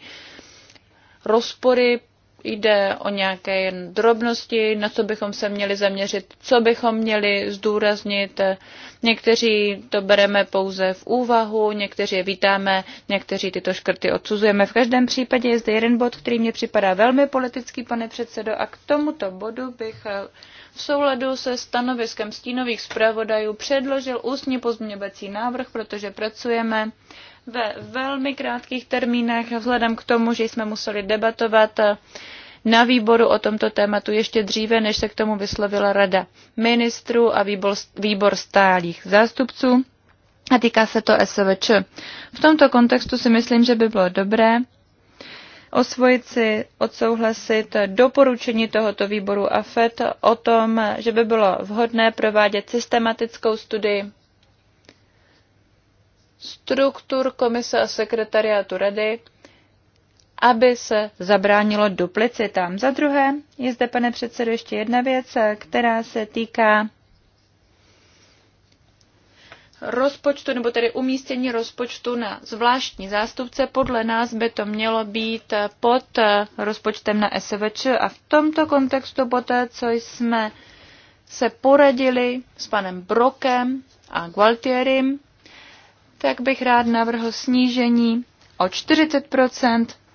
rozpory, jde o nějaké jen drobnosti, na co bychom se měli zaměřit, co bychom měli zdůraznit. Někteří to bereme pouze v úvahu, někteří je vítáme, někteří tyto škrty odsuzujeme. V každém případě je zde jeden bod, který mě připadá velmi politický, pane předsedo, a k tomuto bodu bych eh, v souladu se stanoviskem stínových zpravodajů předložil ústní pozměňovací návrh, protože pracujeme ve velmi krátkých termínech, vzhledem k tomu, že jsme museli debatovat eh, na výboru o tomto tématu ještě dříve, než se k tomu vyslovila Rada ministrů a výbor, výbor stálých zástupců. A týká se to SVČ. V tomto kontextu si myslím, že by bylo dobré osvojit si, odsouhlasit doporučení tohoto výboru AFET o tom, že by bylo vhodné provádět systematickou studii struktur komise a sekretariátu rady, aby se zabránilo duplicitám. Za druhé je zde, pane předsedo, ještě jedna věc, která se týká rozpočtu, nebo tedy umístění rozpočtu na zvláštní zástupce. Podle nás by to mělo být pod rozpočtem na SVČ a v tomto kontextu poté, co jsme se poradili s panem Brokem a Gualtierim, tak bych rád navrhl snížení o 40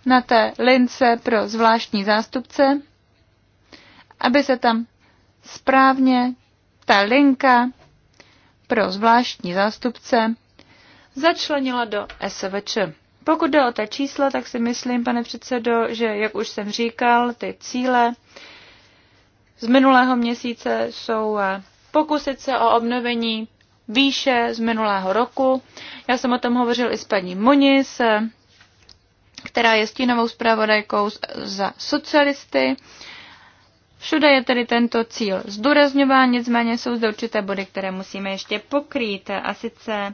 na té lince pro zvláštní zástupce, aby se tam správně ta linka pro zvláštní zástupce začlenila do SVČ. Pokud jde o ta čísla, tak si myslím, pane předsedo, že, jak už jsem říkal, ty cíle z minulého měsíce jsou eh, pokusit se o obnovení výše z minulého roku. Já jsem o tom hovořil i s paní Moniz, která je stínovou zpravodajkou za socialisty. Všude je tedy tento cíl zdůrazňován, nicméně jsou zde určité body, které musíme ještě pokrýt, a sice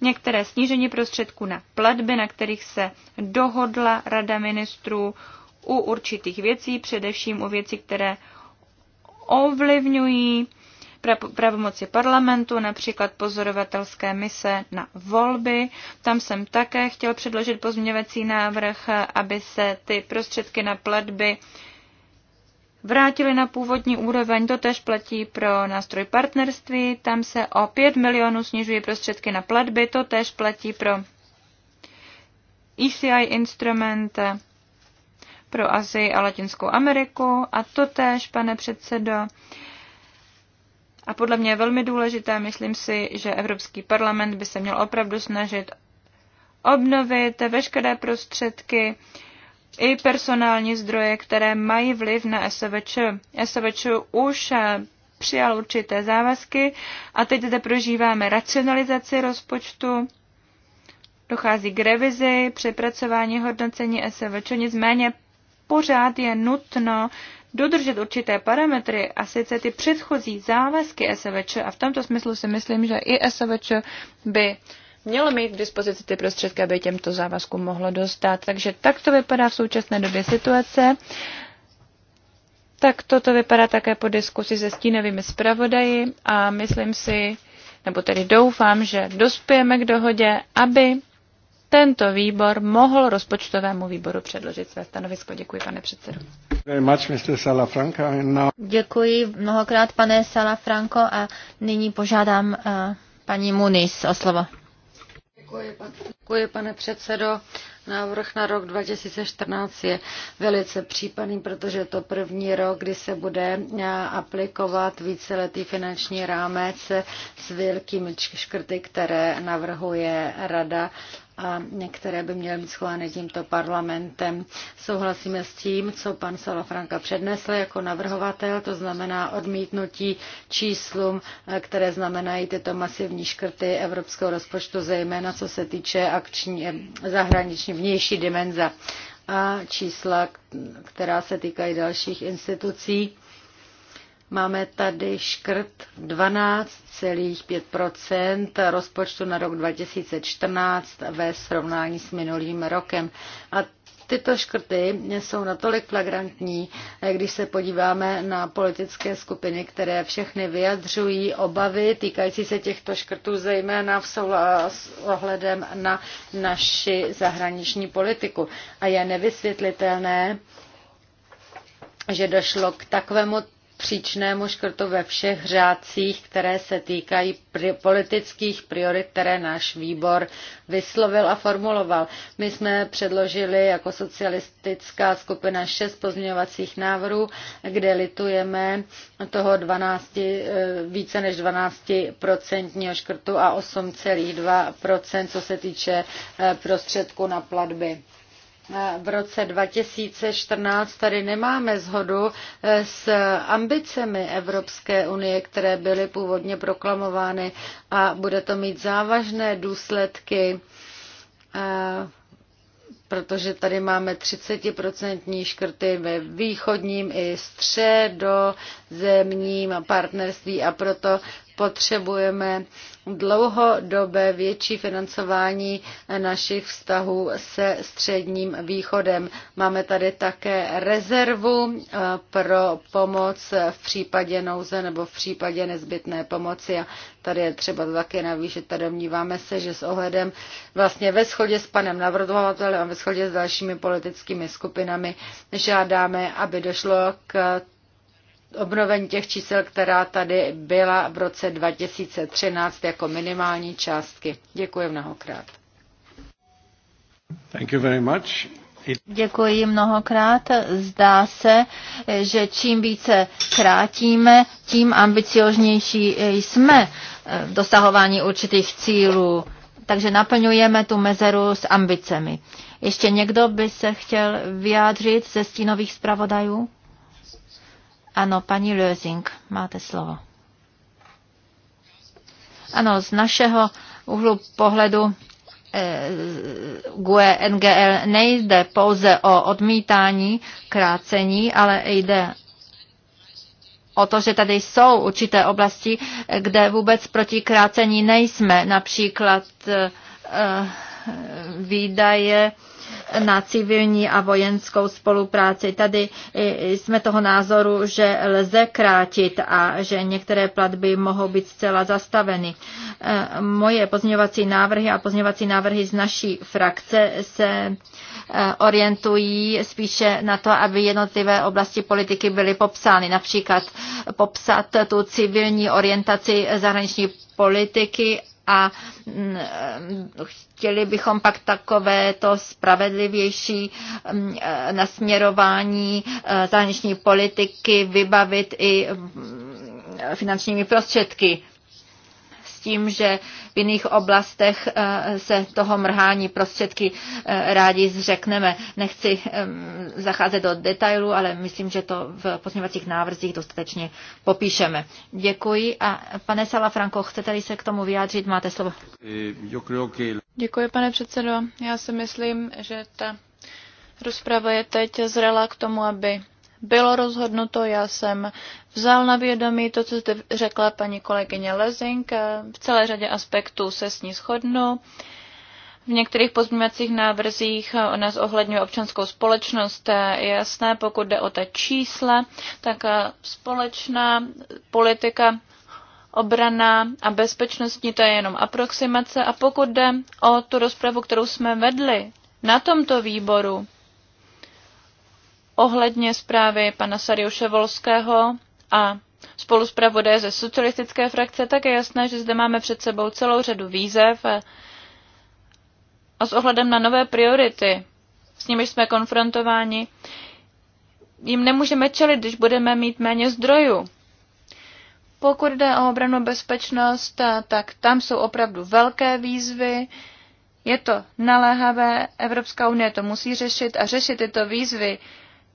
některé snížení prostředků na platby, na kterých se dohodla Rada ministrů u určitých věcí, především u věcí, které ovlivňují pravomoci parlamentu, například pozorovatelské mise na volby. Tam jsem také chtěl předložit pozměňovací návrh, aby se ty prostředky na platby vrátili na původní úroveň. To tež platí pro nástroj partnerství. Tam se o 5 milionů snižují prostředky na platby. To tež platí pro ECI instrument pro Azii a Latinskou Ameriku. A to tež, pane předsedo, a podle mě je velmi důležité, myslím si, že Evropský parlament by se měl opravdu snažit obnovit veškeré prostředky i personální zdroje, které mají vliv na SVČ. SVČ už eh, přijal určité závazky a teď zde prožíváme racionalizaci rozpočtu, dochází k revizi, přepracování hodnocení SVČ, nicméně pořád je nutno dodržet určité parametry a sice ty předchozí závazky SVČ a v tomto smyslu si myslím, že i SVČ by mělo mít k dispozici ty prostředky, aby těmto závazkům mohlo dostat. Takže tak to vypadá v současné době situace. Tak toto vypadá také po diskusi se stínovými zpravodaji a myslím si, nebo tedy doufám, že dospějeme k dohodě, aby tento výbor mohl rozpočtovému výboru předložit své stanovisko. Děkuji, pane předsedo. Děkuji mnohokrát, pane Salafranco, a nyní požádám eh, paní Muniz o slovo. Děkuji, pan, děkuji, pane předsedo. Návrh na rok 2014 je velice případný, protože je to první rok, kdy se bude eh, aplikovat víceletý finanční rámec s velkými škrty, které navrhuje Rada a některé by měly být schovány tímto parlamentem. Souhlasíme s tím, co pan Salafranka přednesl jako navrhovatel, to znamená odmítnutí číslům, eh, které znamenají tyto masivní škrty evropského rozpočtu, zejména co se týče akční eh, zahraniční vnější dimenze a čísla, která se týkají dalších institucí Máme tady škrt 12,5 rozpočtu na rok 2014 ve srovnání s minulým rokem. A tyto škrty jsou natolik flagrantní, když se podíváme na politické skupiny, které všechny vyjadřují obavy týkající se těchto škrtů, zejména v s ohledem na naši zahraniční politiku. A je nevysvětlitelné, že došlo k takovému příčnému škrtu ve všech řádcích, které se týkají pri- politických priorit, které náš výbor vyslovil a formuloval. My jsme předložili jako socialistická skupina šest pozměňovacích návrhů, kde litujeme toho 12, e, více než 12% škrtu a 8,2%, co se týče e, prostředku na platby v roce 2014 tady nemáme zhodu eh, s ambicemi Evropské unie, které byly původně proklamovány a bude to mít závažné důsledky, eh, protože tady máme 30% škrty ve východním i středozemním partnerství a proto potřebujeme dlouhodobé větší financování našich vztahů se středním východem. Máme tady také rezervu eh, pro pomoc v případě nouze nebo v případě nezbytné pomoci a tady je třeba to také navýšit. Tady domníváme se, že s ohledem vlastně ve shodě s panem navrhovatelem a ve shodě s dalšími politickými skupinami žádáme, aby došlo k obnovení těch čísel, která tady byla v roce 2013 jako minimální částky. Děkuji mnohokrát. Thank you very much. Děkuji mnohokrát. Zdá se, že čím více krátíme, tím ambicioznější jsme v dosahování určitých cílů. Takže naplňujeme tu mezeru s ambicemi. Ještě někdo by se chtěl vyjádřit ze stínových zpravodajů? Ano, paní Lösing, máte slovo. Ano, z našeho úhlu pohledu eh, GUE NGL nejde pouze o odmítání krácení, ale jde o to, že tady jsou určité oblasti, kde vůbec proti krácení nejsme. Například eh, eh, výdaje na civilní a vojenskou spolupráci. Tady jsme toho názoru, že lze krátit a že některé platby mohou být zcela zastaveny. Eh, moje pozměňovací návrhy a pozměňovací návrhy z naší frakce se eh, orientují spíše na to, aby jednotlivé oblasti politiky byly popsány. Například popsat tu civilní orientaci zahraniční politiky a mm, eh, chtěli bychom pak takové to spravedlivější mm, eh, nasměrování eh, zahraniční politiky vybavit i mm, finančními prostředky tím, že v jiných oblastech eh, se toho mrhání prostředky eh, rádi zřekneme. Nechci eh, zacházet do detailu, ale myslím, že to v pozměňovacích návrzích dostatečně popíšeme. Děkuji. A pane Franko chcete-li se k tomu vyjádřit, máte slovo. Děkuji, pane předsedo. Já si myslím, že ta rozprava je teď zrela k tomu, aby bylo rozhodnuto, já jsem vzal na vědomí to, co zde řekla paní kolegyně Lezink. V celé řadě aspektů se s ní shodnu. V některých pozměňovacích návrzích o nás ohledňuje občanskou společnost. Je jasné, pokud jde o ta čísla, tak společná politika obrana a bezpečnostní, to je jenom aproximace. A pokud jde o tu rozpravu, kterou jsme vedli na tomto výboru, ohledně zprávy pana Sariuše Volského a spoluzpravodaje ze socialistické frakce, tak je jasné, že zde máme před sebou celou řadu výzev a s ohledem na nové priority, s nimiž jsme konfrontováni, jim nemůžeme čelit, když budeme mít méně zdrojů. Pokud jde o obranu bezpečnost, tak tam jsou opravdu velké výzvy. Je to naléhavé, Evropská unie to musí řešit a řešit tyto výzvy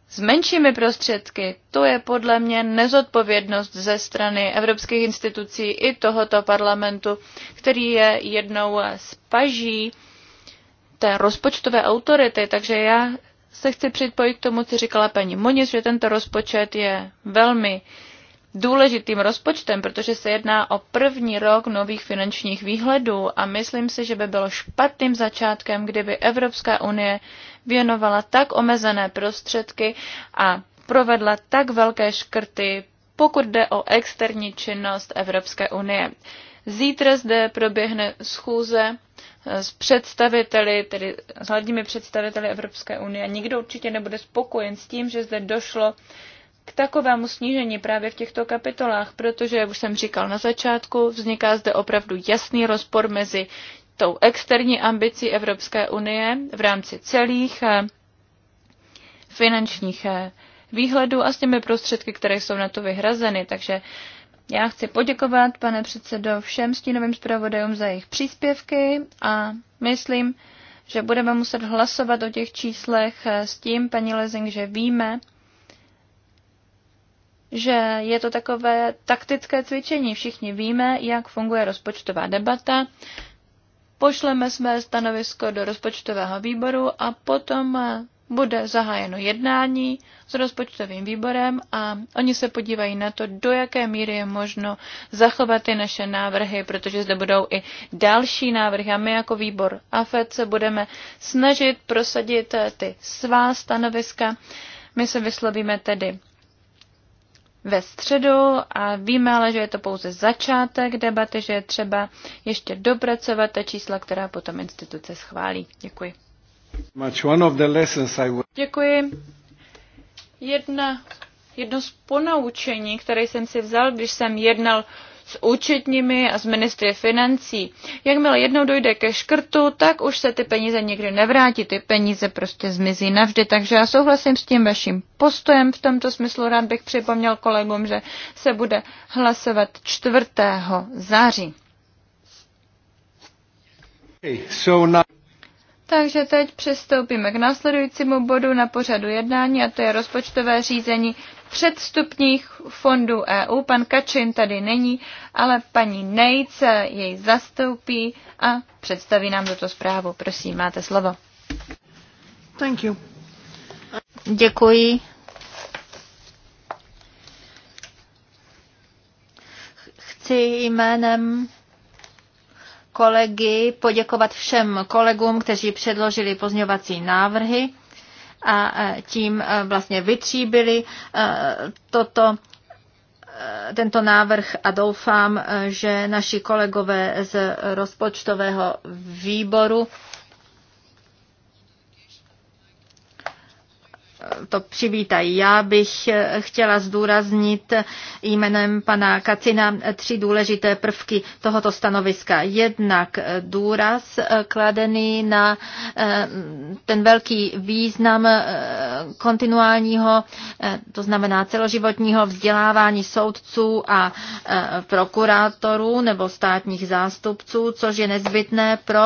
s menšími prostředky, to je podle mě nezodpovědnost ze strany evropských institucí i tohoto parlamentu, který je jednou z paží té rozpočtové autority. Takže já se chci připojit k tomu, co říkala paní Moniz, že tento rozpočet je velmi uh, důležitým rozpočtem, protože se jedná o první rok nových finančních výhledů a myslím si, že by bylo špatným začátkem, kdyby Evropská unie věnovala tak omezené prostředky a provedla tak velké škrty, pokud jde o externí činnost Evropské unie. Zítra zde proběhne schůze eh, s představiteli, tedy s hladními představiteli Evropské unie. Nikdo určitě nebude spokojen s tím, že zde došlo k takovému snížení právě v těchto kapitolách, protože, jak už jsem říkal na začátku, vzniká zde opravdu jasný rozpor mezi tou externí ambicí Evropské unie v rámci celých eh, finančních eh, výhledů a s těmi prostředky, které jsou na to vyhrazeny. Takže já chci poděkovat, pane předsedo, všem stínovým zpravodajům za jejich příspěvky a myslím, že budeme muset hlasovat o těch číslech eh, s tím, paní Lezing, že víme, že je to takové taktické cvičení. Všichni víme, jak funguje rozpočtová debata. Pošleme své stanovisko do rozpočtového výboru a potom eh, bude zahájeno jednání s rozpočtovým výborem a oni se podívají na to, do jaké míry je možno zachovat ty naše návrhy, protože zde budou i další návrhy a my jako výbor AFED se budeme snažit prosadit eh, ty svá stanoviska. My se vyslovíme tedy ve středu a víme ale, že je to pouze začátek debaty, že je třeba ještě dopracovat ta čísla, která potom instituce schválí. Děkuji. Děkuji. Jedna, jedno z ponaučení, které jsem si vzal, když jsem jednal s účetními a s ministry financí. Jakmile jednou dojde ke škrtu, tak už se ty peníze nikdy nevrátí, ty peníze prostě zmizí navždy. Takže já souhlasím s tím vaším postojem v tomto smyslu. Rád bych připomněl kolegům, že se bude hlasovat 4. září. so Takže teď přistoupíme k následujícímu bodu na pořadu jednání a to je rozpočtové řízení předstupních fondů EU. Pan Kačin tady není, ale paní Nejce jej zastoupí a představí nám tuto zprávu. Prosím, máte slovo. Thank you. Děkuji. Chci jménem kolegy poděkovat všem kolegům, kteří předložili pozňovací návrhy a e, tím e, vlastně vytříbili e, toto tento návrh a doufám, že naši kolegové z rozpočtového výboru to přivítají. Já bych chtěla zdůraznit jménem pana Kacina tři důležité prvky tohoto stanoviska. Jednak důraz kladený na eh, ten velký význam eh, kontinuálního, eh, to znamená celoživotního vzdělávání soudců a prokurátorů nebo státních zástupců, což je nezbytné pro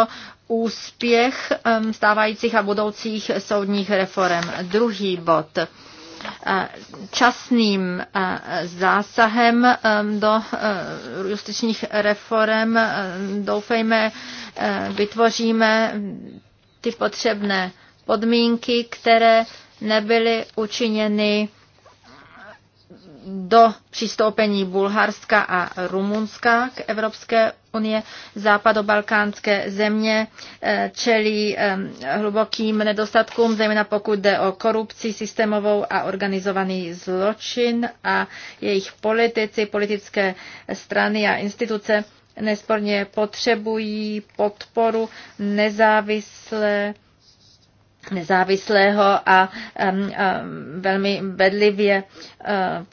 úspěch stávajících a budoucích soudních reform. Druhý bod e, časným e, zásahem do e, justičních reform doufejme vytvoříme ty potřebné podmínky, které nebyly učiněny do přistoupení Bulharska a Rumunska k Evropské unie. Západobalkánské země eh, čelí eh, hlubokým nedostatkům, zejména pokud jde o korupci systémovou a organizovaný zločin a jejich politici, politické strany a instituce nesporně potřebují podporu nezávislé nezávislého a velmi bedlivě eh,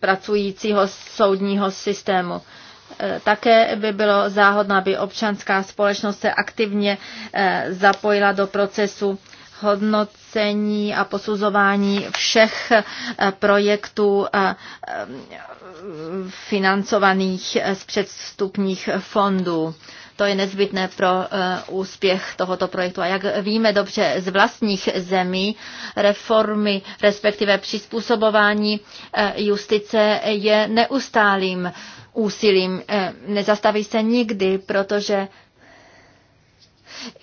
pracujícího soudního systému. Eh, také by bylo záhodno, aby občanská společnost se aktivně eh, zapojila do procesu hodnocení a posuzování všech projektů financovaných z předstupních fondů. To je nezbytné pro eh, úspěch tohoto projektu. A jak víme dobře z vlastních zemí, reformy, respektive přizpůsobování eh, justice je neustálým úsilím. Eh, nezastaví se nikdy, protože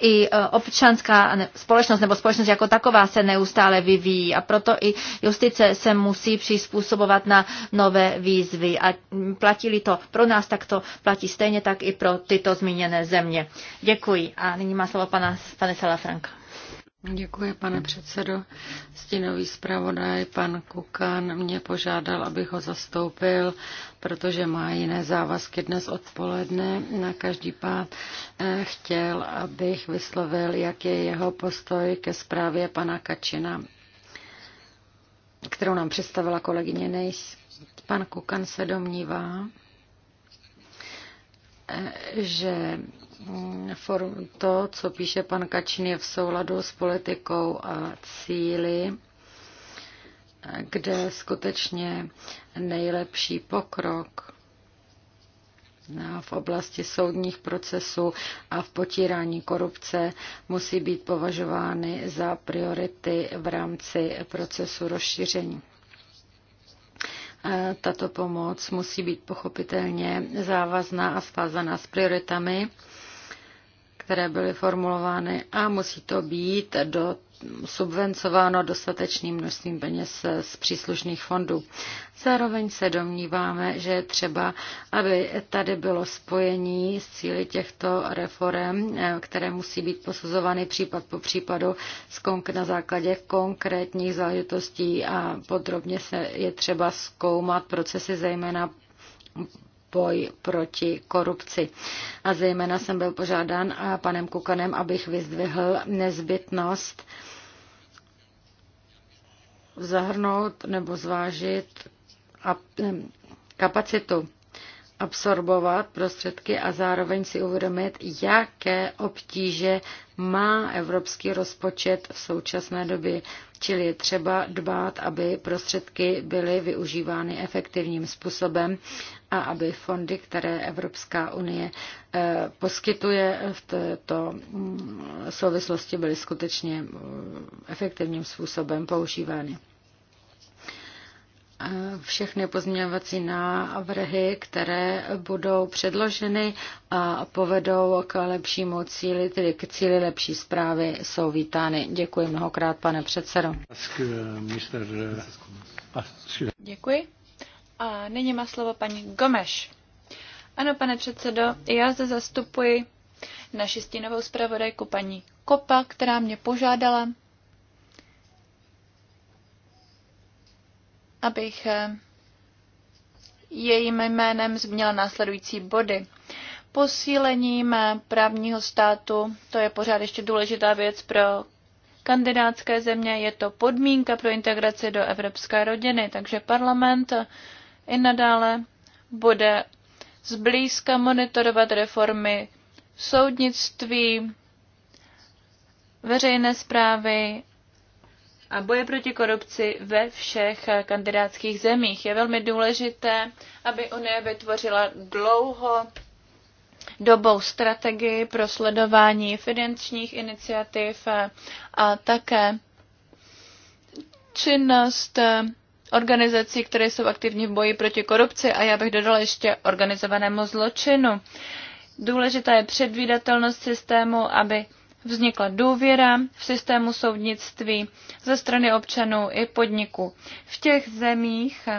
i e, občanská společnost nebo společnost jako taková se neustále vyvíjí a proto i justice se musí přizpůsobovat na nové výzvy. A platili to pro nás, tak to platí stejně tak i pro tyto zmíněné země. Děkuji. A nyní má slovo pana, pane Franka. Děkuji, pane předsedo. Stínový zpravodaj pan Kukan mě požádal, abych ho zastoupil, protože má jiné závazky dnes odpoledne. Na každý pád eh, chtěl, abych vyslovil, jak je jeho postoj ke zprávě pana Kačina, kterou nám představila kolegyně Nejs. Pan Kukan se domnívá, že mm, to, co píše pan Kačin, je v souladu s politikou a cíly, kde skutečně nejlepší pokrok no, v oblasti soudních procesů a v potírání korupce musí být považovány za priority v rámci procesu rozšíření. Tato pomoc musí být pochopitelně závazná a svázaná s prioritami, které byly formulovány a musí to být do subvencováno dostatečným množstvím peněz z příslušných fondů. Zároveň se domníváme, že je třeba, aby tady bylo spojení s cíly těchto reform, které musí být posuzovány případ po případu na základě konkrétních záležitostí a podrobně se je třeba zkoumat procesy zejména boj proti korupci. A zejména jsem byl požádán panem Kukanem, abych vyzdvihl nezbytnost zahrnout nebo zvážit hm, kapacitu absorbovat prostředky a zároveň si uvědomit, jaké obtíže má evropský rozpočet v současné době. Čili je třeba dbát, aby prostředky byly využívány efektivním způsobem a aby fondy, které Evropská unie eh, poskytuje v této mm, souvislosti, byly skutečně mm, efektivním způsobem používány všechny pozměňovací návrhy, které budou předloženy a povedou k lepšímu cíli, tedy k cíli lepší zprávy, jsou vítány. Děkuji mnohokrát, pane předsedo. Děkuji. A nyní má slovo paní Gomeš. Ano, pane předsedo, já zde zastupuji naši stínovou zpravodajku paní Kopa, která mě požádala, abych eh, jejím jménem zmínila následující body. Posílením právního státu, to je pořád ještě důležitá věc pro kandidátské země, je to podmínka pro integraci do evropské rodiny, takže parlament i nadále bude zblízka monitorovat reformy soudnictví, veřejné zprávy a boje proti korupci ve všech kandidátských zemích. Je velmi důležité, aby Unie vytvořila dlouho dobou strategii pro sledování finančních iniciativ a také činnost organizací, které jsou aktivní v boji proti korupci a já bych dodala ještě organizovanému zločinu. Důležitá je předvídatelnost systému, aby vznikla důvěra v systému soudnictví ze strany občanů i podniků. V těch zemích,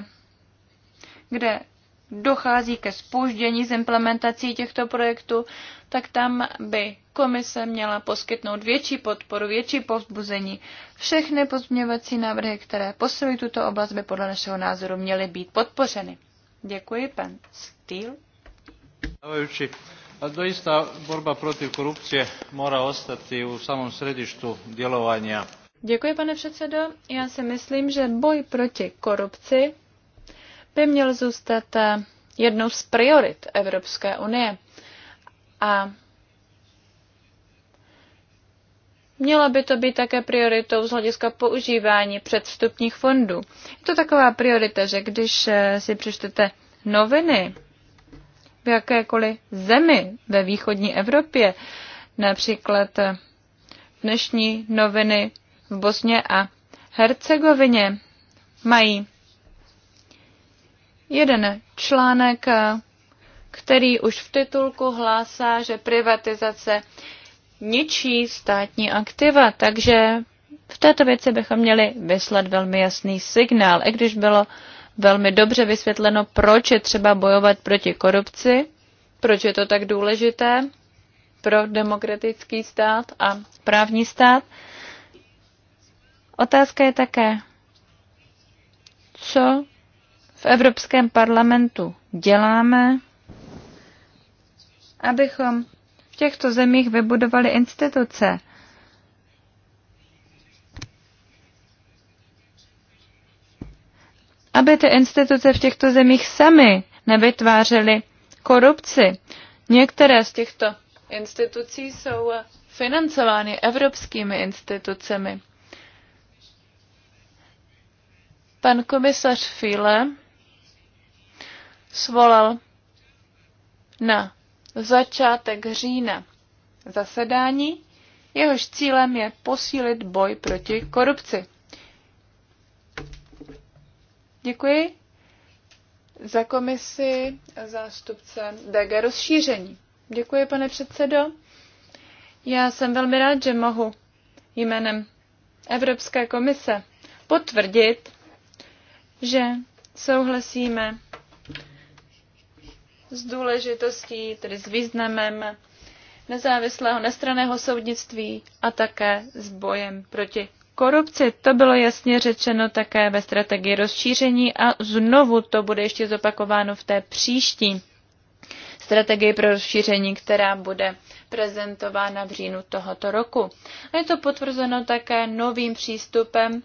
kde dochází ke spoždění z implementací těchto projektů, tak tam by komise měla poskytnout větší podporu, větší povzbuzení. Všechny pozměňovací návrhy, které posilují tuto oblast, by podle našeho názoru měly být podpořeny. Děkuji, pan Steele. Doista borba proti korupcije mora ostati u samom središtu djelovanja. Děkuji, pane předsedo. Já si myslím, že boj proti korupci by měl zůstat eh, jednou z priorit Evropské unie. A Mělo by to být také prioritou z hlediska používání předvstupních fondů. Je to taková priorita, že když eh, si přečtete noviny v jakékoliv zemi ve východní Evropě. Například dnešní noviny v Bosně a Hercegovině mají jeden článek, který už v titulku hlásá, že privatizace ničí státní aktiva, takže v této věci bychom měli vyslat velmi jasný signál, i když bylo velmi dobře vysvětleno, proč je třeba bojovat proti korupci, proč je to tak důležité pro demokratický stát a právní stát. Otázka je také, co v Evropském parlamentu děláme, abychom v těchto zemích vybudovali instituce, aby ty instituce v těchto zemích sami nevytvářely korupci. Některé z těchto institucí jsou financovány evropskými institucemi. Pan komisař File svolal na začátek října zasedání, jehož cílem je posílit boj proti korupci. Děkuji. Za komisi zástupce DG rozšíření. Děkuji, pane předsedo. Já jsem velmi rád, že mohu jménem Evropské komise potvrdit, že souhlasíme s důležitostí, tedy s významem nezávislého nestraného soudnictví a také s bojem proti korupci. To bylo jasně řečeno také ve strategii rozšíření a znovu to bude ještě zopakováno v té příští strategii pro rozšíření, která bude prezentována v říjnu tohoto roku. A je to potvrzeno také novým přístupem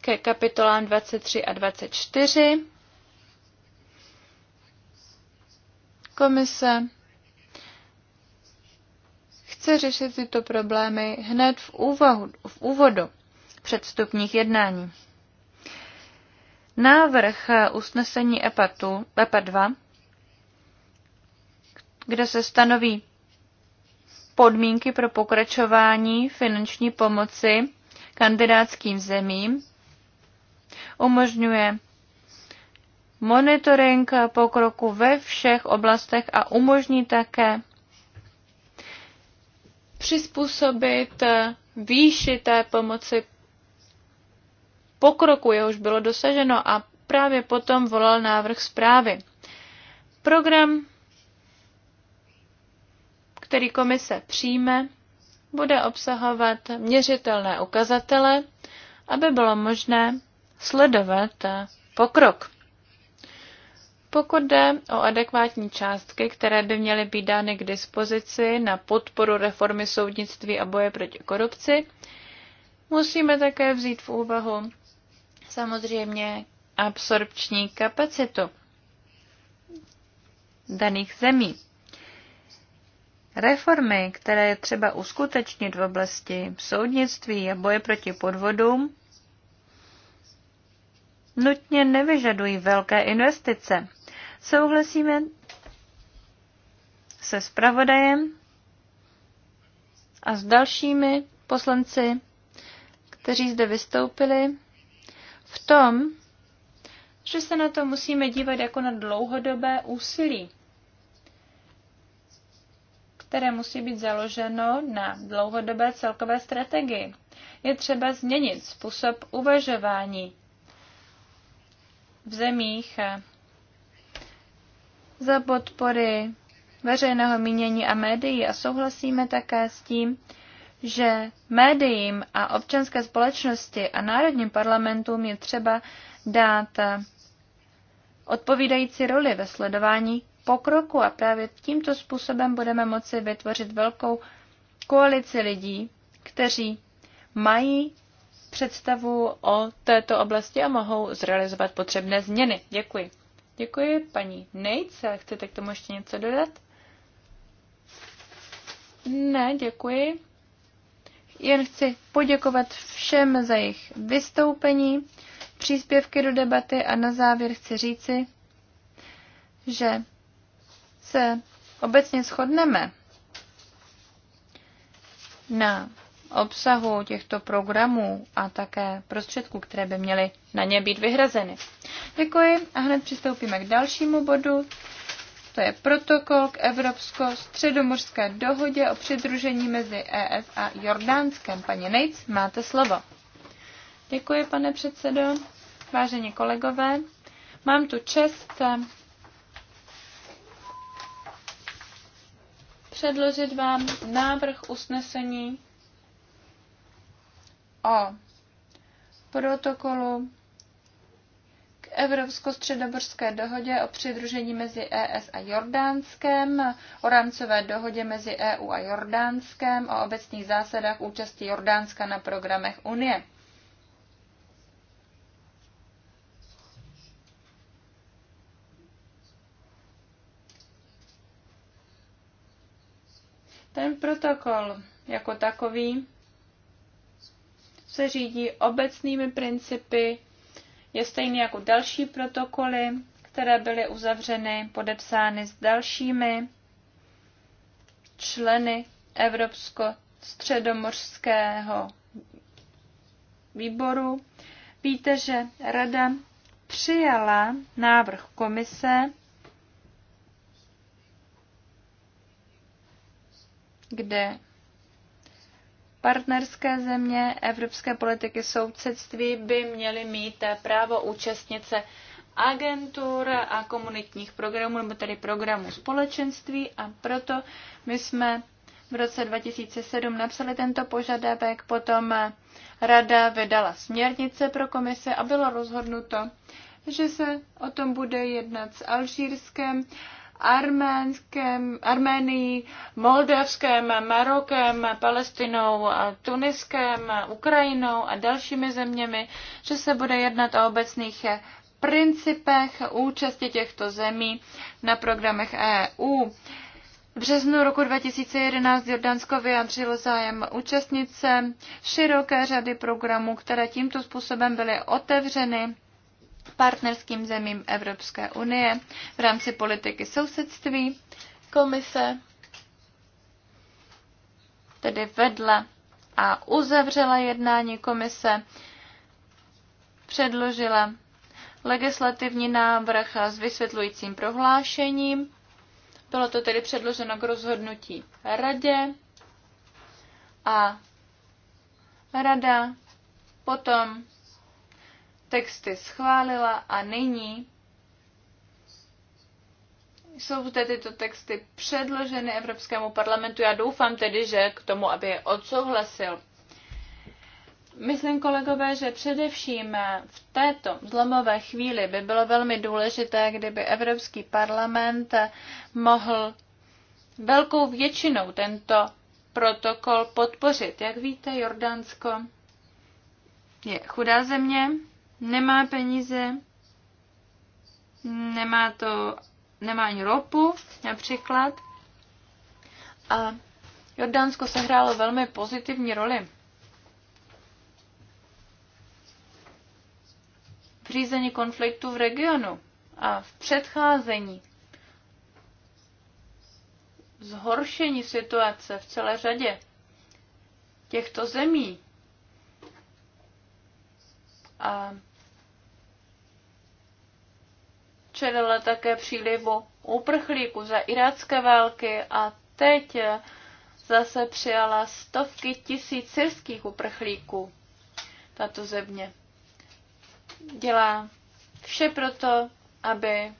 ke kapitolám 23 a 24. Komise chce řešit tyto problémy hned v, úvahu, v úvodu předstupních jednání. Návrh usnesení EPA, tu, EPA 2, kde se stanoví podmínky pro pokračování finanční pomoci kandidátským zemím, umožňuje monitoring pokroku ve všech oblastech a umožní také přizpůsobit eh, výši té pomoci pokroku, jehož bylo dosaženo a právě potom volal návrh zprávy. Program, který komise přijme, bude obsahovat měřitelné ukazatele, aby bylo možné sledovat eh, pokrok. Pokud jde o adekvátní částky, které by měly být dány k dispozici na podporu reformy soudnictví a boje proti korupci, musíme také vzít v úvahu samozřejmě absorpční kapacitu daných zemí. Reformy, které je třeba uskutečnit v oblasti soudnictví a boje proti podvodům, nutně nevyžadují velké investice. Souhlasíme se spravodajem a s dalšími poslanci, kteří zde vystoupili, v tom, že se na to musíme dívat jako na dlouhodobé úsilí, které musí být založeno na dlouhodobé celkové strategii. Je třeba změnit způsob uvažování v zemích, za podpory veřejného mínění a médií a souhlasíme také s tím, že médiím a občanské společnosti a národním parlamentům je třeba dát odpovídající roli ve sledování pokroku a právě tímto způsobem budeme moci vytvořit velkou koalici lidí, kteří mají představu o této oblasti a mohou zrealizovat potřebné změny. Děkuji. Děkuji, paní Nejc, ale chcete k tomu ještě něco dodat? Ne, děkuji. Jen chci poděkovat všem za jejich vystoupení, příspěvky do debaty a na závěr chci říci, že se obecně shodneme na obsahu těchto programů a také prostředků, které by měly na ně být vyhrazeny. Děkuji a hned přistoupíme k dalšímu bodu. To je protokol k Evropsko-středomorské dohodě o přidružení mezi ES a Jordánskem. Paní Nejc, máte slovo. Děkuji, pane předsedo. Vážení kolegové, mám tu čest eh, předložit vám návrh usnesení o protokolu k Evropsko-středoborské dohodě o přidružení mezi ES a Jordánskem, o rámcové dohodě mezi EU a Jordánskem, o obecných zásadách účasti Jordánska na programech Unie. Ten protokol jako takový se řídí obecnými principy, je stejný jako další protokoly, které byly uzavřeny, podepsány s dalšími členy Evropsko-středomořského výboru. Víte, že Rada přijala návrh komise, kde Partnerské země evropské politiky soucetství by měly mít právo účastnit se agentur a komunitních programů, nebo tedy programů společenství a proto my jsme v roce 2007 napsali tento požadavek, potom rada vydala směrnice pro komise a bylo rozhodnuto, že se o tom bude jednat s Alžírskem Arménském, Arménií, Moldavském, Marokem, Palestinou, Tuniskem, Ukrajinou a dalšími zeměmi, že se bude jednat o obecných principech účasti těchto zemí na programech EU. V březnu roku 2011 Jordánsko vyjádřilo zájem účastnice široké řady programů, které tímto způsobem byly otevřeny partnerským zemím Evropské unie v rámci politiky sousedství. Komise tedy vedla a uzavřela jednání komise, předložila legislativní návrh s vysvětlujícím prohlášením. Bylo to tedy předloženo k rozhodnutí radě a rada potom texty schválila a nyní jsou zde tyto texty předloženy Evropskému parlamentu. Já doufám tedy, že k tomu, aby je odsouhlasil. Myslím, kolegové, že především v této zlomové chvíli by bylo velmi důležité, kdyby Evropský parlament mohl velkou většinou tento protokol podpořit. Jak víte, Jordánsko je chudá země, nemá peníze, nemá to, nemá ani ropu například. A Jordánsko se hrálo velmi pozitivní roli. V řízení konfliktu v regionu a v předcházení zhoršení situace v celé řadě těchto zemí. A čelila také přílivu úprchlíků za irácké války a teď zase přijala stovky tisíc syrských uprchlíků tato země. Dělá vše proto, aby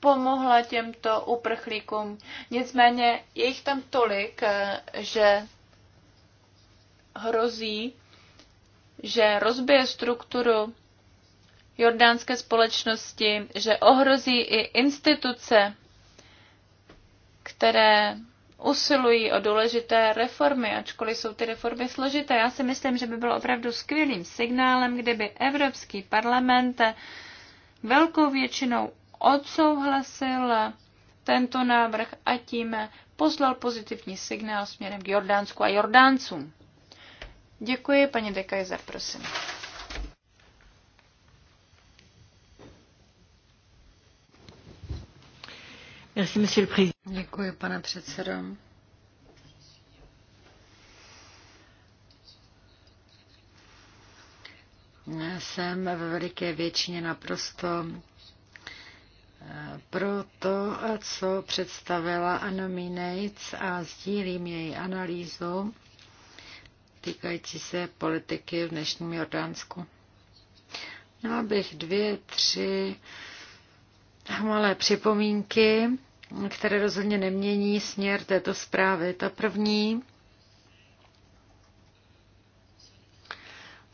pomohla těmto uprchlíkům. Nicméně je jich tam tolik, že hrozí, že rozbije strukturu jordánské společnosti, že ohrozí i instituce, které usilují o důležité reformy, ačkoliv jsou ty reformy složité. Já si myslím, že by bylo opravdu skvělým signálem, kdyby Evropský parlament velkou většinou odsouhlasil tento návrh a tím poslal pozitivní signál směrem k Jordánsku a Jordáncům. Děkuji, paní Dekajzer, prosím. Děkuji, pane předsedo. Jsem ve veliké většině naprosto eh, pro to, co představila Anominates a sdílím její analýzu týkající se politiky v dnešním Jordánsku. Měla bych dvě, tři malé připomínky které rozhodně nemění směr této zprávy. Ta první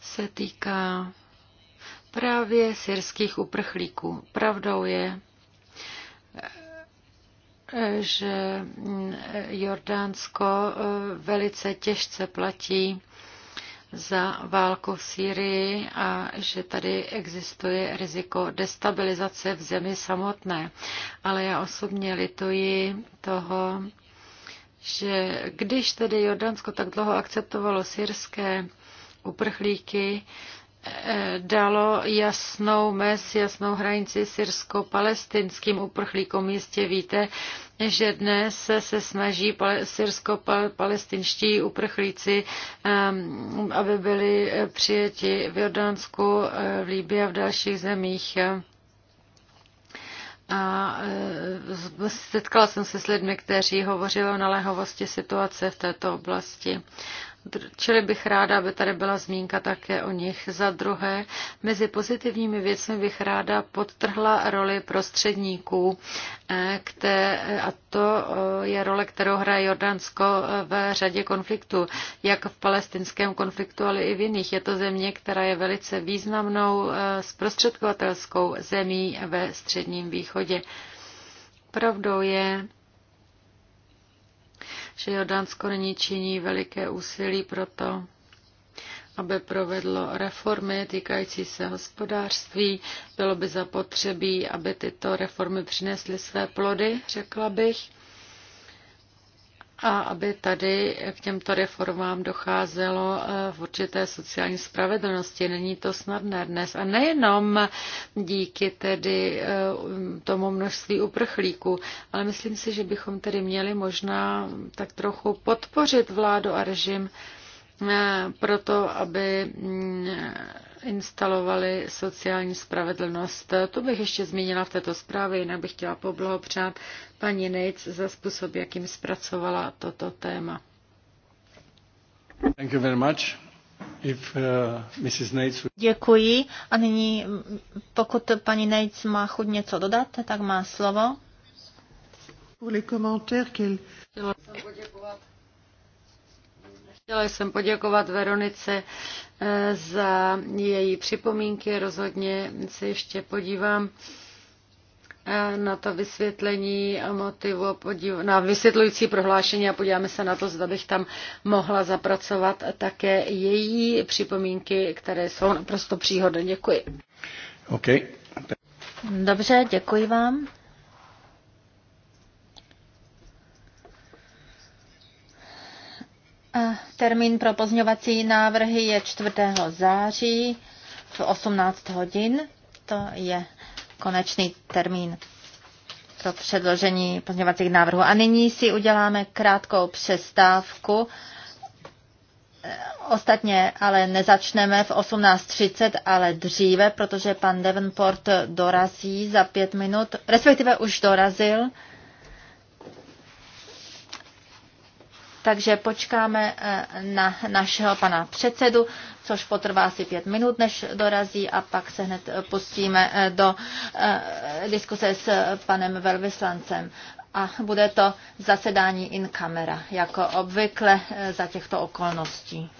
se týká právě syrských uprchlíků. Pravdou je, že Jordánsko velice těžce platí za válku v Sýrii a že tady existuje riziko destabilizace v zemi samotné. Ale já osobně lituji toho, že když tedy Jordánsko tak dlouho akceptovalo syrské uprchlíky, eh, dalo jasnou mez, jasnou hranici syrsko-palestinským uprchlíkům. Jistě víte, že dnes se snaží syrsko-palestinští uprchlíci, ehm, aby byli eh, přijeti v Jordánsku, eh, v Líbě a v dalších zemích. A eh, setkala jsem se s lidmi, kteří hovořili o naléhovosti situace v této oblasti. Čili bych ráda, aby tady byla zmínka také o nich. Za druhé, mezi pozitivními věcmi bych ráda podtrhla roli prostředníků, eh, které, a to eh, je role, kterou hraje Jordánsko eh, v řadě konfliktů, jak v palestinském konfliktu, ale i v jiných. Je to země, která je velice významnou zprostředkovatelskou zemí ve středním východě. Pravdou je, že Jordánsko není činí veliké úsilí pro to, aby provedlo reformy týkající se hospodářství. Bylo by zapotřebí, aby tyto reformy přinesly své plody, řekla bych a aby tady k těmto reformám docházelo eh, v určité sociální spravedlnosti. Není to snadné dnes. A nejenom díky tedy eh, tomu množství uprchlíků, ale myslím si, že bychom tedy měli možná tak trochu podpořit vládu a režim eh, proto, aby mm, instalovali sociální spravedlnost. To bych ještě zmínila v této zprávě, jinak bych chtěla poblahopřát paní Nejc za způsob, jakým zpracovala toto téma. Thank you very much. If, uh, Mrs. Nates... Děkuji. A nyní, pokud paní Nejc má chuť něco dodat, tak má slovo. Chtěla jsem poděkovat Chtěla jsem poděkovat Veronice eh, za její připomínky. Rozhodně se ještě podívám eh, na to vysvětlení motivu, na vysvětlující prohlášení a podíváme se na to, zda bych tam mohla zapracovat také její připomínky, které jsou naprosto příhodné. Děkuji. Okay. Dobře, děkuji vám. Termín pro pozňovací návrhy je 4. září v 18 hodin. To je konečný termín pro předložení pozňovacích návrhů. A nyní si uděláme krátkou přestávku. Ostatně ale nezačneme v 18.30, ale dříve, protože pan Devonport dorazí za pět minut, respektive už dorazil. takže počkáme eh, na našeho pana předsedu, což potrvá asi pět minut, než dorazí a pak se hned pustíme eh, do eh, diskuse s panem velvyslancem. A bude to zasedání in camera, jako obvykle za těchto okolností.